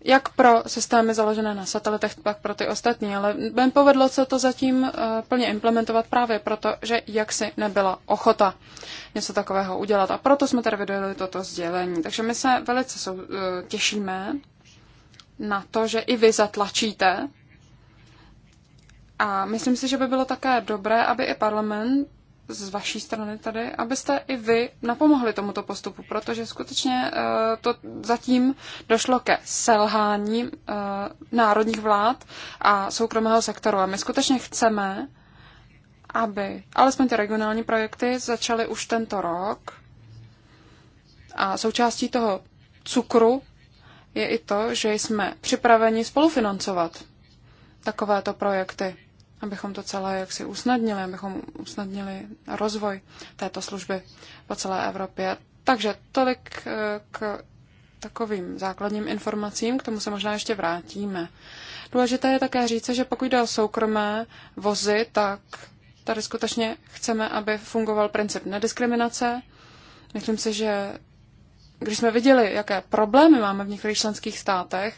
jak pro systémy založené na satelitech, tak pro ty ostatní, ale povedlo se to zatím eh, plně implementovat právě proto, že jaksi nebyla ochota něco takového udělat. A proto jsme tady vydali toto sdělení. Takže my se velice sou, eh, těšíme na to, že i vy zatlačíte. A myslím si, že by bylo také dobré, aby i parlament z vaší strany tady, abyste i vy napomohli tomuto postupu, protože skutečně eh, to zatím došlo ke selhání eh, národních vlád a soukromého sektoru. A my skutečně chceme, aby alespoň ty regionální projekty začaly už tento rok. A součástí toho cukru je i to, že jsme připraveni spolufinancovat takovéto projekty abychom to celé jaksi usnadnili, abychom usnadnili rozvoj této služby po celé Evropě. Takže tolik eh, k takovým základním informacím, k tomu se možná ještě vrátíme. Důležité je také říct, že pokud jde o soukromé vozy, tak tady skutečně chceme, aby fungoval princip nediskriminace. Myslím si, že když jsme viděli, jaké problémy máme v některých členských státech,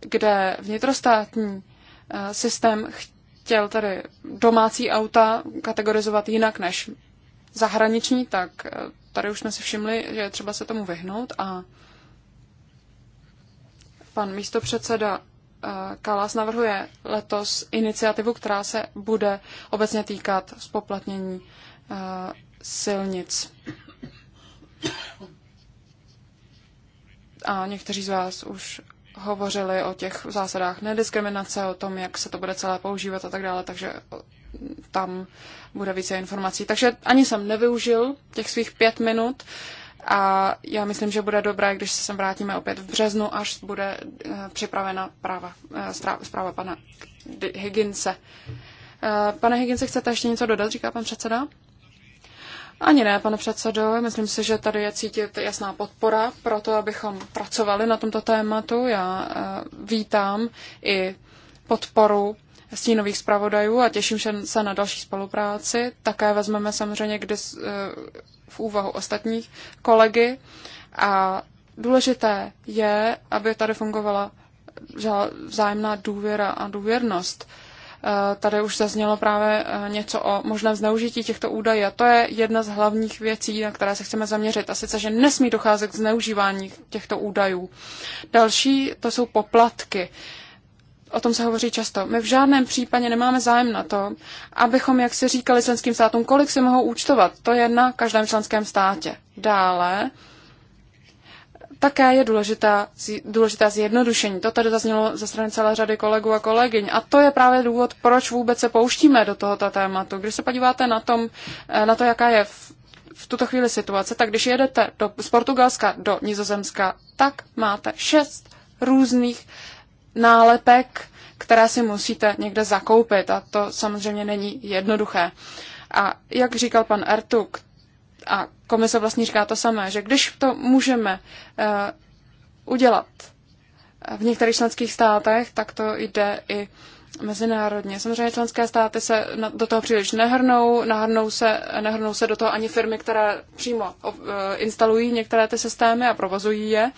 kde vnitrostátní eh, systém chtěl tady domácí auta kategorizovat jinak než zahraniční, tak eh, tady už jsme si všimli, že je třeba se tomu vyhnout a pan místopředseda eh, Kalas navrhuje letos iniciativu, která se bude obecně týkat spoplatnění eh, silnic. A někteří z vás už hovořili o těch zásadách nediskriminace, o tom, jak se to bude celé používat a tak dále, takže tam bude více informací. Takže ani jsem nevyužil těch svých pět minut a já myslím, že bude dobré, když se sem vrátíme opět v březnu, až bude eh, připravena práva, eh, zpráva pana Higginse. Eh, pane Higginse, chcete ještě něco dodat, říká pan předseda? Ani ne, pane předsedo. Myslím si, že tady je cítit jasná podpora pro to, abychom pracovali na tomto tématu. Já eh, vítám i podporu stínových zpravodajů a těším se na další spolupráci. Také vezmeme samozřejmě kdy eh, v úvahu ostatních kolegy. A důležité je, aby tady fungovala vzájemná důvěra a důvěrnost. Eh, tady už zaznělo právě eh, něco o možném zneužití těchto údajů a to je jedna z hlavních věcí, na které se chceme zaměřit. A sice, že nesmí docházet k zneužívání těchto údajů. Další to jsou poplatky. O tom se hovoří často. My v žádném případě nemáme zájem na to, abychom, jak se říkali členským státům, kolik si mohou účtovat. To je na každém členském státě. Dále, také je důležitá, důležitá zjednodušení. To tady zaznělo ze strany celé řady kolegů a kolegyň. A to je právě důvod, proč vůbec se pouštíme do tohoto tématu. Když se podíváte na, tom, eh, na to, jaká je v, v tuto chvíli situace, tak když jedete do, z Portugalska do Nizozemska, tak máte šest různých nálepek, které si musíte někde zakoupit. A to samozřejmě není jednoduché. A jak říkal pan Ertuk a komise vlastně říká to samé, že když to můžeme eh, udělat v některých členských státech, tak to jde i mezinárodně. Samozřejmě členské státy se do toho příliš nehrnou, nahrnou se, nehrnou se do toho ani firmy, které přímo eh, instalují některé ty systémy a provozují je.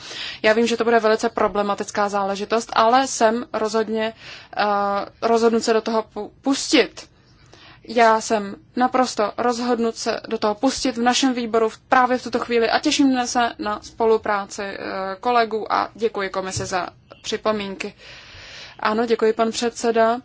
Já vím, že to bude velice problematická záležitost, ale jsem rozhodně uh, rozhodnu se do toho pustit. Já jsem naprosto rozhodnut se do toho pustit v našem výboru právě v tuto chvíli a těším se na spolupráci eh, kolegů a děkuji komisi za připomínky. Ano, děkuji pan předseda.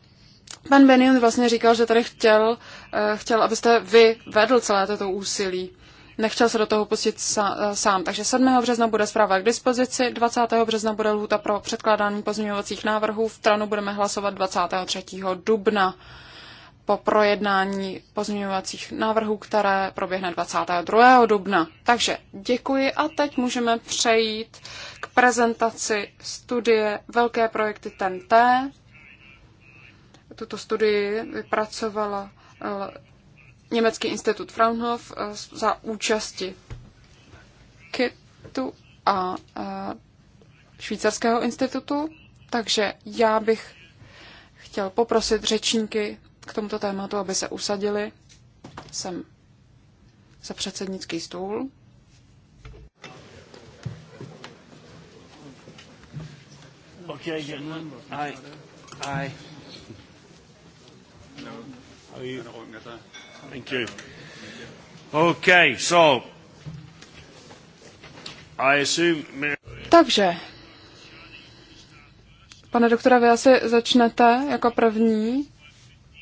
Pan Benin vlastně říkal, že tady chtěl, eh, chtěl, abyste vy vedl celé toto úsilí. Nechtěl se do toho pustit eh, sám. Takže 7. března bude zpráva k dispozici, 20. března bude lhůta pro předkládání pozměňovacích návrhů, v Tranu budeme hlasovat 23. dubna po projednání pozměňovacích návrhů, které proběhne 22. dubna. Takže děkuji a teď můžeme přejít k prezentaci studie Velké projekty TNT. Tuto studii vypracovala eh, Německý institut Fraunhof eh, za účasti KITu a eh, Švýcarského institutu. Takže já bych chtěl poprosit řečníky k tomuto tématu, aby se usadili sem za předsednický stůl. Thank you. so I assume... Takže, pane doktore, vy asi začnete jako první.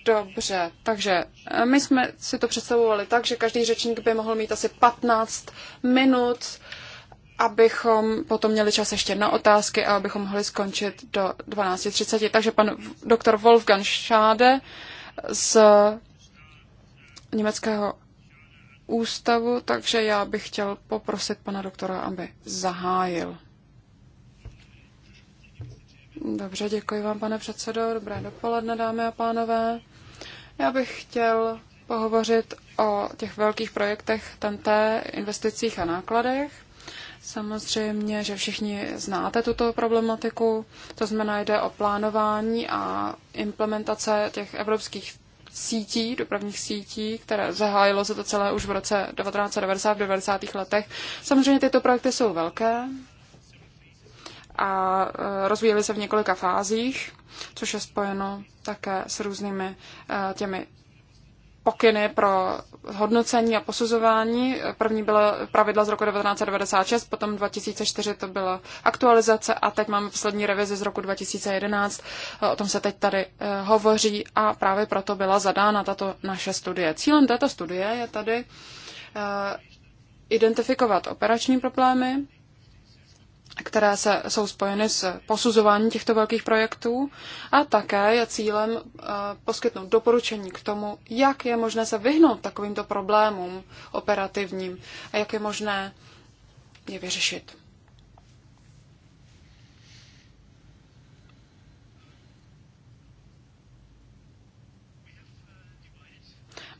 Dobře, takže eh, my jsme si to představovali tak, že každý řečník by mohl mít asi 15 minut, abychom potom měli čas ještě na otázky a abychom mohli skončit do 12.30. Takže pan doktor Wolfgang Schade z německého ústavu, takže já bych chtěl poprosit pana doktora, aby zahájil. Dobře, děkuji vám, pane předsedo. Dobré dopoledne, dámy a pánové. Já bych chtěl pohovořit o těch velkých projektech TNT, investicích a nákladech. Samozřejmě, že všichni znáte tuto problematiku, to znamená, jde o plánování a implementace těch evropských sítí, dopravních sítí, které zahájilo se to celé už v roce 1990 v 90. letech. Samozřejmě tyto projekty jsou velké, a e, rozvíjely se v několika fázích, což je spojeno také s různými e, těmi pokyny pro hodnocení a posuzování. První byla pravidla z roku 1996, potom 2004 to byla aktualizace a teď máme poslední revizi z roku 2011. E, o tom se teď tady hovoří a právě proto byla zadána tato naše studie. Cílem této studie je tady identifikovat operační problémy, které se, jsou spojeny s posuzováním těchto velkých projektů a také je cílem eh, poskytnout doporučení k tomu, jak je možné se vyhnout takovýmto problémům operativním a jak je možné je vyřešit.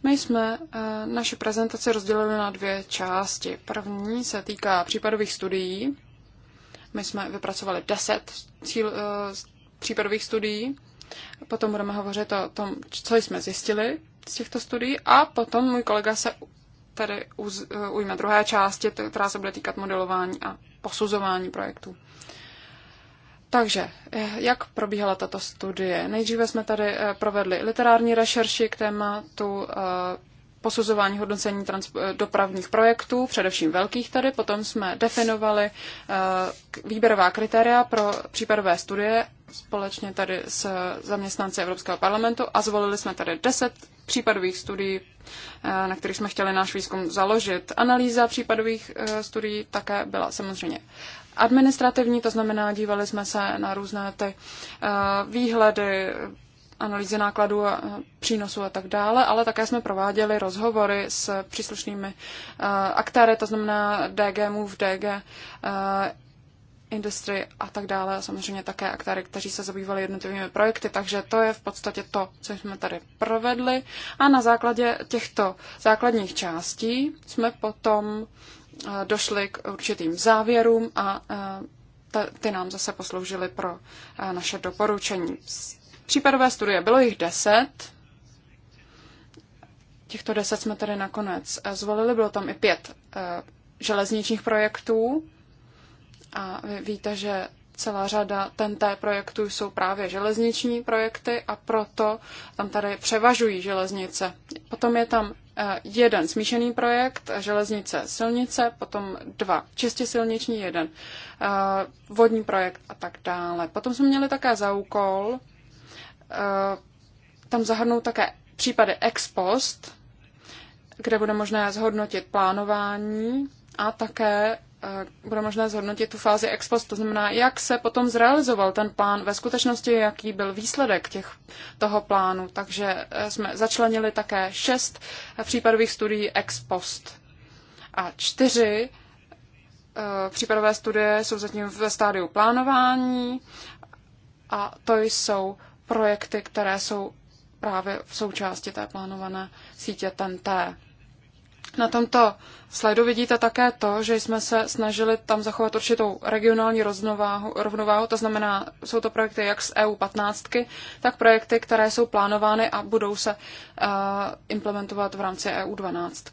My jsme eh, naše prezentaci rozdělili na dvě části. První se týká případových studií, my jsme vypracovali 10 cíl, eh, případových studií, potom budeme hovořit o tom, co jsme zjistili z těchto studií a potom můj kolega se tady uz, eh, ujme druhé části, která se bude týkat modelování a posuzování projektů. Takže, eh, jak probíhala tato studie? Nejdříve jsme tady provedli literární rešerši k tématu posuzování hodnocení eh, dopravních projektů, především velkých tady. Potom jsme definovali eh, výběrová kritéria pro případové studie společně tady s zaměstnanci Evropského parlamentu a zvolili jsme tady deset případových studií, eh, na kterých jsme chtěli náš výzkum založit. Analýza případových studií také byla samozřejmě administrativní, to znamená, dívali jsme se na různé ty výhledy, analýzy nákladů a přínosů a tak dále, ale také jsme prováděli rozhovory s příslušnými aktéry, to znamená DG Move, DG Industry a tak dále, a samozřejmě také aktéry, kteří se zabývali jednotlivými projekty, takže to je v podstatě to, co jsme tady provedli. A na základě těchto základních částí jsme potom došli k určitým závěrům a ty nám zase posloužily pro naše doporučení. Případové studie bylo jich deset. Těchto deset jsme tedy nakonec eh, zvolili. Bylo tam i pět eh, železničních projektů. A vy víte, že celá řada tenté projektů jsou právě železniční projekty a proto tam tady převažují železnice. Potom je tam eh, jeden smíšený projekt, železnice, silnice, potom dva čistě silniční, jeden vodní projekt a tak dále. Potom jsme měli také za úkol Eh, tam zahrnout také případy ex post, kde bude možné zhodnotit plánování a také eh, bude možné zhodnotit tu fázi ex post, to znamená, jak se potom zrealizoval ten plán ve skutečnosti, jaký byl výsledek těch, toho plánu. Takže eh, jsme začlenili také šest případových studií ex post a čtyři případové studie jsou zatím ve stádiu plánování a to jsou projekty, které jsou právě v součásti té plánované sítě TNT. Na tomto slajdu vidíte také to, že jsme se snažili tam zachovat určitou regionální rovnováhu, rovnováhu to znamená, jsou to projekty jak z EU 15, tak projekty, které jsou plánovány a budou se uh, implementovat v rámci EU 12.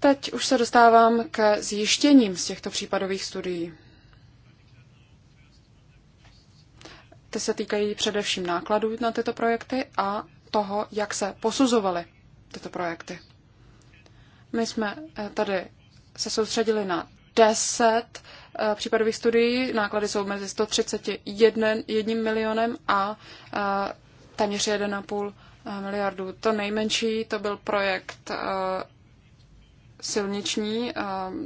Teď už se dostávám ke zjištěním z těchto případových studií. Ty se týkají především nákladů na tyto projekty a toho, jak se posuzovaly tyto projekty. My jsme eh, tady se soustředili na 10 eh, případových studií. Náklady jsou mezi 131 jedním milionem a eh, téměř 1,5 miliardu. To nejmenší to byl projekt silniční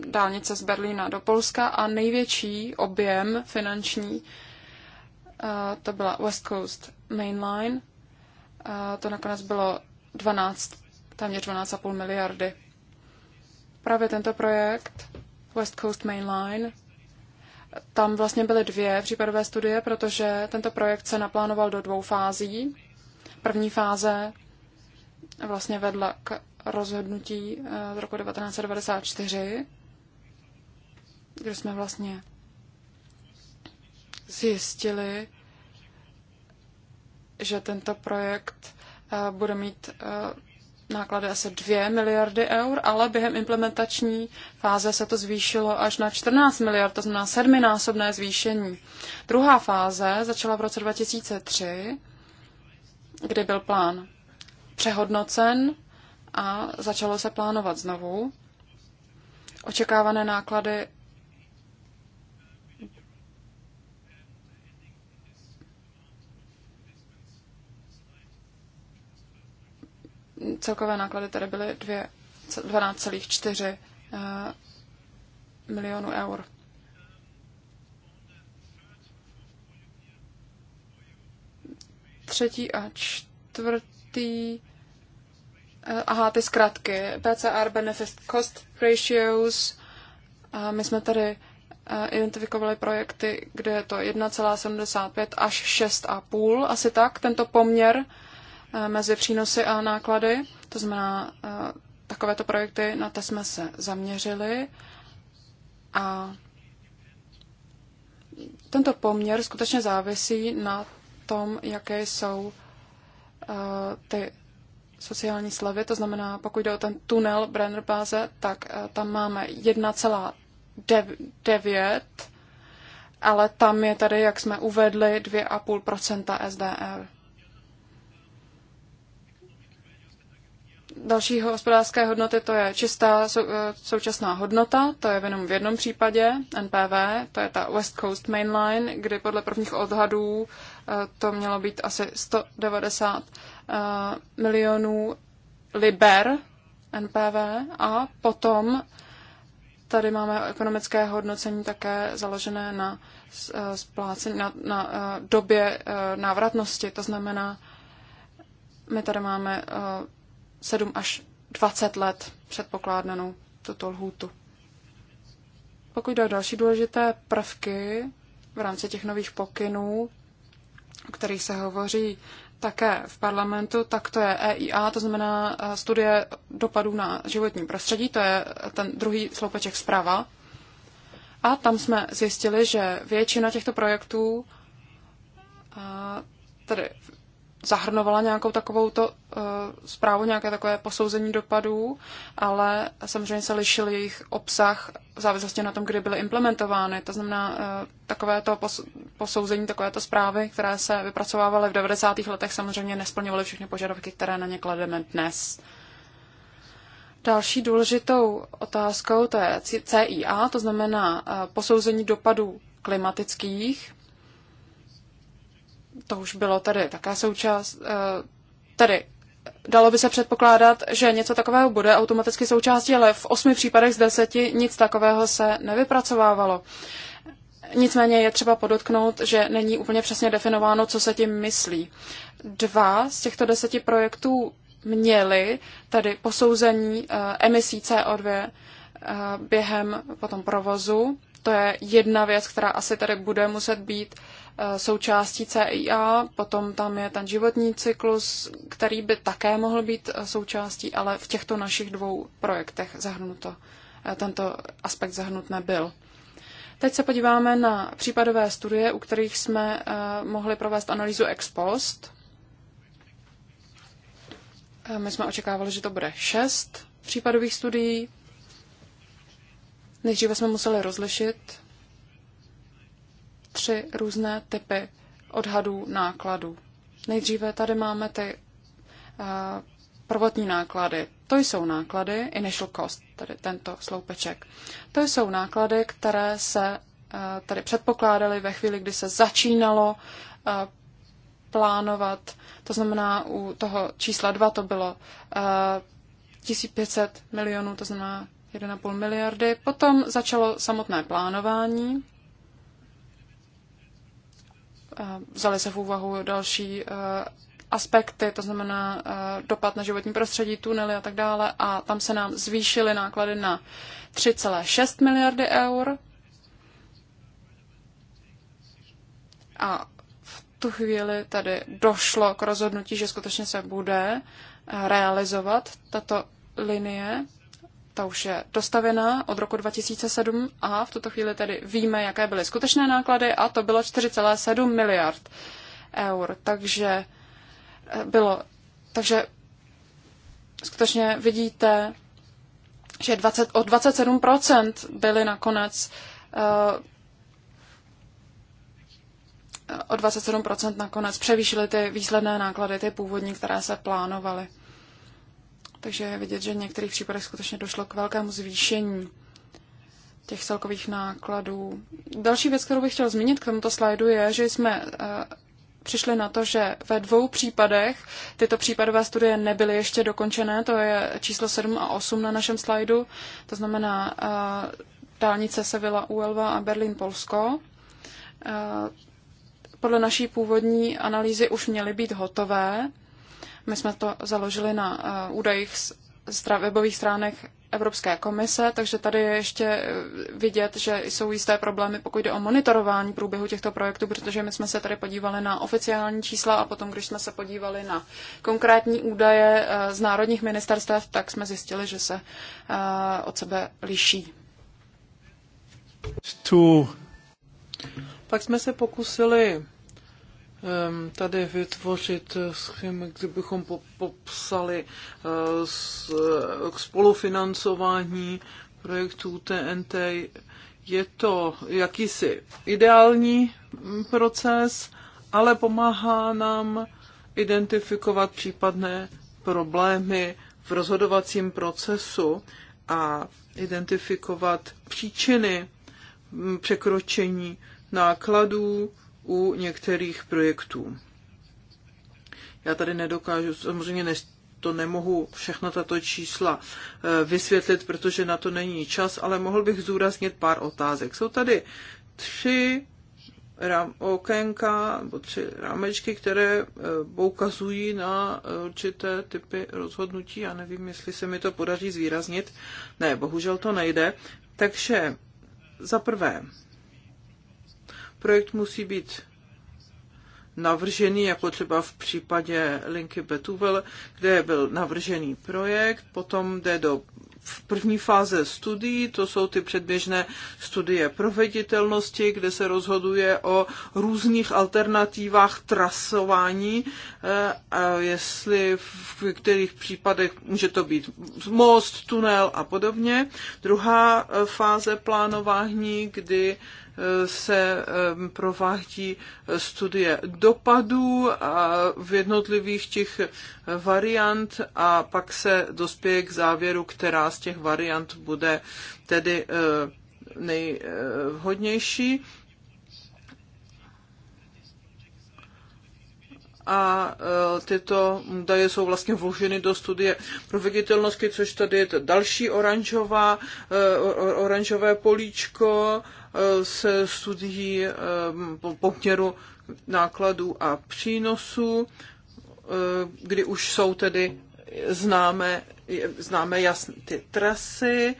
dálnice z Berlína do Polska a největší objem finanční to byla West Coast Mainline. To nakonec bylo 12, téměř 12,5 miliardy. Právě tento projekt West Coast Mainline tam vlastně byly dvě případové studie, protože tento projekt se naplánoval do dvou fází. První fáze vlastně vedla k rozhodnutí eh, z roku 1994, kde jsme vlastně zjistili, že tento projekt eh, bude mít eh, náklady asi 2 miliardy eur, ale během implementační fáze se to zvýšilo až na 14 miliard, to znamená sedminásobné zvýšení. Druhá fáze začala v roce 2003, kdy byl plán přehodnocen a začalo se plánovat znovu. Očekávané náklady Celkové náklady tady byly 12,4 eh, milionů eur. Třetí a čtvrtý eh, Aha, ty zkratky. PCR Benefit Cost Ratios. A my jsme tady eh, identifikovali projekty, kde je to 1,75 až 6,5, asi tak, tento poměr Eh, mezi přínosy a náklady. To znamená, eh, takovéto projekty, na to jsme se zaměřili a tento poměr skutečně závisí na tom, jaké jsou eh, ty sociální slevy, to znamená, pokud jde o ten tunel Brenner Báze, tak tam máme 1,9, ale tam je tady, jak jsme uvedli, 2,5% SDR. dalšího hospodářské hodnoty, to je čistá eh, současná hodnota, to je jenom v jednom případě, NPV, to je ta West Coast Mainline, kdy podle prvních odhadů eh, to mělo být asi 190 eh, milionů liber NPV a potom tady máme ekonomické hodnocení také založené na splácení, na, na době návratnosti, to znamená, my tady máme 7 až 20 let předpokládanou tuto lhůtu. Pokud jde o další důležité prvky v rámci těch nových pokynů, o kterých se hovoří také v parlamentu, tak to je EIA, to znamená eh, studie dopadů na životní prostředí, to je ten druhý sloupeček zprava. A tam jsme zjistili, že většina těchto projektů, eh, tedy zahrnovala nějakou takovou uh, zprávu, nějaké takové posouzení dopadů, ale samozřejmě se lišil jejich obsah v závislosti na tom, kdy byly implementovány. To znamená, uh, to pos- posouzení, takovéto zprávy, které se vypracovávaly v 90. letech, samozřejmě nesplňovaly všechny požadavky, které na ně klademe dnes. Další důležitou otázkou to je CIA, to znamená uh, posouzení dopadů klimatických to už bylo tady také součást, eh, tady dalo by se předpokládat, že něco takového bude automaticky součástí, ale v osmi případech z deseti nic takového se nevypracovávalo. Nicméně je třeba podotknout, že není úplně přesně definováno, co se tím myslí. Dva z těchto deseti projektů měly tedy posouzení eh, emisí CO2 eh, během potom provozu. To je jedna věc, která asi tady bude muset být Eh, součástí CIA, potom tam je ten životní cyklus, který by také mohl být eh, součástí, ale v těchto našich dvou projektech zahrnuto, eh, tento aspekt zahrnut nebyl. Teď se podíváme na případové studie, u kterých jsme mohli provést analýzu ex post. My jsme očekávali, že to bude šest případových studií. Nejdříve jsme museli rozlišit tři různé typy odhadů nákladů. Nejdříve tady máme ty eh, prvotní náklady. To jsou náklady, initial cost, tedy tento sloupeček. To jsou náklady, které se eh, tady předpokládaly ve chvíli, kdy se začínalo eh, plánovat. To znamená, u toho čísla 2 to bylo 1500 milionů, to znamená 1,5 miliardy. Potom začalo samotné plánování, Vzali se v úvahu další e, aspekty, to znamená e, dopad na životní prostředí, tunely a tak dále. A tam se nám zvýšily náklady na 3,6 miliardy eur. A v tu chvíli tady došlo k rozhodnutí, že skutečně se bude realizovat tato linie ta už je dostavená od roku 2007 a v tuto chvíli tedy víme, jaké byly skutečné náklady a to bylo 4,7 miliard eur. Takže eh, bylo, takže skutečně vidíte, že 20, o 27% byly nakonec uh, o 27% nakonec převýšily ty výsledné náklady, ty původní, které se plánovaly. Takže je vidět, že v některých případech skutečně došlo k velkému zvýšení těch celkových nákladů. Další věc, kterou bych chtěl zmínit k tomuto slajdu, je, že jsme eh, přišli na to, že ve dvou případech tyto případové studie nebyly ještě dokončené, to je číslo 7 a 8 na našem slajdu, to znamená eh, dálnice Sevilla Uelva a Berlín Polsko. Eh, podle naší původní analýzy už měly být hotové, my jsme to založili na eh, údajích z webových stránek Evropské komise, takže tady je ještě eh, vidět, že jsou jisté problémy, pokud jde o monitorování průběhu těchto projektů, protože my jsme se tady podívali na oficiální čísla a potom, když jsme se podívali na konkrétní údaje eh, z národních ministerstev, tak jsme zjistili, že se od sebe liší. Pak jsme se pokusili Ehm, tady vytvořit schémy, kdybychom popsali k eh, eh, spolufinancování projektů TNT. Je to jakýsi ideální hm, proces, ale pomáhá nám identifikovat případné problémy v rozhodovacím procesu a identifikovat příčiny hm, překročení nákladů u některých projektů. Já tady nedokážu, samozřejmě ne, to nemohu všechna tato čísla eh, vysvětlit, protože na to není čas, ale mohl bych zúraznit pár otázek. Jsou tady tři ram, okénka nebo tři rámečky, které eh, poukazují na eh, určité typy rozhodnutí. Já nevím, jestli se mi to podaří zvýraznit. Ne, bohužel to nejde. Takže za prvé, Projekt musí být navržený, jako třeba v případě linky Betuvel, kde byl navržený projekt, potom jde do v první fáze studií, to jsou ty předběžné studie proveditelnosti, kde se rozhoduje o různých alternativách trasování, eh, a jestli v kterých případech může to být most, tunel a podobně. Druhá eh, fáze plánování, kdy se provádí studie dopadů a v jednotlivých těch eh, variant a pak se dospěje k závěru, která z těch variant bude tedy eh, nejvhodnější. a eh, tyto údaje jsou vlastně vloženy do studie proveditelnosti, což tady je další oranžová, oranžové políčko se studií eh, poměru nákladů a přínosů, eh, kdy už jsou tedy známe, známe jasné ty trasy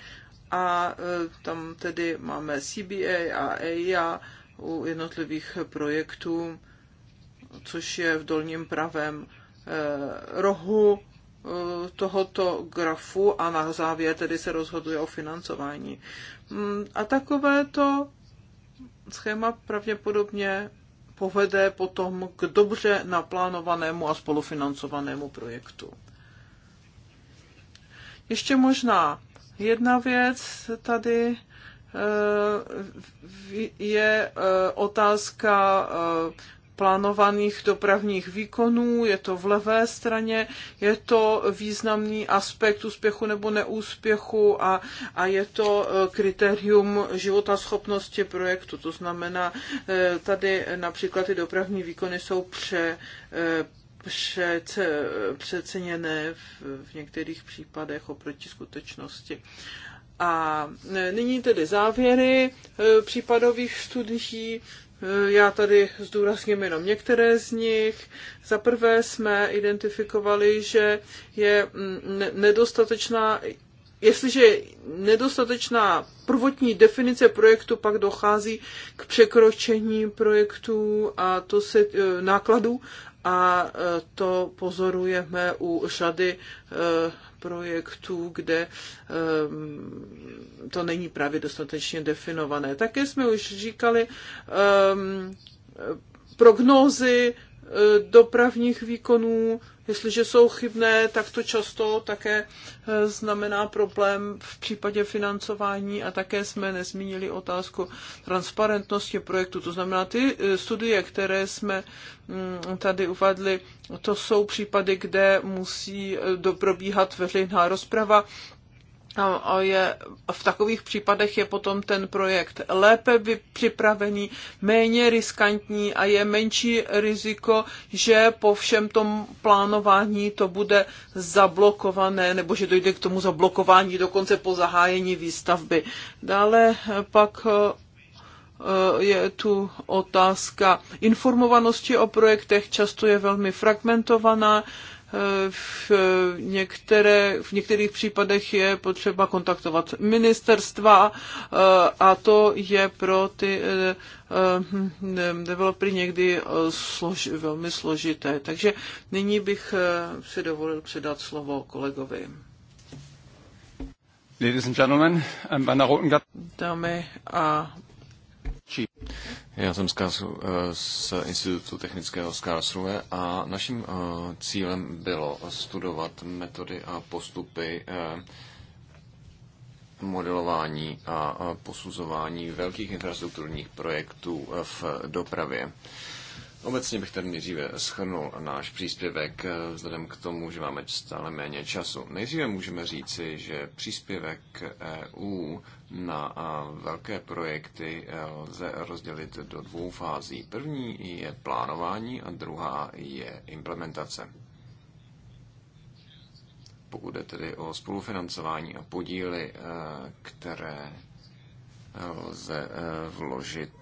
a eh, tam tedy máme CBA a EIA u jednotlivých projektů, což je v dolním pravém rohu tohoto grafu a na závěr tedy se rozhoduje o financování. Mm, a takové to schéma pravděpodobně povede potom k dobře naplánovanému a spolufinancovanému projektu. Ještě možná jedna věc tady eh, je eh, otázka eh, plánovaných dopravních výkonů, je to v levé straně, je to významný aspekt úspěchu nebo neúspěchu a, a je to e, kritérium životaschopnosti projektu. To znamená, e, tady například ty dopravní výkony jsou pře, e, pře přeceněné v, v některých případech oproti skutečnosti. A nyní tedy závěry případových studií. Já tady zdůrazním jenom některé z nich. Za prvé jsme identifikovali, že je mm, nedostatečná Jestliže je nedostatečná prvotní definice projektu, pak dochází k překročení projektů a to se e, nákladů a e, to pozorujeme u řady e, projektů, kde e, to není právě dostatečně definované. Také jsme už říkali prognózy Eh, dopravních výkonů. Jestliže jsou chybné, tak to často také eh, znamená problém v případě financování a také jsme nezmínili otázku transparentnosti projektu. To znamená, ty eh, studie, které jsme mm, tady uvedli, to jsou případy, kde musí probíhat veřejná rozprava a je, v takových případech je potom ten projekt lépe připravený, méně riskantní a je menší riziko, že po všem tom plánování to bude zablokované nebo že dojde k tomu zablokování dokonce po zahájení výstavby. Dále pak e, e, je tu otázka informovanosti o projektech, často je velmi fragmentovaná v, některé, v některých případech je potřeba kontaktovat ministerstva eh, a to je pro ty eh, eh, developery někdy slož, velmi složité. Takže nyní bych si dovolil předat slovo kolegovi. Ladies and gentlemen, Dámy a já jsem z, Karlsru, eh, z Institutu technického z Karlsruhe a naším eh, cílem bylo studovat metody a postupy eh, modelování a posuzování velkých infrastrukturních projektů v dopravě. Obecně bych tady nejdříve schrnul náš příspěvek eh, vzhledem k tomu, že máme stále méně času. Nejdříve můžeme říci, že příspěvek EU na eh, velké projekty eh, lze rozdělit do dvou fází. První je plánování a druhá je implementace. Pokud jde tedy o spolufinancování a podíly, které lze vložit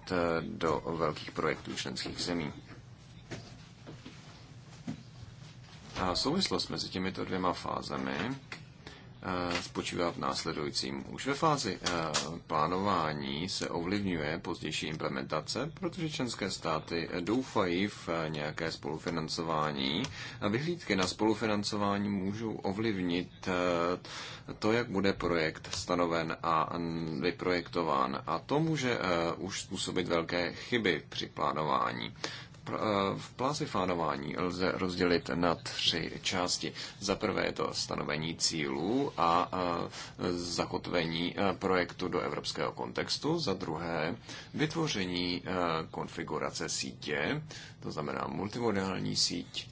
do velkých projektů členských zemí. A souvislost mezi těmito dvěma fázemi eh, spočívá v následujícím. Už ve fázi eh, plánování se ovlivňuje pozdější implementace, protože členské státy eh, doufají v nějaké spolufinancování a vyhlídky na spolufinancování můžou ovlivnit to, jak bude projekt stanoven a vyprojektován. A to může už způsobit velké chyby při plánování. Eh, v plácifánování lze rozdělit na tři části. Za prvé je to stanovení cílů a eh, zakotvení eh, projektu do evropského kontextu. Za druhé vytvoření konfigurace sítě, to znamená multimodální síť,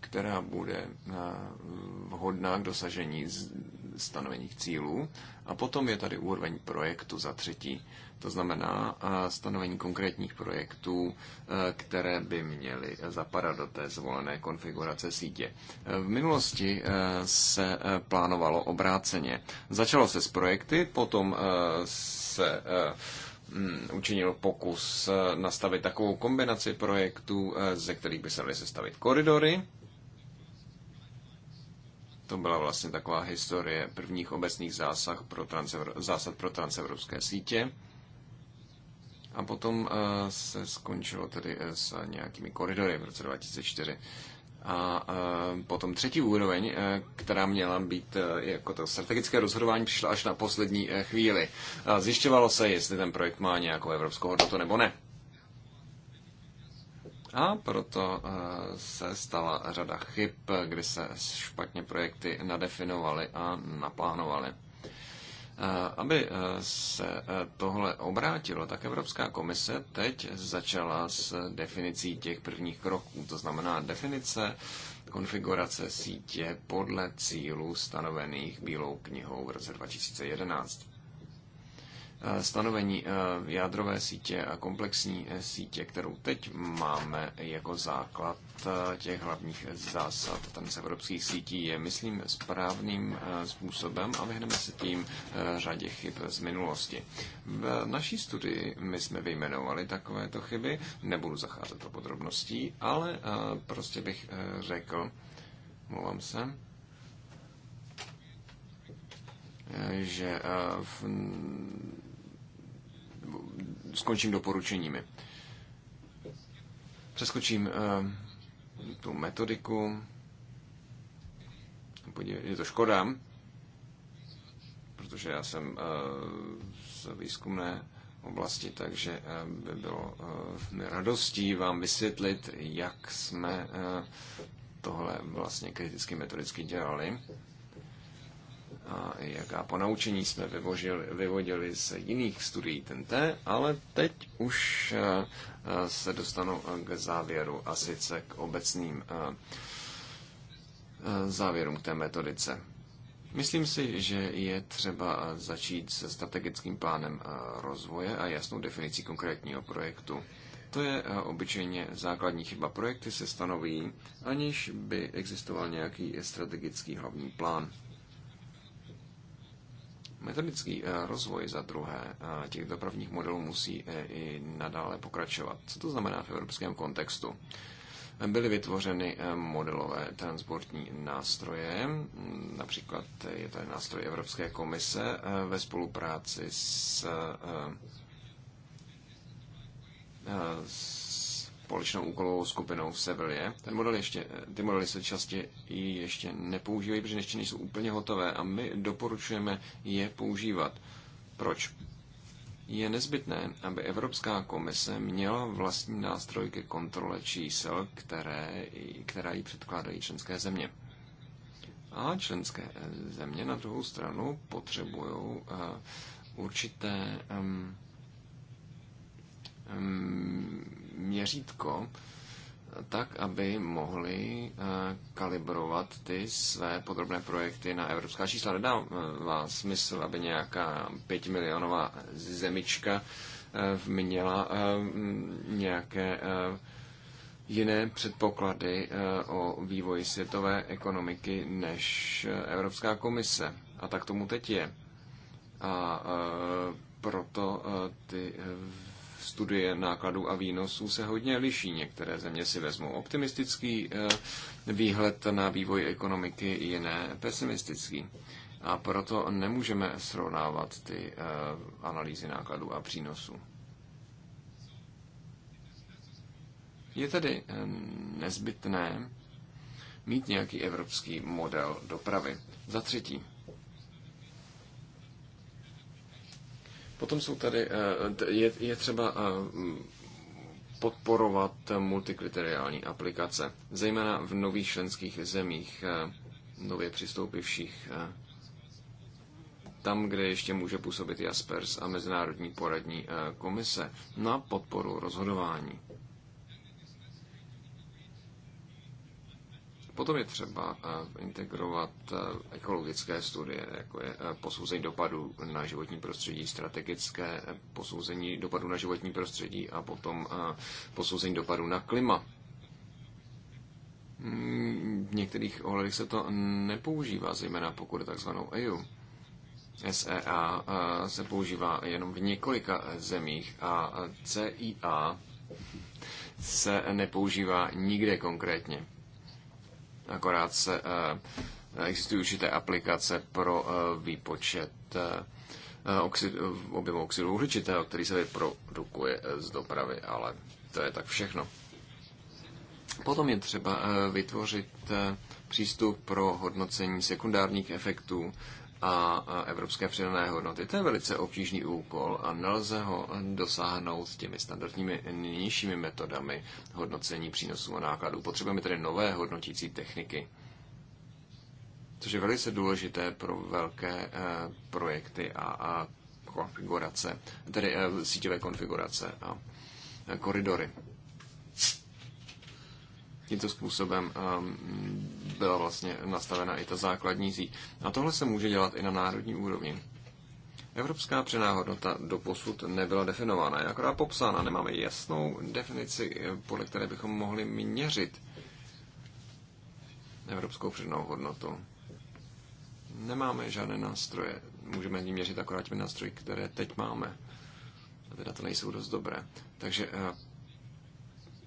která bude vhodná k dosažení stanovených cílů. A potom je tady úroveň projektu za třetí to znamená eh, stanovení konkrétních projektů, eh, které by měly zapadat do té zvolené konfigurace sítě. Eh, v minulosti se plánovalo obráceně. Začalo se s projekty, potom se mm, učinil pokus nastavit takovou kombinaci projektů, ze kterých by se daly sestavit koridory. To byla vlastně taková historie prvních obecných zásah pro zásad pro transevropské sítě. A potom eh, se skončilo tedy eh, s nějakými koridory v roce 2004. A eh, potom třetí úroveň, která měla být jako to strategické rozhodování, přišla až na poslední chvíli. Zjišťovalo se, jestli ten projekt má nějakou evropskou hodnotu nebo ne. A proto se stala řada chyb, kdy se špatně projekty nadefinovaly a naplánovaly. Eh, aby eh, se eh, tohle obrátilo, tak Evropská komise teď začala s definicí těch prvních kroků, to znamená definice konfigurace sítě podle cílů stanovených Bílou knihou v roce 2011. Stanovení jádrové sítě a komplexní sítě, kterou teď máme jako základ, Eh, těch hlavních zásad evropských sítí je, myslím, správným eh, způsobem a vyhneme se tím eh, řadě chyb z minulosti. V naší studii my jsme vyjmenovali takovéto chyby, nebudu zacházet do podrobností, ale prostě bych řekl, mluvám se, že v, skončím doporučeními. Přeskočím tu metodiku. Podívej, je to škoda, protože já jsem eh, z výzkumné oblasti, takže eh, by bylo mi eh, radostí vám vysvětlit, jak jsme tohle vlastně kriticky metodicky dělali a jaká ponaučení jsme vyvožili, vyvodili z jiných studií TNT, ale teď už se dostanu eh, k závěru a sice k obecným eh, eh, závěrům k té metodice. Myslím si, že je třeba začít se strategickým plánem rozvoje a jasnou definicí konkrétního projektu. To je obyčejně základní chyba. Projekty se stanoví, aniž by existoval nějaký strategický hlavní plán. Metodický eh, rozvoj za druhé eh, těch dopravních modelů musí eh, i nadále pokračovat. Co to znamená v evropském kontextu? Byly vytvořeny modelové transportní nástroje, mm, například je to nástroj Evropské komise ve spolupráci s, s společnou úkolovou skupinou v Sevilla. Ten model ještě, ty modely se častě ještě nepoužívají, protože ještě nejsou úplně hotové a my doporučujeme je používat. Proč? Je nezbytné, aby Evropská komise měla vlastní nástroj ke kontrole čísel, které, která jí předkládají členské země. A členské země na druhou stranu potřebují eh, určité um, um, měřítko, tak, aby mohli eh, kalibrovat ty své podrobné projekty na evropská čísla. Nedá eh, vás smysl, aby nějaká pětimilionová zemička eh, měla nějaké jiné předpoklady o vývoji světové ekonomiky než Evropská komise. A tak tomu teď je. A proto ty studie nákladů a výnosů se hodně liší. Některé země si vezmou optimistický eh, výhled na vývoj ekonomiky, jiné pesimistický. A proto nemůžeme srovnávat ty eh, analýzy nákladů a přínosů. Je tedy eh, nezbytné mít nějaký evropský model dopravy. Za třetí, Potom jsou tady, eh, je, je třeba eh, podporovat multikriteriální aplikace, zejména v nových členských zemích, eh, nově přistoupivších, tam, kde ještě může působit Jaspers a Mezinárodní poradní komise na podporu rozhodování. Potom je třeba eh, integrovat eh, ekologické studie, jako je eh, posouzení dopadu na životní prostředí, strategické posouzení dopadu na životní prostředí a potom posouzení dopadu na klima. Hmm, v některých ohledech se to nepoužívá, zejména pokud je takzvanou EU. SEA se používá jenom v několika zemích a CIA se nepoužívá nikde konkrétně. Akorát se, eh, existují určité aplikace pro eh, výpočet eh, oxid, objemu oxidu uhličitého, který se vyprodukuje z dopravy, ale to je tak všechno. Potom je třeba vytvořit přístup pro hodnocení sekundárních efektů a evropské přidané hodnoty. To je velice obtížný úkol a nelze ho dosáhnout těmi standardními nynějšími metodami hodnocení přínosů a nákladů. Potřebujeme tedy nové hodnotící techniky, což je velice důležité pro velké eh, projekty a, a konfigurace, tedy eh, síťové konfigurace a eh, koridory tímto způsobem ehm, byla vlastně nastavena i ta základní zí. A tohle se může dělat i na národní úrovni. Evropská přenáhodnota do posud nebyla definována, je akorát popsána. Nemáme jasnou definici, eh, podle které bychom mohli měřit evropskou přidanou hodnotu. Nemáme žádné nástroje. Můžeme ji měřit akorát těmi nástroji, které teď máme. A teda to nejsou dost dobré. Takže eh,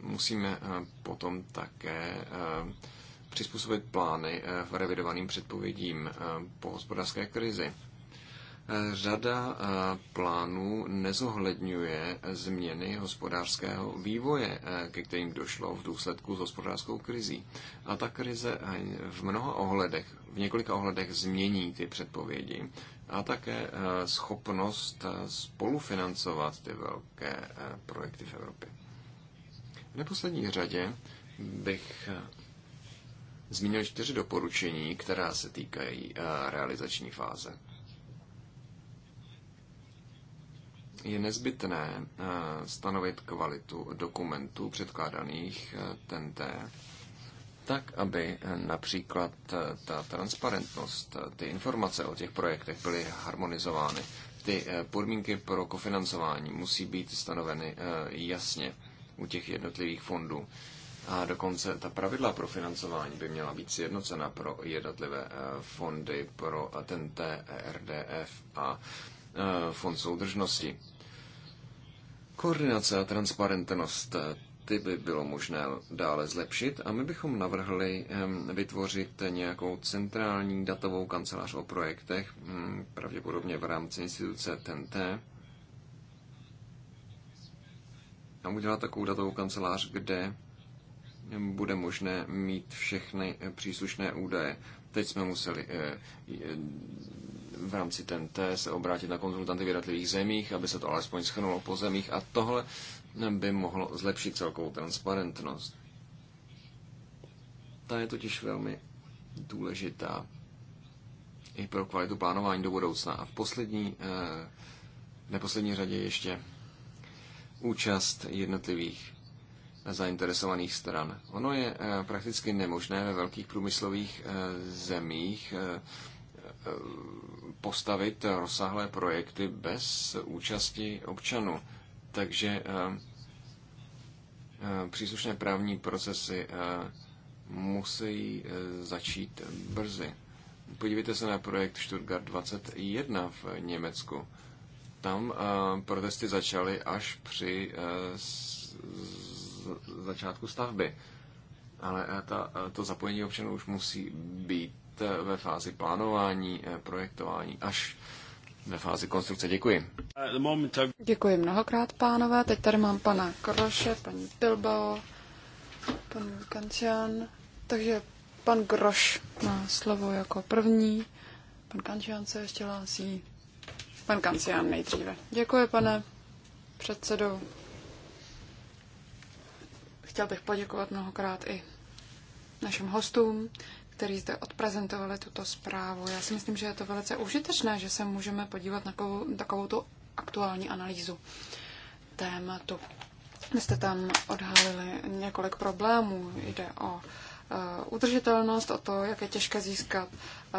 musíme eh, potom také eh, přizpůsobit plány eh, v revidovaným předpovědím po hospodářské krizi. Řada plánů nezohledňuje změny hospodářského vývoje, ke kterým došlo v důsledku s hospodářskou krizí. A ta krize v mnoha ohledech, v několika ohledech změní ty předpovědi a také schopnost spolufinancovat ty velké projekty v Evropě neposlední řadě bych eh, zmínil čtyři doporučení, která se týkají eh, realizační fáze. Je nezbytné eh, stanovit kvalitu dokumentů předkládaných TNT tak, aby například ta transparentnost, ty informace o těch projektech byly harmonizovány. Ty podmínky pro kofinancování musí být stanoveny jasně u těch jednotlivých fondů. A dokonce ta pravidla pro financování by měla být sjednocena pro jednotlivé eh, fondy, pro eh, TNT, e, RDF a eh, fond soudržnosti. Koordinace a transparentnost ty by bylo možné dále zlepšit a my bychom navrhli ehm, vytvořit nějakou centrální datovou kancelář o projektech, hm, pravděpodobně v rámci instituce TNT, tam udělat takovou datovou kancelář, kde bude možné mít všechny příslušné údaje. Teď jsme museli eh, eh, v rámci TNT se obrátit na konzultanty v jednotlivých zemích, aby se to alespoň schrnulo po zemích a tohle by mohlo zlepšit celkovou transparentnost. Ta je totiž velmi důležitá i pro kvalitu plánování do budoucna. A v poslední, eh, v neposlední řadě ještě účast jednotlivých zainteresovaných stran. Ono je eh, prakticky nemožné ve velkých průmyslových eh, zemích eh, postavit rozsáhlé projekty bez účasti občanů. Takže příslušné právní procesy musí začít brzy. Podívejte se na projekt Stuttgart 21 v Německu. Tam eh, protesty začaly až při eh, začátku stavby. Ale eh, ta, to zapojení občanů už musí být ve fázi plánování, projektování, až ve fázi konstrukce. Děkuji. Děkuji mnohokrát, pánové. Teď tady mám pana Kroše, paní Bilbao, pan Kancian. Takže pan Groš má slovo jako první. Pan Kančian se ještě hlásí. Pan Kancián nejdříve. Děkuji, pane předsedo. Chtěl bych poděkovat mnohokrát i našim hostům, kteří zde odprezentovali tuto zprávu. Já si myslím, že je to velice užitečné, že se můžeme podívat na takovou, tu aktuální analýzu tématu. Vy jste tam odhalili několik problémů. Jde o Eh, udržitelnost, o to, jak je těžké získat eh,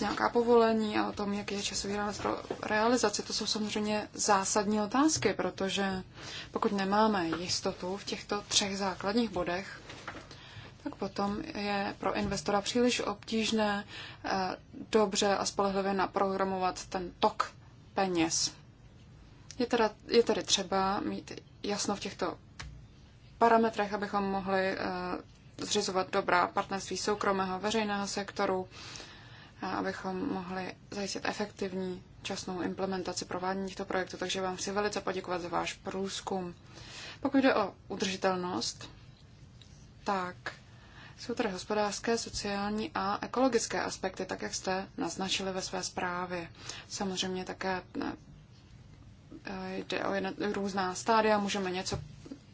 nějaká povolení a o tom, jak je časový rámec pro realizaci. To jsou samozřejmě zásadní otázky, protože pokud nemáme jistotu v těchto třech základních bodech, tak potom je pro investora příliš obtížné eh, dobře a spolehlivě naprogramovat ten tok peněz. Je, teda, je tedy třeba mít jasno v těchto parametrech, abychom mohli zřizovat dobrá partnerství soukromého veřejného sektoru, abychom mohli zajistit efektivní časnou implementaci provádění těchto projektů. Takže vám chci velice poděkovat za váš průzkum. Pokud jde o udržitelnost, tak jsou tady hospodářské, sociální a ekologické aspekty, tak jak jste naznačili ve své zprávě. Samozřejmě také eh, jde o jedna, různá stádia, můžeme něco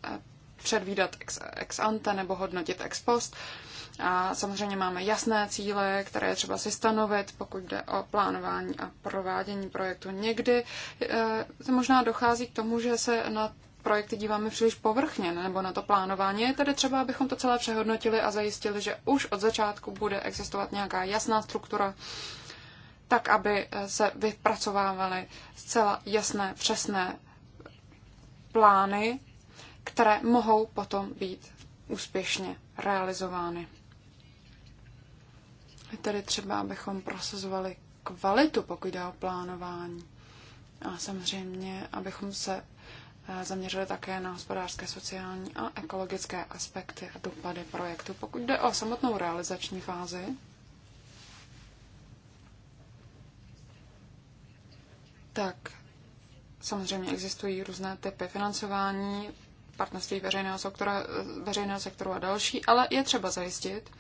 eh, předvídat ex, ex ante nebo hodnotit ex post. A samozřejmě máme jasné cíle, které je třeba si stanovit, pokud jde o plánování a provádění projektu. Někdy eh, se možná dochází k tomu, že se na projekty díváme příliš povrchně nebo na to plánování. Je tedy třeba, abychom to celé přehodnotili a zajistili, že už od začátku bude existovat nějaká jasná struktura, tak aby eh, se vypracovávaly zcela jasné, přesné plány které mohou potom být úspěšně realizovány. Je tedy třeba, abychom prosazovali kvalitu, pokud jde o plánování. A samozřejmě, abychom se eh, zaměřili také na hospodářské, sociální a ekologické aspekty a dopady projektu. Pokud jde o samotnou realizační fázi, tak samozřejmě existují různé typy financování, partnerství veřejného sektoru, veřejného sektoru a další, ale je třeba zajistit,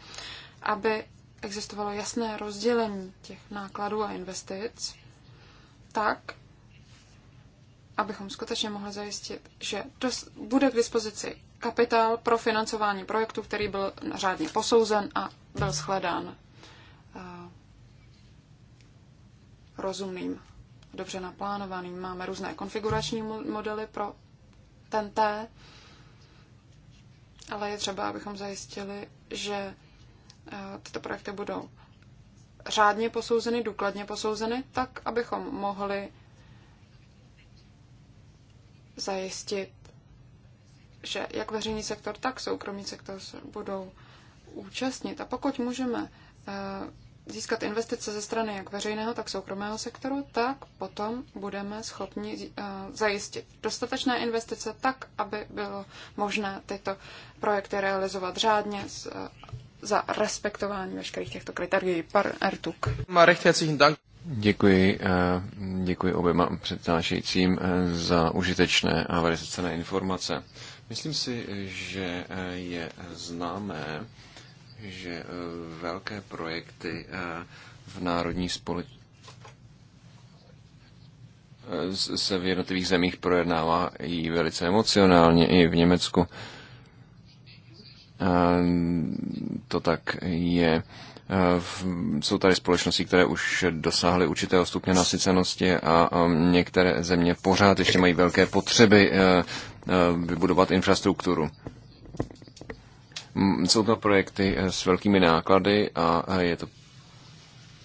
aby existovalo jasné rozdělení těch nákladů a investic tak, abychom skutečně mohli zajistit, že dos- bude k dispozici kapitál pro financování projektu, který byl řádně posouzen a byl shledán uh, rozumným, dobře naplánovaným. Máme různé konfigurační modely pro tenté, ale je třeba, abychom zajistili, že eh, tyto projekty budou řádně posouzeny, důkladně posouzeny, tak, abychom mohli zajistit, že jak veřejný sektor, tak soukromý sektor se budou účastnit. A pokud můžeme eh, získat investice ze strany jak veřejného, tak soukromého sektoru, tak potom budeme schopni eh, zajistit dostatečné investice tak, aby bylo možné tyto projekty realizovat řádně eh, za respektování veškerých těchto kritérií. Par Ertuk. Děkuji, eh, děkuji oběma přednášejícím za užitečné a velice cené informace. Myslím si, že je známé, že eh, velké projekty eh, v národní společnosti eh, se v jednotlivých zemích projednává i velice emocionálně, i v Německu. To tak je. Jsou tady společnosti, které už dosáhly určitého stupně nasycenosti a některé země pořád ještě mají velké potřeby vybudovat infrastrukturu. Mm, jsou to projekty eh, s velkými náklady a eh, je to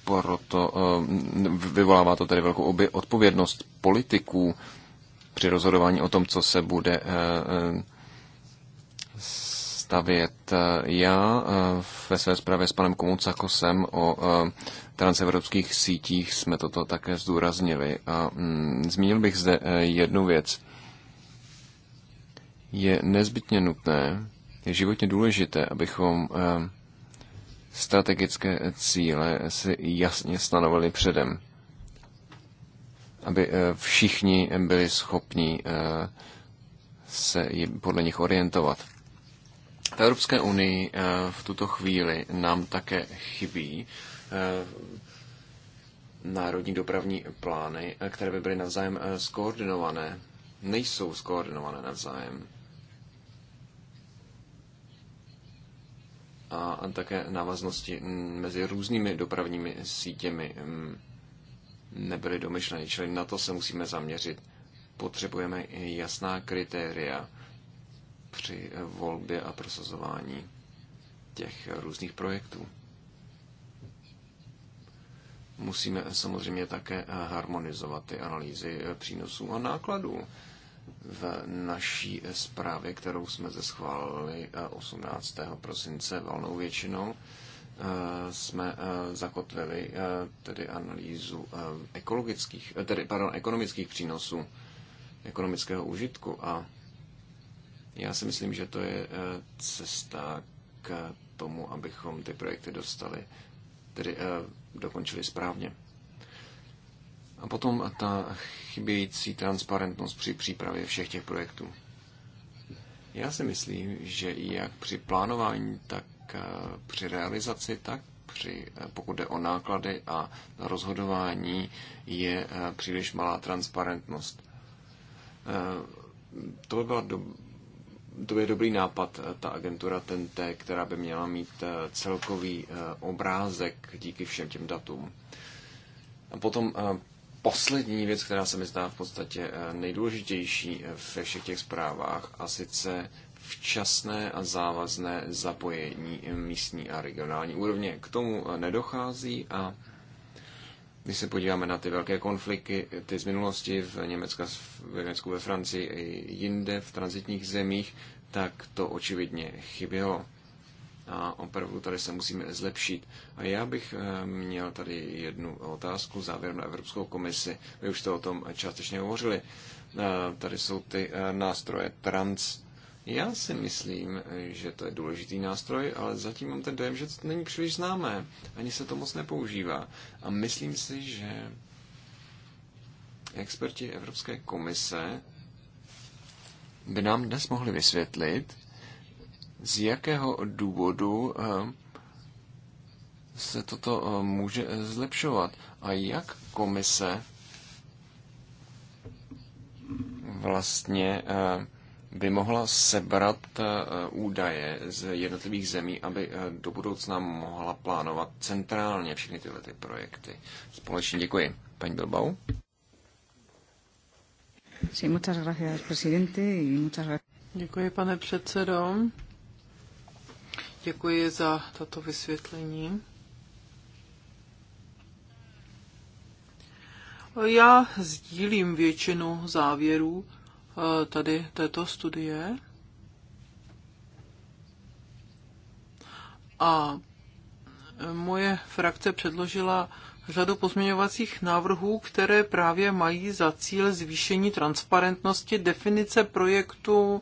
proto eh, vyvolává to tedy velkou obě odpovědnost politiků při rozhodování o tom, co se bude stavět. Já ve své zprávě s panem Komucakosem o transevropských sítích jsme toto také zdůraznili. A mm, zmínil bych zde jednu věc. Je nezbytně nutné, je životně důležité, abychom eh, strategické cíle si jasně stanovili předem, aby eh, všichni byli schopni eh, se podle nich orientovat. V Evropské unii v tuto chvíli nám také chybí národní dopravní plány, které by byly navzájem skoordinované. Nejsou skoordinované navzájem. a také návaznosti mezi různými dopravními sítěmi mm, nebyly domyšleny, čili na to se musíme zaměřit. Potřebujeme jasná kritéria při volbě a prosazování těch různých projektů. Musíme samozřejmě také harmonizovat ty analýzy přínosů a nákladů v naší zprávě, kterou jsme zeschválili 18. Eh, prosince valnou většinou, eh, jsme eh, zakotvili tedy analýzu ekologických, tedy, pardon, ekonomických přínosů, ekonomického užitku a já si myslím, že to je cesta k tomu, abychom ty projekty dostali, tedy dokončili správně. A potom ta chybějící transparentnost při přípravě všech těch projektů. Já si myslím, že i jak při plánování, tak eh, při realizaci, tak při, eh, pokud jde o náklady a rozhodování, je eh, příliš malá transparentnost. To by byla do, to by dobrý nápad, ta agentura TNT, která by měla mít celkový obrázek díky všem těm datům. A potom poslední věc, která se mi zdá v podstatě eh, nejdůležitější eh, ve všech těch zprávách, a sice včasné a závazné zapojení místní a regionální úrovně. K tomu eh, nedochází a když se podíváme na ty velké konflikty, ty z minulosti v, Německu, v Německu, ve Francii i jinde, v transitních zemích, tak to očividně chybělo a opravdu tady se musíme zlepšit. A já bych eh, měl tady jednu otázku závěrem na Evropskou komisi. Vy už jste o tom částečně hovořili. Eh, tady jsou ty eh, nástroje trans. Já si myslím, že to je důležitý nástroj, ale zatím mám ten dojem, že to není příliš známé. Ani se to moc nepoužívá. A myslím si, že experti Evropské komise by nám dnes mohli vysvětlit, z jakého důvodu eh, se toto eh, může zlepšovat a jak komise vlastně eh, by mohla sebrat údaje z jednotlivých zemí, aby do budoucna mohla plánovat centrálně všechny tyhle ty projekty. Společně děkuji. Paní Bilbao. Děkuji, pane předsedo. Děkuji za toto vysvětlení. Já sdílím většinu závěrů eh, tady této studie. A moje frakce předložila řadu pozměňovacích návrhů, které právě mají za cíl zvýšení transparentnosti definice projektu,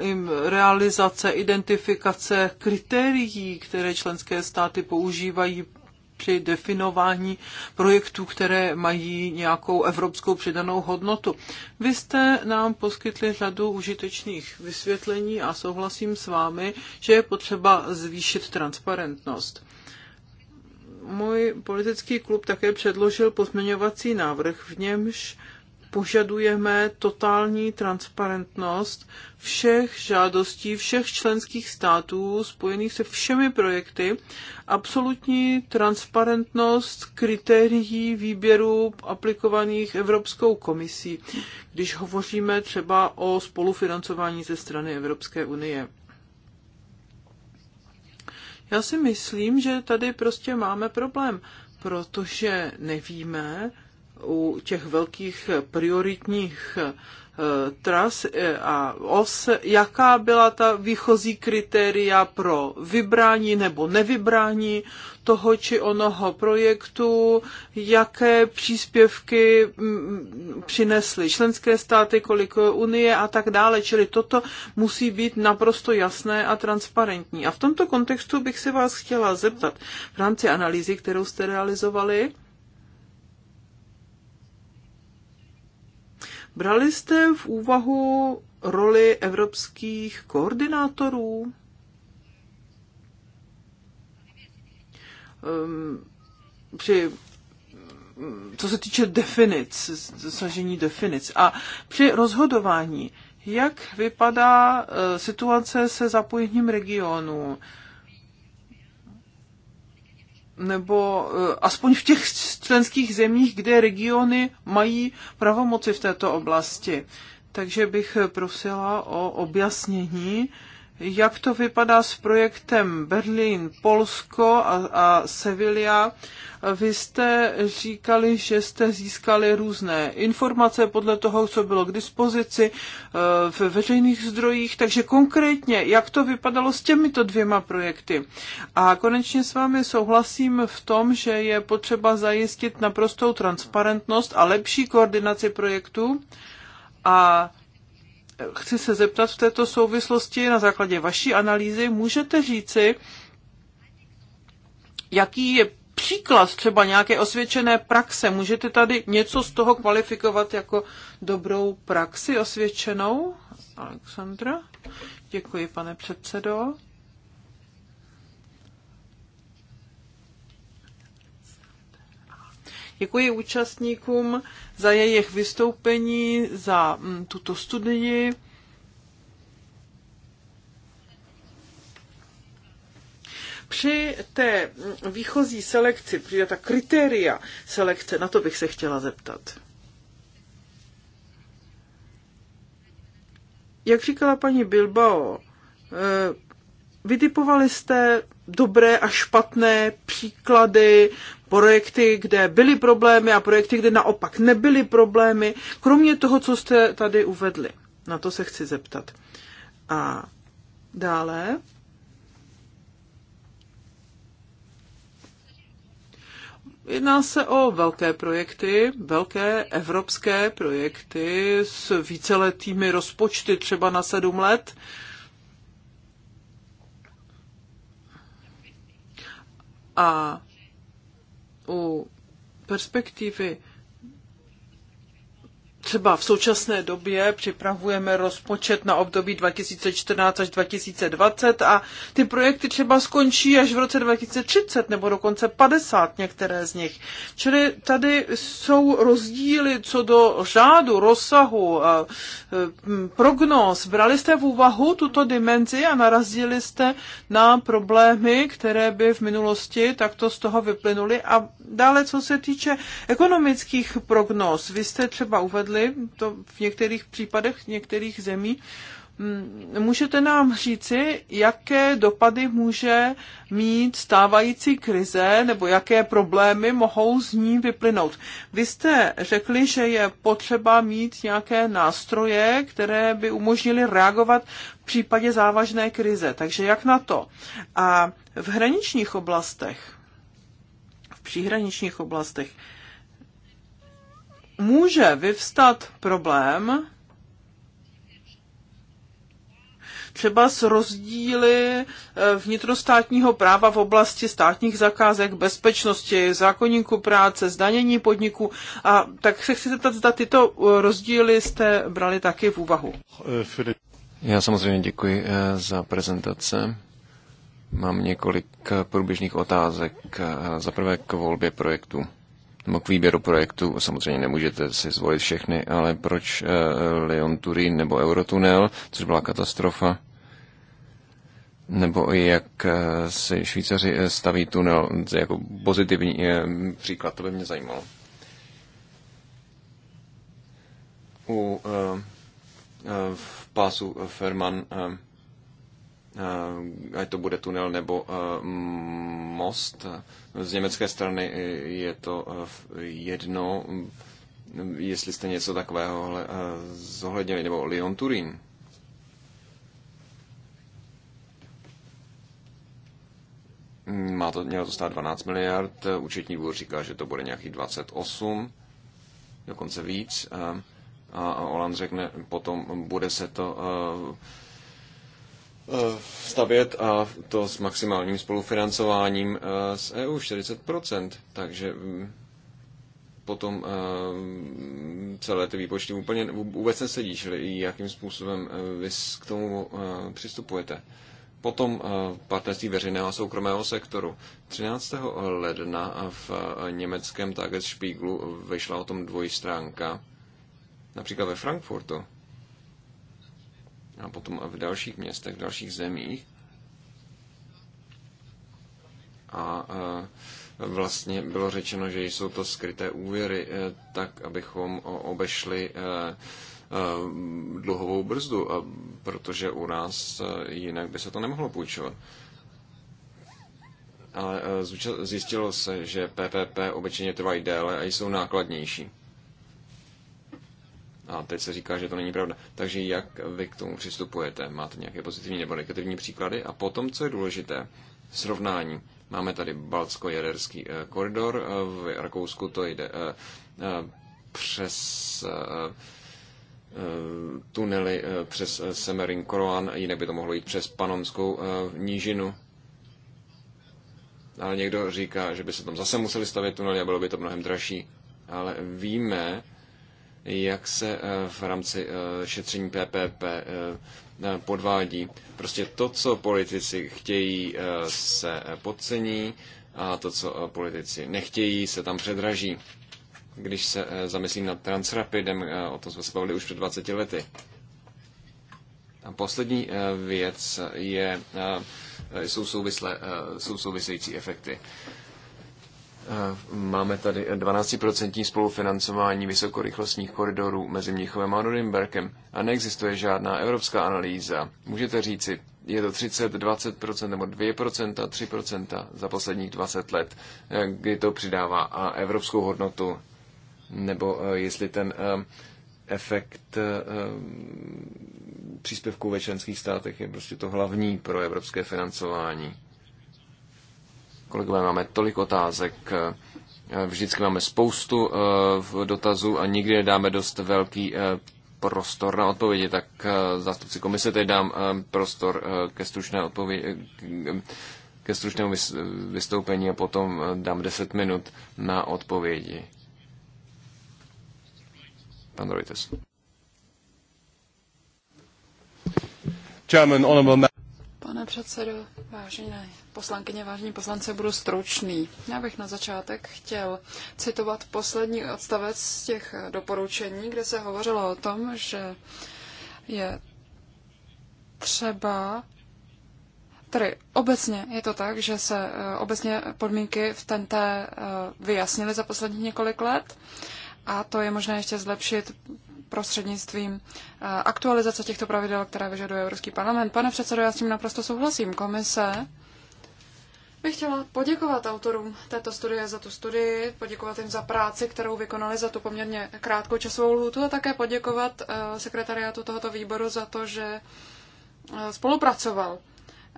eh, realizace, identifikace kritérií, které členské státy používají při definování projektů, které mají nějakou evropskou přidanou hodnotu. Vy jste nám poskytli řadu užitečných vysvětlení a souhlasím s vámi, že je potřeba zvýšit transparentnost můj politický klub také předložil pozměňovací návrh, v němž požadujeme totální transparentnost všech žádostí všech členských států spojených se všemi projekty, absolutní transparentnost kritérií výběru aplikovaných Evropskou komisí, když hovoříme třeba o spolufinancování ze strany Evropské unie. Já si myslím, že tady prostě máme problém, protože nevíme u těch velkých prioritních tras e, a os, jaká byla ta výchozí kritéria pro vybrání nebo nevybrání toho či onoho projektu, jaké příspěvky mm, přinesly členské státy, kolik unie a tak dále. Čili toto musí být naprosto jasné a transparentní. A v tomto kontextu bych se vás chtěla zeptat v rámci analýzy, kterou jste realizovali, Brali jste v úvahu roli evropských koordinátorů? Ehm, při co se týče definic, zasažení definic a při rozhodování, jak vypadá eh, situace se zapojením regionů? nebo e, aspoň v těch členských zemích, kde regiony mají pravomoci v této oblasti. Takže bych prosila o objasnění jak to vypadá s projektem Berlín, Polsko a, a Sevilla. Vy jste říkali, že jste získali různé informace podle toho, co bylo k dispozici eh, ve veřejných zdrojích, takže konkrétně, jak to vypadalo s těmito dvěma projekty. A konečně s vámi souhlasím v tom, že je potřeba zajistit naprostou transparentnost a lepší koordinaci projektů. A chci se zeptat v této souvislosti na základě vaší analýzy, můžete říci, jaký je příklad třeba nějaké osvědčené praxe? Můžete tady něco z toho kvalifikovat jako dobrou praxi osvědčenou? Alexandra? Děkuji, pane předsedo. Děkuji účastníkům za jejich vystoupení, za mm, tuto studii. Při té mm, výchozí selekci, při ta kritéria selekce, na to bych se chtěla zeptat. Jak říkala paní Bilbao, eh, vytipovali jste dobré a špatné příklady projekty, kde byly problémy a projekty, kde naopak nebyly problémy, kromě toho, co jste tady uvedli. Na to se chci zeptat. A dále. Jedná se o velké projekty, velké evropské projekty s víceletými rozpočty třeba na sedm let. A u perspektivy třeba v současné době připravujeme rozpočet na období 2014 až 2020 a ty projekty třeba skončí až v roce 2030 nebo dokonce 50 některé z nich. Čili tady jsou rozdíly co do řádu, rozsahu, e, prognóz. Brali jste v úvahu tuto dimenzi a narazili jste na problémy, které by v minulosti takto z toho vyplynuly. A dále, co se týče ekonomických prognóz, vy jste třeba uvedli, zavedli, to v některých případech v některých zemí. Mm, můžete nám říci, jaké dopady může mít stávající krize nebo jaké problémy mohou z ní vyplynout? Vy jste řekli, že je potřeba mít nějaké nástroje, které by umožnily reagovat v případě závažné krize. Takže jak na to? A v hraničních oblastech, v příhraničních oblastech, může vyvstat problém, třeba s rozdíly eh, vnitrostátního práva v oblasti státních zakázek, bezpečnosti, zákonníku práce, zdanění podniků. A tak se chci zeptat, zda tyto eh, rozdíly jste brali taky v úvahu. Já samozřejmě děkuji eh, za prezentace. Mám několik průběžných otázek. Za prvé k volbě projektu k výběru projektu. Samozřejmě nemůžete si zvolit všechny, ale proč eh, Lyon Turin nebo Eurotunel, což byla katastrofa? Nebo jak eh, si Švýcaři eh, staví tunel jako pozitivní příklad, to by mě zajímalo. U v pásu Ferman Eh, ať to bude tunel nebo eh, most. Z německé strany eh, je to jedno, hm, jestli jste něco takového zohlednili, nebo Lyon-Turín. Má to, mělo to stát 12 miliard, účetní dvůr říká, že to bude nějakých 28, dokonce víc. A, Olan řekne, potom bude se to uh, Eh, stavět a to s maximálním spolufinancováním eh, z EU 40%, takže mm, potom eh, celé ty výpočty úplně vůbec nesedí, čili jakým způsobem vy k tomu přistupujete. Potom partnerství veřejného a soukromého sektoru. 13. ledna v německém Tagesspiegelu vyšla o tom dvojstránka, například ve Frankfurtu a potom v dalších městech, v dalších zemích. A e, vlastně bylo řečeno, že jsou to skryté úvěry, e, tak abychom obešli e, dluhovou brzdu, protože u nás jinak by se to nemohlo půjčovat. Ale zjistilo se, že PPP obyčejně trvají déle a jsou nákladnější. A teď se říká, že to není pravda. Takže jak vy k tomu přistupujete? Máte nějaké pozitivní nebo negativní příklady? A potom, co je důležité, srovnání. Máme tady Baltsko-Jaderský eh, koridor, eh, v Rakousku to jde eh, přes tunely přes Semerin Koroan, jinak by to mohlo jít přes Panonskou nížinu. Ale někdo říká, že by se tam zase museli stavět tunely a bylo by to mnohem dražší. Ale víme, jak se eh, v rámci eh, šetření PPP eh, podvádí. Prostě to, co politici chtějí, se podcení a to, co politici nechtějí, se tam předraží. Když se zamyslím nad Transrapidem, o tom jsme se bavili už před 20 lety. A poslední věc je, jsou, souvislé, jsou související efekty. Máme tady 12% spolufinancování vysokorychlostních koridorů mezi Mnichovem a Norimberkem a neexistuje žádná evropská analýza. Můžete říci, je to 30, 20% nebo 2%, 3% za posledních 20 let, kdy to přidává a evropskou hodnotu, nebo e, jestli ten e, efekt e, příspěvků ve členských státech je prostě to hlavní pro evropské financování. Kolegové, máme tolik otázek. Vždycky máme spoustu eh, dotazů a nikdy nedáme dost velký eh, prostor na odpovědi, tak eh, zástupci komise teď dám prostor ke, stručné odpovědi, ke stručnému vystoupení a potom dám 10 minut na odpovědi. Pan Reuters. Chairman, honorable Pane předsedo, vážené poslankyně, vážení poslanci, budu stručný. Já bych na začátek chtěl citovat poslední odstavec z těch doporučení, kde se hovořilo o tom, že je třeba Tedy obecně je to tak, že se eh, obecně podmínky v TNT eh, vyjasnily za posledních několik let a to je možné ještě zlepšit prostřednictvím eh, aktualizace těchto pravidel, které vyžaduje Evropský parlament. Pane předsedo, já s tím naprosto souhlasím. Komise bych chtěla poděkovat autorům této studie za tu studii, poděkovat jim za práci, kterou vykonali za tu poměrně krátkou časovou lhůtu a také poděkovat eh, sekretariátu tohoto výboru za to, že eh, spolupracoval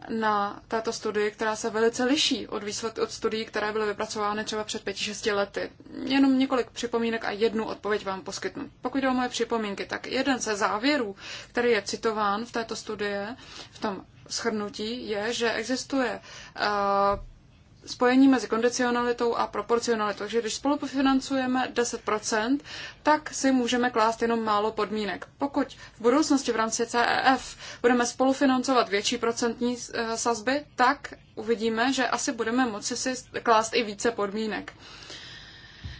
na této studii, která se velice liší od výsledků od studií, které byly vypracovány třeba před 5-6 lety. Jenom několik připomínek a jednu odpověď vám poskytnu. Pokud jde o moje připomínky, tak jeden ze závěrů, který je citován v této studii, v tom shrnutí, je, že existuje uh, spojení mezi kondicionalitou a proporcionalitou. Takže když spolufinancujeme 10%, tak si můžeme klást jenom málo podmínek. Pokud v budoucnosti v rámci CEF budeme spolufinancovat větší procentní eh, sazby, tak uvidíme, že asi budeme moci si klást i více podmínek.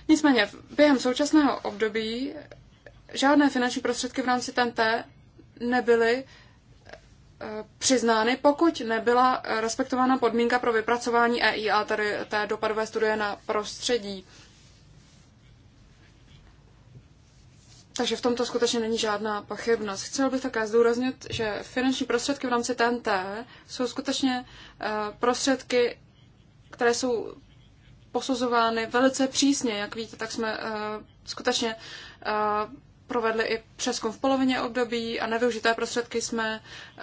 Nicméně během současného období žádné finanční prostředky v rámci TNT nebyly přiznány, pokud nebyla respektována podmínka pro vypracování EIA, tedy té dopadové studie na prostředí. Takže v tomto skutečně není žádná pochybnost. Chtěl bych také zdůraznit, že finanční prostředky v rámci TNT jsou skutečně eh, prostředky, které jsou posuzovány velice přísně. Jak víte, tak jsme eh, skutečně eh, provedli i přeskum v polovině období a nevyužité prostředky jsme eh,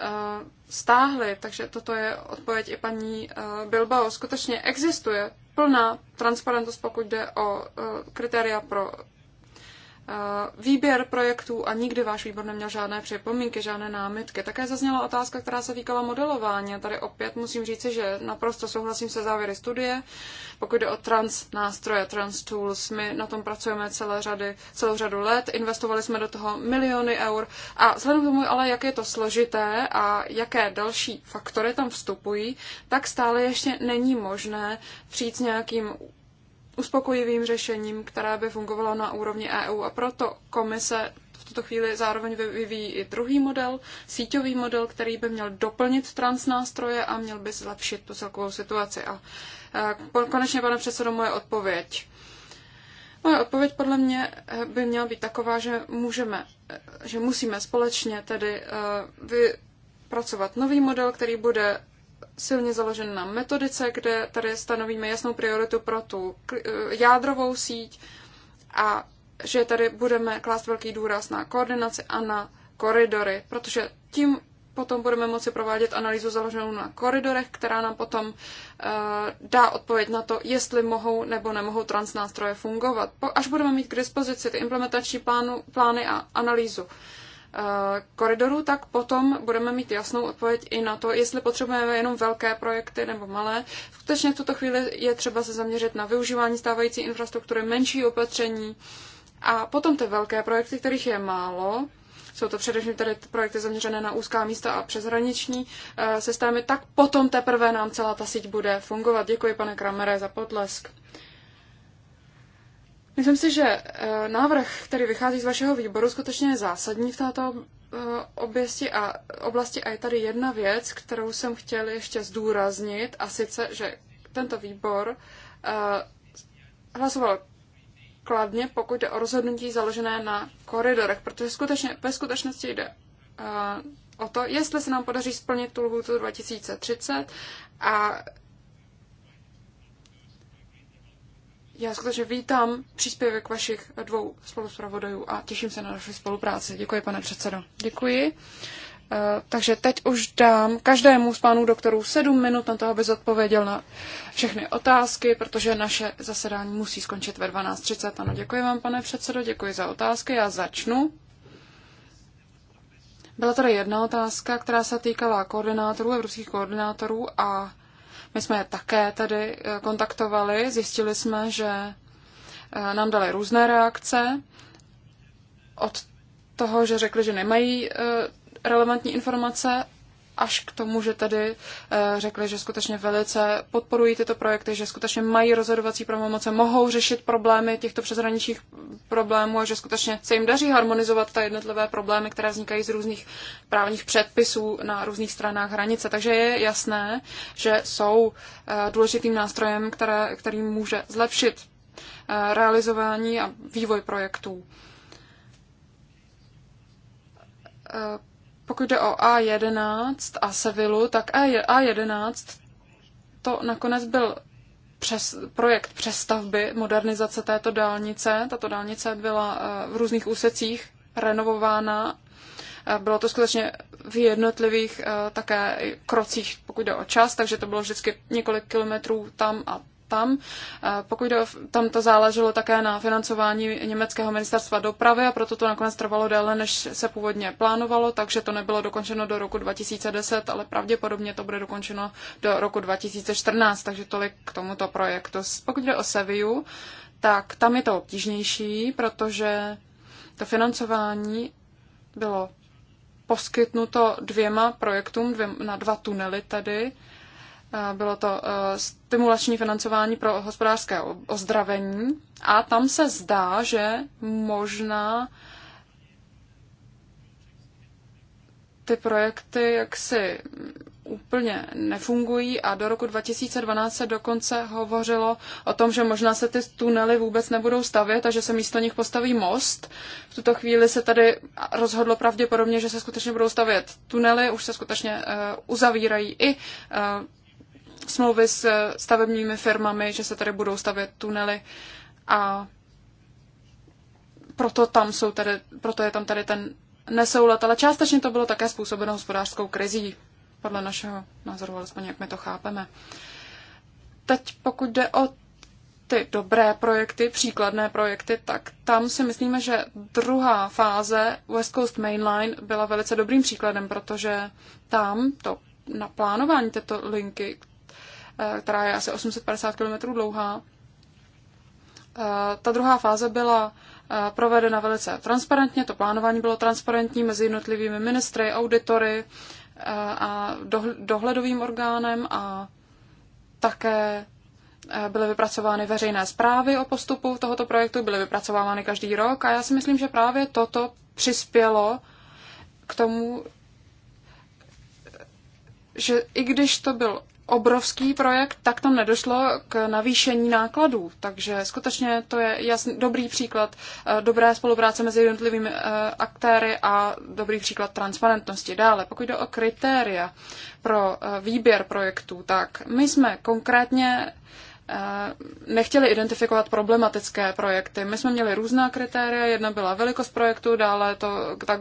stáhli, takže toto je odpověď i paní eh, Bilbao. Skutečně existuje plná transparentnost, pokud jde o eh, kritéria pro výběr projektů a nikdy váš výbor neměl žádné připomínky, žádné námitky. Také zazněla otázka, která se týkala modelování. A tady opět musím říci, že naprosto souhlasím se závěry studie. Pokud jde o trans nástroje, trans tools, my na tom pracujeme celé řady, celou řadu let, investovali jsme do toho miliony eur a vzhledem k tomu, ale jak je to složité a jaké další faktory tam vstupují, tak stále ještě není možné přijít s nějakým uspokojivým řešením, které by fungovalo na úrovni EU. A proto komise v tuto chvíli zároveň vyvíjí i druhý model, síťový model, který by měl doplnit transnástroje a měl by zlepšit tu celkovou situaci. A e, konečně, pane předsedo, moje odpověď. Moje odpověď podle mě e, by měla být taková, že můžeme, e, že musíme společně tedy vypracovat nový model, který bude silně založen na metodice, kde tady stanovíme jasnou prioritu pro tu eh, jádrovou síť a že tady budeme klást velký důraz na koordinaci a na koridory, protože tím potom budeme moci provádět analýzu založenou na koridorech, která nám potom uh, dá odpověď na to, jestli mohou nebo nemohou transnástroje fungovat. Po, až budeme mít k dispozici ty implementační plánu, plány a analýzu Eh, koridorů, tak potom budeme mít jasnou odpověď i na to, jestli potřebujeme jenom velké projekty nebo malé. Skutečně v tuto chvíli je třeba se zaměřit na využívání stávající infrastruktury, menší opatření a potom ty velké projekty, kterých je málo, jsou to především tady projekty zaměřené na úzká místa a přeshraniční eh, systémy, tak potom teprve nám celá ta síť bude fungovat. Děkuji, pane Kramere, za potlesk. Myslím si, že eh, návrh, který vychází z vašeho výboru, skutečně je zásadní v této eh, oblasti a, oblasti a je tady jedna věc, kterou jsem chtěl ještě zdůraznit a sice, že tento výbor eh, hlasoval kladně, pokud jde o rozhodnutí založené na koridorech, protože skutečně, ve skutečnosti jde o to, jestli se nám podaří splnit tu lhůtu 2030 a Já skutečně vítám příspěvek vašich dvou spoluzpravodajů a těším se na naši spolupráci. Děkuji, pane předsedo. Děkuji. Eh, takže teď už dám každému z pánů doktorů sedm minut na to, aby zodpověděl na všechny otázky, protože naše zasedání musí skončit ve 12.30. Ano, děkuji vám, pane předsedo, děkuji za otázky. Já začnu. Byla tady jedna otázka, která se týkala koordinátorů, evropských koordinátorů a my jsme je také tady eh, kontaktovali, zjistili jsme, že eh, nám dali různé reakce od toho, že řekli, že nemají eh, relevantní informace až k tomu, že tedy eh, řekli, že skutečně velice podporují tyto projekty, že skutečně mají rozhodovací pravomoce, mohou řešit problémy těchto přeshraničních problémů a že skutečně se jim daří harmonizovat ta jednotlivé problémy, které vznikají z různých právních předpisů na různých stranách hranice. Takže je jasné, že jsou eh, důležitým nástrojem, které, který může zlepšit eh, realizování a vývoj projektů pokud jde o A11 a Sevilu, tak A11 to nakonec byl přes, projekt přestavby, modernizace této dálnice. Tato dálnice byla eh, v různých úsecích renovována. Eh, bylo to skutečně v jednotlivých eh, také krocích, pokud jde o čas, takže to bylo vždycky několik kilometrů tam a tam. Eh, pokud tam to záleželo také na financování německého ministerstva dopravy a proto to nakonec trvalo déle, než se původně plánovalo, takže to nebylo dokončeno do roku 2010, ale pravděpodobně to bude dokončeno do roku 2014, takže tolik k tomuto projektu. Pokud jde o Seviu, tak tam je to obtížnější, protože to financování bylo poskytnuto dvěma projektům, dvě, na dva tunely tedy, bylo to eh, stimulační financování pro hospodářské ozdravení a tam se zdá, že možná ty projekty jaksi úplně nefungují a do roku 2012 se dokonce hovořilo o tom, že možná se ty tunely vůbec nebudou stavět a že se místo nich postaví most. V tuto chvíli se tady rozhodlo pravděpodobně, že se skutečně budou stavět tunely, už se skutečně uh, uzavírají i uh, smlouvy s stavebními firmami, že se tady budou stavět tunely a proto, tam jsou tady, proto je tam tady ten nesoulad, ale částečně to bylo také způsobeno hospodářskou krizí, podle našeho názoru, alespoň jak my to chápeme. Teď pokud jde o ty dobré projekty, příkladné projekty, tak tam si myslíme, že druhá fáze West Coast Mainline byla velice dobrým příkladem, protože tam to naplánování této linky, Eh, která je asi 850 km dlouhá. Eh, ta druhá fáze byla eh, provedena velice transparentně, to plánování bylo transparentní mezi jednotlivými ministry, auditory a dohledovým orgánem a také byly vypracovány veřejné zprávy o postupu tohoto projektu, byly vypracovávány každý rok a já si myslím, že právě toto přispělo k tomu, že i když to byl obrovský projekt, tak tam nedošlo k navýšení nákladů. Takže skutečně to je jasný, dobrý příklad eh, dobré spolupráce mezi jednotlivými eh, aktéry a dobrý příklad transparentnosti. Dále, pokud jde o kritéria pro eh, výběr projektů, tak my jsme konkrétně nechtěli identifikovat problematické projekty. My jsme měli různá kritéria, jedna byla velikost projektu, dále to ta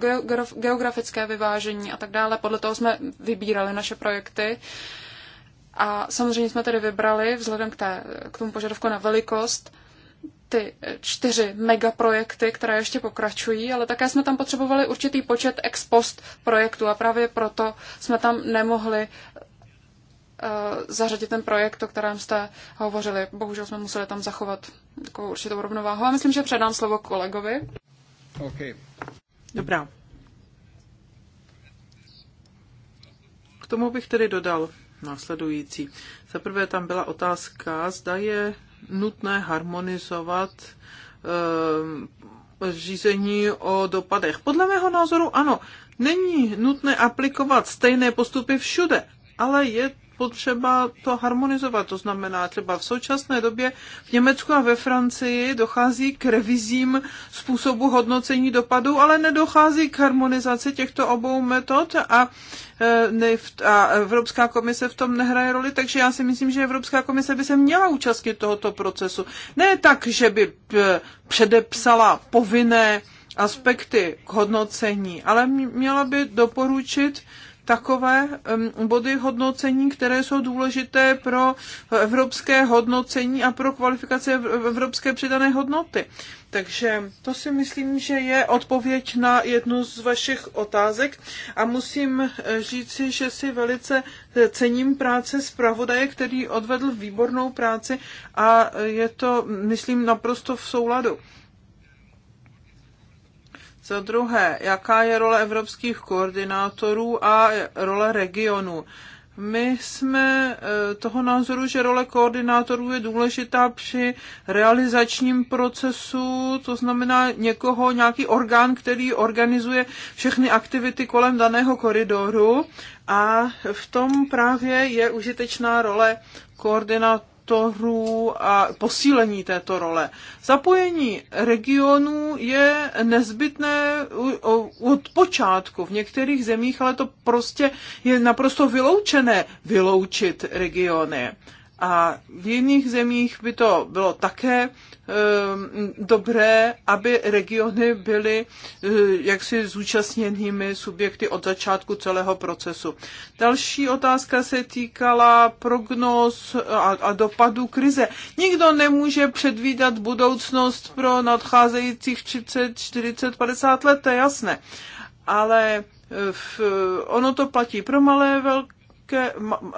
geografické vyvážení a tak dále. Podle toho jsme vybírali naše projekty. Uh, a samozřejmě jsme tedy vybrali, vzhledem k, té, k tomu požadavku na velikost, ty čtyři megaprojekty, které ještě pokračují, ale také jsme tam potřebovali určitý počet ex post projektů a právě proto jsme tam nemohli eh, zařadit ten projekt, o kterém jste hovořili. Bohužel jsme museli tam zachovat takovou určitou rovnováhu a myslím, že předám slovo kolegovi. Okay. Dobrá. K tomu bych tedy dodal následující. Za prvé tam byla otázka, zda je nutné harmonizovat eh, řízení o dopadech. Podle mého názoru ano, není nutné aplikovat stejné postupy všude, ale je potřeba to harmonizovat. To znamená, třeba v současné době v Německu a ve Francii dochází k revizím způsobu hodnocení dopadů, ale nedochází k harmonizaci těchto obou metod a, e, a Evropská komise v tom nehraje roli, takže já si myslím, že Evropská komise by se měla účastnit tohoto procesu. Ne tak, že by e, předepsala povinné aspekty k hodnocení, ale měla by doporučit, takové body hodnocení, které jsou důležité pro evropské hodnocení a pro kvalifikaci evropské přidané hodnoty. Takže to si myslím, že je odpověď na jednu z vašich otázek a musím eh, říci, že si velice eh, cením práce zpravodaje, který odvedl výbornou práci a je to, myslím, naprosto v souladu za druhé, jaká je role evropských koordinátorů a role regionu? My jsme eh, toho názoru, že role koordinátorů je důležitá při realizačním procesu, to znamená někoho, nějaký orgán, který organizuje všechny aktivity kolem daného koridoru a v tom právě je užitečná role koordinátorů sektorů a posílení této role. Zapojení regionů je nezbytné od počátku. V některých zemích ale to prostě je naprosto vyloučené vyloučit regiony. A v jiných zemích by to bylo také e, dobré, aby regiony byly e, jaksi zúčastněnými subjekty od začátku celého procesu. Další otázka se týkala prognóz a, a dopadu krize. Nikdo nemůže předvídat budoucnost pro nadcházejících 30, 40, 50 let, to je jasné. Ale eh, v, ono to platí pro malé, velké velké,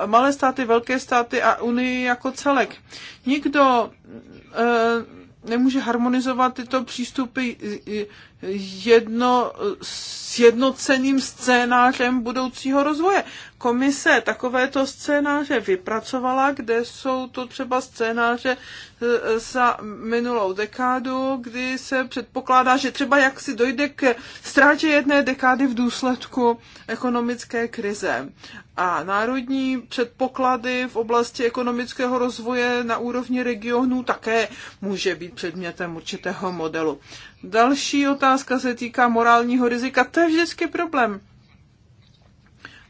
malé státy, velké státy a Unii jako celek. Nikdo e, nemůže harmonizovat tyto přístupy jedno, s jednoceným scénářem budoucího rozvoje. Komise takovéto scénáře vypracovala, kde jsou to třeba scénáře e, e, za minulou dekádu, kdy se předpokládá, že třeba jak si dojde k ztrátě jedné dekády v důsledku ekonomické krize. A národní předpoklady v oblasti ekonomického rozvoje na úrovni regionů také může být předmětem určitého modelu. Další otázka se týká morálního rizika. To je vždycky problém.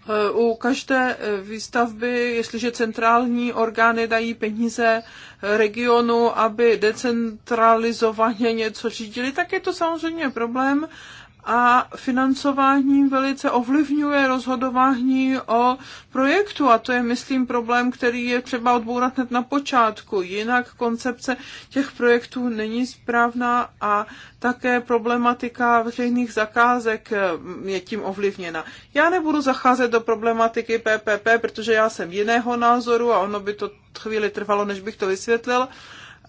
Eh, u každé eh, výstavby, jestliže centrální orgány dají peníze eh, regionu, aby decentralizovaně něco řídili, tak je to samozřejmě problém a financování velice ovlivňuje rozhodování o projektu a to je, myslím, problém, který je třeba odbourat hned na počátku. Jinak koncepce těch projektů není správná a také problematika veřejných zakázek mm, je tím ovlivněna. Já nebudu zacházet do problematiky PPP, protože já jsem jiného názoru a ono by to chvíli trvalo, než bych to vysvětlil.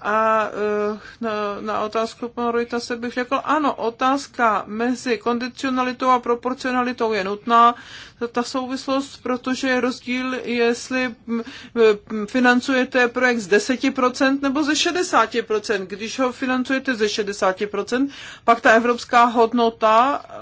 A eh, na, na otázku pana Rojta se bych řekl, ano, otázka mezi kondicionalitou a proporcionalitou je nutná ta souvislost, protože je rozdíl, jestli mm, mm, financujete projekt z 10% nebo ze 60%. Když ho financujete ze 60%, pak ta evropská hodnota eh,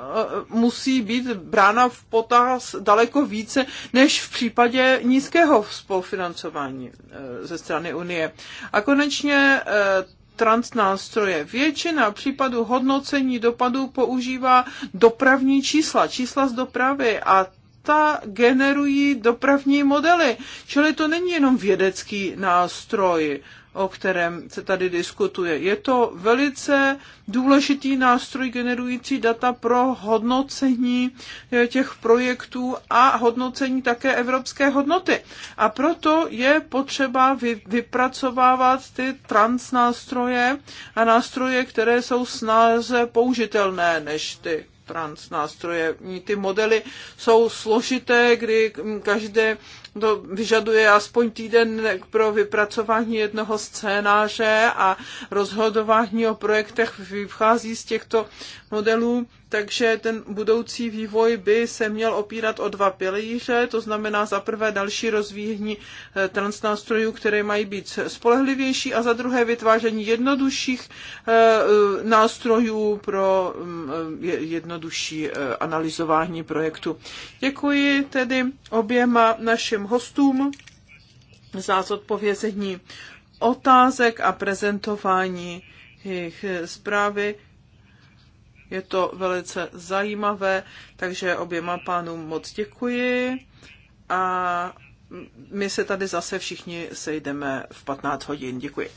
musí být brána v potaz daleko více, než v případě nízkého spolufinancování eh, ze strany Unie. A konečně eh, transnástroje. Většina případů hodnocení dopadů používá dopravní čísla, čísla z dopravy a data generují dopravní modely. Čili to není jenom vědecký nástroj, o kterém se tady diskutuje. Je to velice důležitý nástroj generující data pro hodnocení eh, těch projektů a hodnocení také evropské hodnoty. A proto je potřeba vypracovávat ty transnástroje a nástroje, které jsou snáze použitelné než ty trans nástroje. Ty modely jsou složité, kdy každé to vyžaduje aspoň týden pro vypracování jednoho scénáře a rozhodování o projektech vychází z těchto modelů takže ten budoucí vývoj by se měl opírat o dva pilíře, to znamená za prvé další rozvíjení eh, transnástrojů, které mají být spolehlivější a za druhé vytváření jednodušších eh, eh, nástrojů pro mm, jednodušší analyzování projektu. Děkuji tedy oběma našim hostům za zodpovězení otázek a prezentování jejich zprávy. Je to velice zajímavé, takže oběma pánům moc děkuji a my se tady zase všichni sejdeme v 15 hodin. Děkuji.